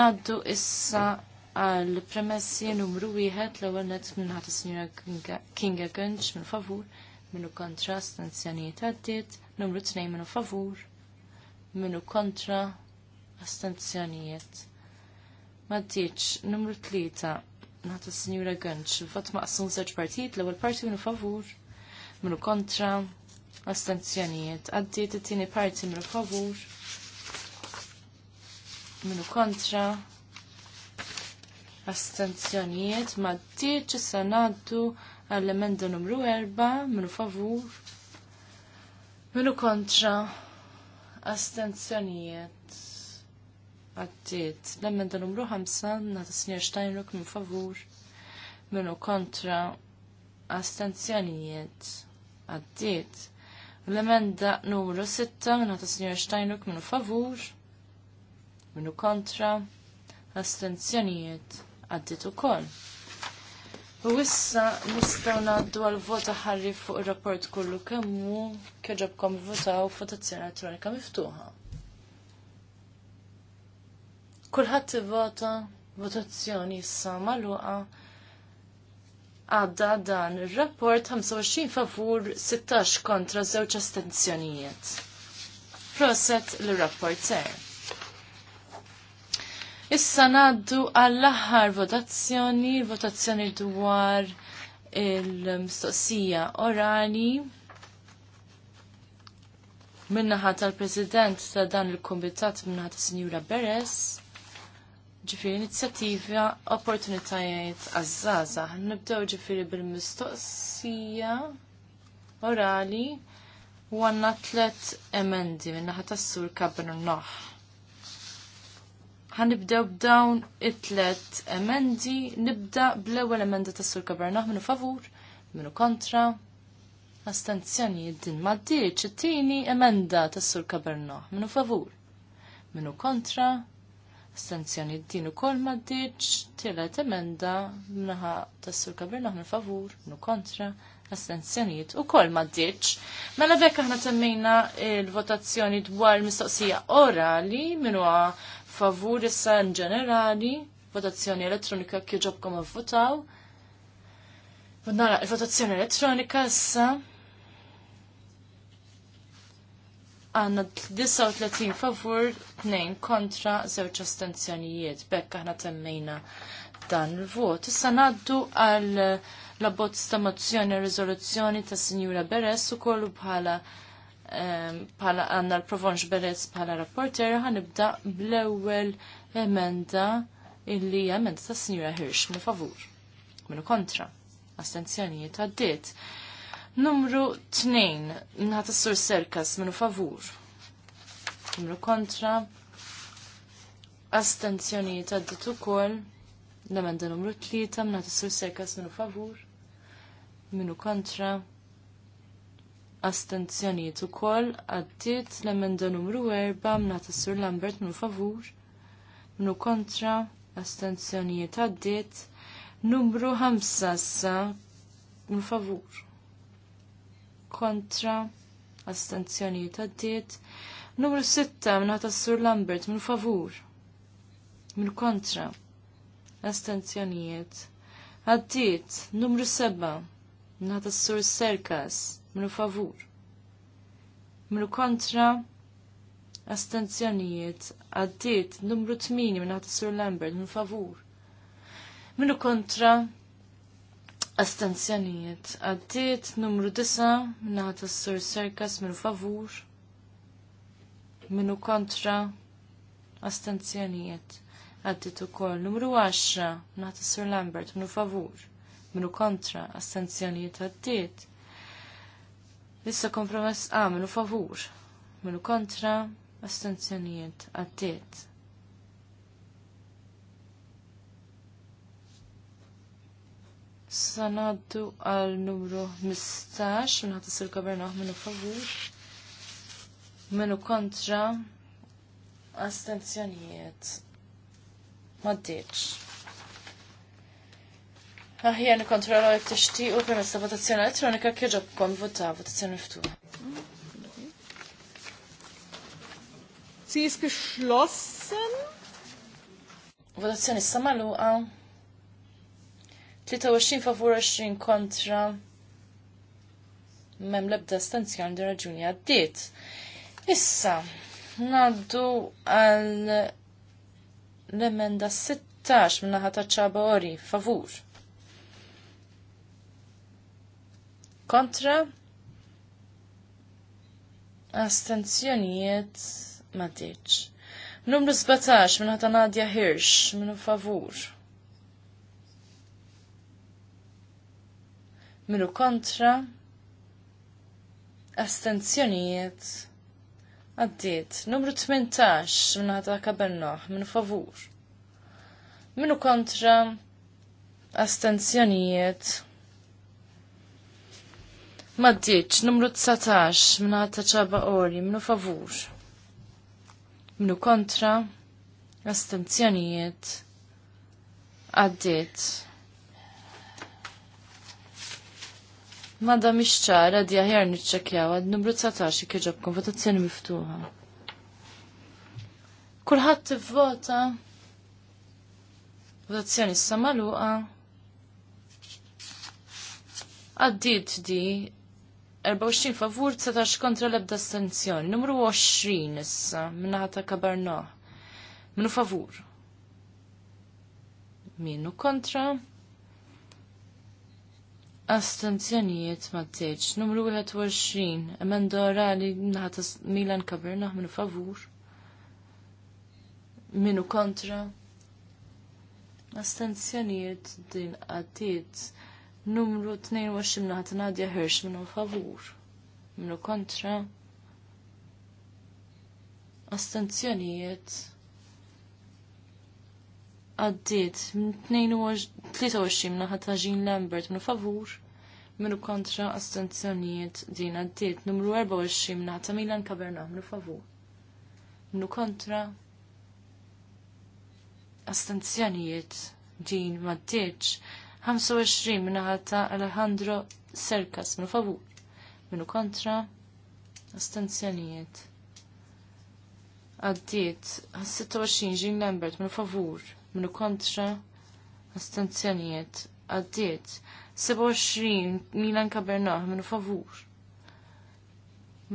Naddu issa għal premessi numru wieħed l ewwel net minn ħadd is-Sinjura Kinga Gunch minn favur, minnu kontra astenzjonijiet għaddiet, numru 2 minu favur, minu kontra astenzjonijiet. Maddiċ, numru 3 nata s-Sinjura Gönċ. Vot maqsum seċ partijiet, l-ewwel parti minu favur, minu kontra, astenzjonijiet. Għaddiet it-tieni parti minu favur, Minu kontra, astenzjonijiet. Ma ddiet issa ngħaddu għall-emenda numru 4 minu favur, Minu kontra, astenzjonijiet għattiet, L-emenda numru 5 nata s-snir xtajnruk minn favur minnu kontra astenzjonijiet għaddiet. L-emenda numru 6 nata Sr. Steinrock minnu favur minnu kontra għattiet għaddiet ukoll. U issa nistgħu ngħaddu għal vota ħarri fuq ir-rapport kollu kemm hu kieġobkom votaw votazzjoni elettronika miftuħa. Kulħadd ivota votazzjoni issa magħluqa għadda dan ir-rapport 25 favur 16 kontra żewġ astenzjonijiet. Proset l ser. Issa naddu għall-aħħar votazzjoni, votazzjoni dwar il-mistoqsija orali minnaħat tal-President ta' dan il-Komitat minnaħat ta' Sinjura Beres ġifiri inizjattiva opportunitajiet għazzaza. Nibdew ġifiri bil-mistoqsija orali u għanna tlet emendi minna ħatassur kabben noħ. nibdew b'dawn it-tlet emendi, nibda bl-ewwel emenda tas-sur noħ minnu favur, minnu kontra, astenzjoni din maddiċ, it-tini emenda tas-sur kabernaħ minnu favur, minnu kontra, sanzjoni din u ma maddiċ tielet emenda mnaħa tas-sur kabir naħna favur, nu kontra, assenzjoniet u kol maddiċ. Mela bekk aħna temmejna il-votazzjoni dwar mistoqsija orali minu favur issa in ġenerali, votazzjoni elettronika kieġobkom avvotaw. il-votazzjoni elettronika issa għanna 39 favur, 2 kontra, 0 astenzjonijiet. Bekk aħna temmejna dan il-vot. Issa naddu għal la abbozz ta' mozzjoni u ta' Sinjura Beres u kollu bħala ehm, bħala għanna l-Provonx Beres bħala rapporter ħanibda bl-ewwel emenda illi emenda ta' Sinjura Hirsch minn favur, Minu kontra, astenzjonijiet għaddiet. Numru 2, minnħat s-sur serkas minnu favur. Numru kontra, astenzjoniet għaddit ukoll. L-emenda numru 3, minnħat s-sur serkas minnu favur. Minnu kontra, astenzjoniet ukoll għaddit l-emenda numru 4 mnat s-sur Lambert minu favur, minu kontra astenzjoniet għaddit numru 5 sa minu favur, kontra astenzjonijiet għaddiet. Numru 6 minn ħata Sur Lambert minn favur minn kontra astenzjonijiet Għaddit, Numru 7 minn ħata Sur Serkas minn favur minn kontra astenzjonijiet Għaddit, Numru 8 minn ħata Sur Lambert minn favur minn kontra Astenzjonijiet. Għaddiet numru disa, minnaħat s-sur serkas minu favur. Minu kontra. Astenzjonijiet. Għaddiet u kol numru 10 minnaħat s-sur Lambert minu favur. Minu kontra. Astenzjonijiet għaddiet. Issa kompromess A minu favur. Minu kontra. Astenzjonijiet. Għaddiet. Sanaddu għal numru 15 minn ħatis il-kabernaħ minnu favur minnu kontra astenzjonijiet. Maddiċ. Aħja nikontrollaw t tixtiequ u permessa votazzjoni elettronika kif kon vota votazzjoni miftuħa. Sie ist geschlossen. Votazzjoni issa magħluqa. 23 favur 20 kontra mem lebda stanzjon di raġuni għaddit. Issa, naddu għal l-emenda 16 minna ħata ċaba ori, favur. Kontra astenzjonijiet ma diċ. Numru 17 minna ħata Nadja Hirsch minnu favur. minu kontra astenzjonijiet għaddiet numru 18 minn ħata kabernoħ minu favur minu kontra astenzjonijiet maddiċ numru 19 minna ħata ċaba ori minnu favur Minnu kontra astenzjonijiet għaddiċ. Mada mhix ċara di aħjar niċċekkjaw għad numru 19 kieġobkom votazzjoni miftuħa. Kulħadd tivvota votazzjoni issa magħluqa. Għaddiet di 24 favur 19 kontra l-ebda stenzjoni. Numru 20 issa minnaħa ta' Kabarnoh. Minnu favur. Minnu kontra. Astenzjonijiet ma t-teċ. Numru 21. Emenda li naħtas Milan Kaberna minu favur. Minu kontra. Astenzjonijiet din għatiet, Numru 22 naħat Nadja Hirsch minu favur. Minu kontra. Astenzjonijiet għaddiet 23 minna ħata Jean Lambert minn favur minnu kontra astenzjonijiet din għaddit, numru 24 minna ħata Milan Kaberna minnu favur minnu kontra astenzjonijiet din maddiċ 25 minna ħata Alejandro Serkas minnu favur minnu kontra astenzjonijiet għaddiet 26 Jean Lambert minn favur minn kontra astenzjonijiet għaddiet 27 Milan Kabernaħ minu favur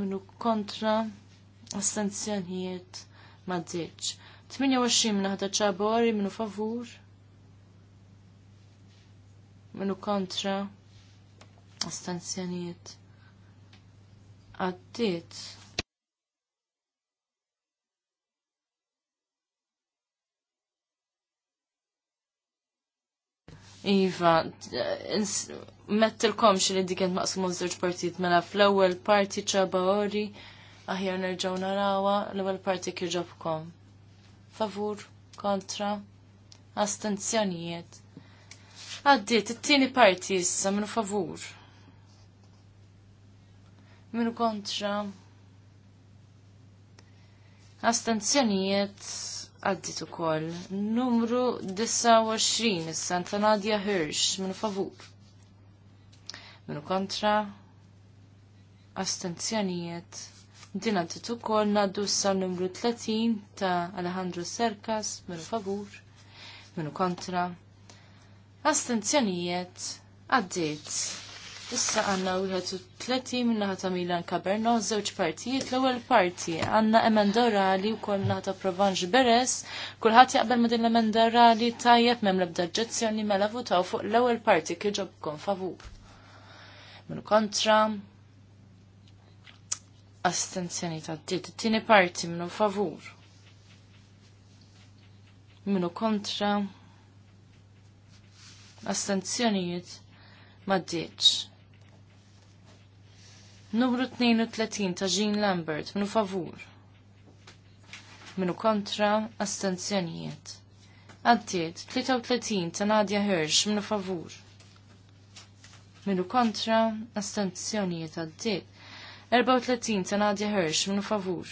minn kontra astenzjonijiet maddiċ 28 minn ħata ċabori minn favur minn kontra astenzjonijiet għaddiet Iva, mettilkomx li dikent kent maqsmu żewġ partijt mela fl-ewwel parti ċaba ori aħjar nerġgħu narawha l-ewwel parti kieġobkom. Favur, kontra, astenzjonijiet. Għaddiet, it-tieni parti issa minu favur. Minu kontra, astenzjonijiet għaddit ukoll. Numru 29 Santa Nadia Nadja Hirsch minu favur. Minu kontra astenzjonijiet. Din għaddit ukoll ngħaddu issa numru 30 ta' Alejandro Serkas minu favur. Minu kontra astenzjonijiet għaddit. Issa għanna u t-tletti minna ta' Milan Kaberno, zewċ partijiet, l-ewel parti għanna emenda orali u kol minna ta' Provanġ Beres, kullħat jaqbel ma' din l-emenda orali tajjeb mem l-ebda ġezzjoni mela u fuq l-ewel parti kon favur. Minu kontra, astenzjoni ta' d-diet, tini parti minu favur, minu kontra, astenzjonijiet ma' d Numru 32 ta' Jean Lambert, minu favur. Minu kontra, astenzjonijiet. Għaddiet, 33 ta' Nadia Hirsch, minu favur. Minu kontra, astenzjonijiet għaddiet. 34 ta' Nadia Hirsch, minu favur.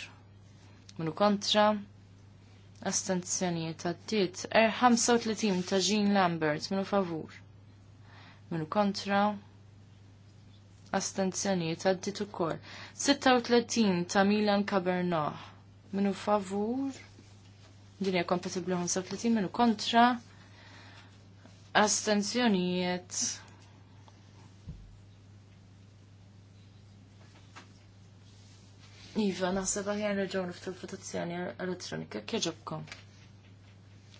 Minu kontra, astenzjonijiet għaddiet. 35 ta' Jean Lambert, minu favur. Minu kontra, astenzjoniet għaddit ukoll. 36 ta' Milan Cabernet. Minu favur. Din hija kompatibbli 35 minu kontra. Astenzjonijiet. Iva, naħseb aħjar reġgħu niftu l-votazzjoni elettronika. Kieġobkom.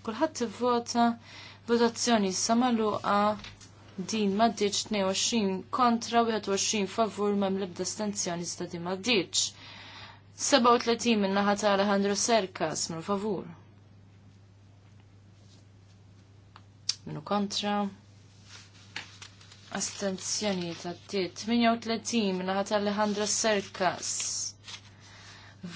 Kulħadd t-vota, votazzjoni samaluqa din maddiċ 22 kontra 21 favur mem lebda stanzjoni sta din 37 minna ħata Alejandro Serkas minu favur. Minu kontra. Astanzjoni ta' 38 minna ħata Alejandro Serkas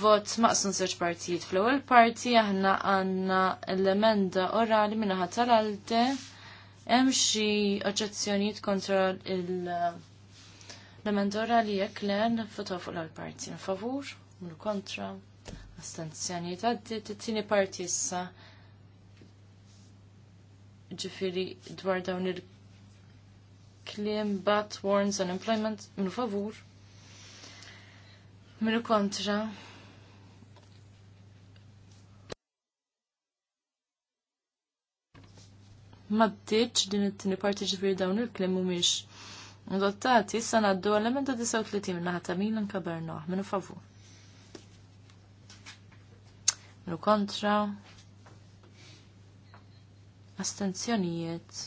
vot maqsun seċ partijiet. Fl-ewwel parti aħna għandna l-emenda orali ħata l-alte. Hemm xi oġġezzjonijiet kontra l-emendora li jekk len fuq l-parti favur, minn kontra, Astenzjonijiet għaddi t-tieni parti issa ġifiri dwar dawn il-klim bat warns unemployment minn favur Minu kontra maddiċ din it-tini parti ġifiri dawn il-klim mhumiex Adottati, issa naddu għal-emenda 39 minna ħata Milan kaberno. minu favur. Minu kontra. Astenzjonijiet.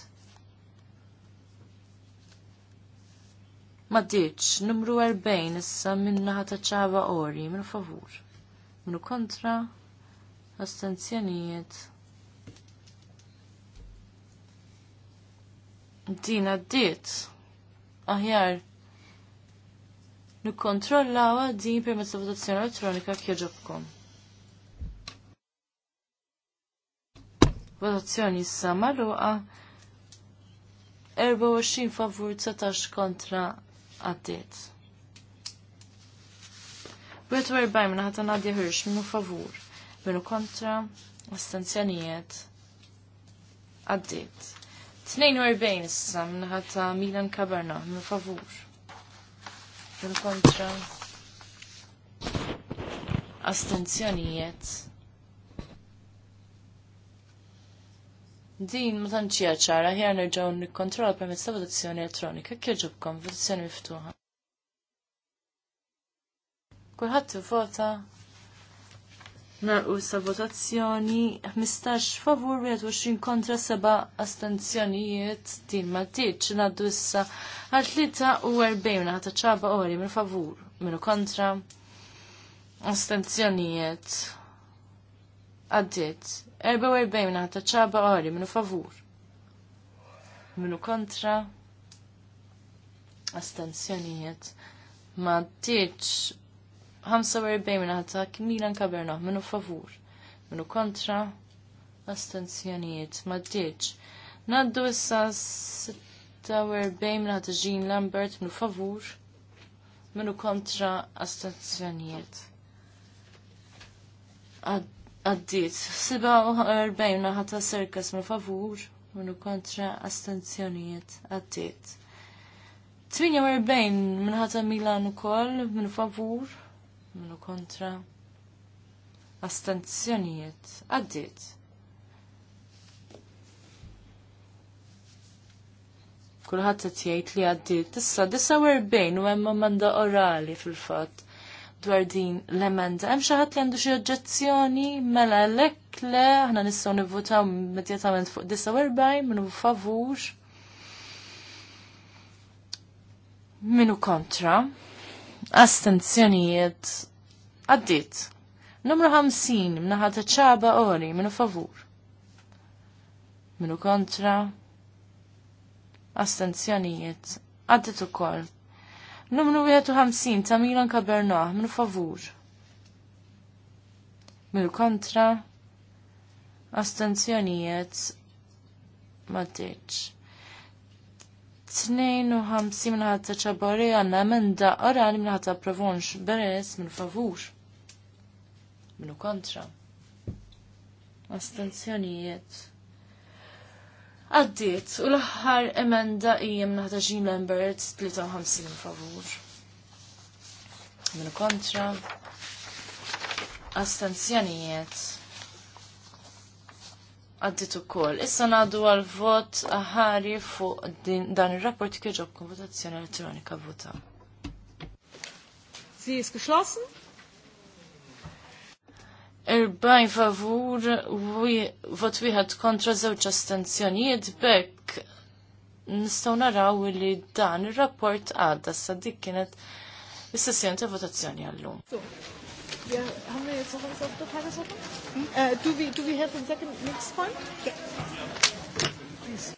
Maddiċ, numru 40 issa minna ħata ċava ori, minu favur. Minu kontra. Astenzjonijiet. din għaddiet aħjar nikkontrollawa din permezz ta' votazzjoni elettronika kieġobkom. Votazzjoni issa magħluqa 24 favur 19 kontra u erbaj minna ħatan għadja ħirx minnu favur, minnu kontra, astenzjonijiet, għaddiet. 42 issa minnaħata Milan Kaberna minn favur. Minn kontra. Astenzjonijiet. Din ma tantxija ċara ħjar nerġgħu nikkontrolla permezz ta' votazzjoni elettronika kif ġobkom votazzjoni miftuħa. Kulħadd ivvota Nalqu issa votazzjoni 15 favur 21 kontra 7 astenzjonijiet din ma tiġ ngħaddu issa għal u 43 naħta ċaba ori minn favur minn kontra astenzjonijiet għaddiet 44 naħta ċaba ori minn favur minn kontra astenzjonijiet ma tiġ 45 minna ħatta Milan Kaberno, minnu favur, minnu kontra, astenzjonijiet, maddiċ. Naddu issa 46 minna ħatta Jean Lambert, minnu favur, minnu kontra, astenzjonijiet. Għaddit, 47 minna ħatta Serkas, minnu favur, minnu kontra, astenzjonijiet, għaddit. 48 minnħata Milan u koll, minn favur, minu kontra astanzjonijiet għaddit. Kulħadd qed jgħid li għaddit issa 49 u hemm emenda orali fil-fatt dwar din l-emenda. Hemm xi ħadd li għandu xi oġġezzjoni mela lek le aħna nistgħu nivvutaw immedjatament fuq 49 minu favur. Minu kontra astenzjonijiet għaddit. Numru 50 minnaħat ċaba ori minu favur. Minu kontra astenzjonijiet għaddit ukoll. Numru 51 ta' Milan Kabernoħ minu favur. Minu kontra astenzjonijiet ma' 52 ta' ċabari għandna emenda orali minnaħat ta' provonx beres minn favur. Minnu kontra. Astenzjonijiet. Għaddiet, u l-ħar emenda ija minnaħat ta' Jean Lambert 53 minn favur. Minnu kontra. Astenzjonijiet għaddit ukoll. Issa ngħadu għal vot ħari fuq dan ir-rapport kieġob votazzjoni elettronika vota. Si ist geschlossen. Irbaj favur vot wieħed kontra żewġ astenzjonijiet bekk nistgħu naraw li dan ir-rapport għadda sa dik kienet is-sessjoni ta' votazzjoni għallum. Yeah, haben wir jetzt noch was auf der Tagesordnung? Uh, do, we, do we have a second next point? Yeah. Please.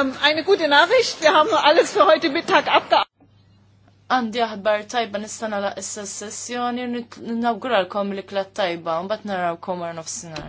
Ähm, eine gute Nachricht, wir haben alles für heute Mittag abgearbeitet. Għandi aħbar tajba nistana la issa sessjoni, l-kom li klat tajba, un bat narawkom komar nofsinar.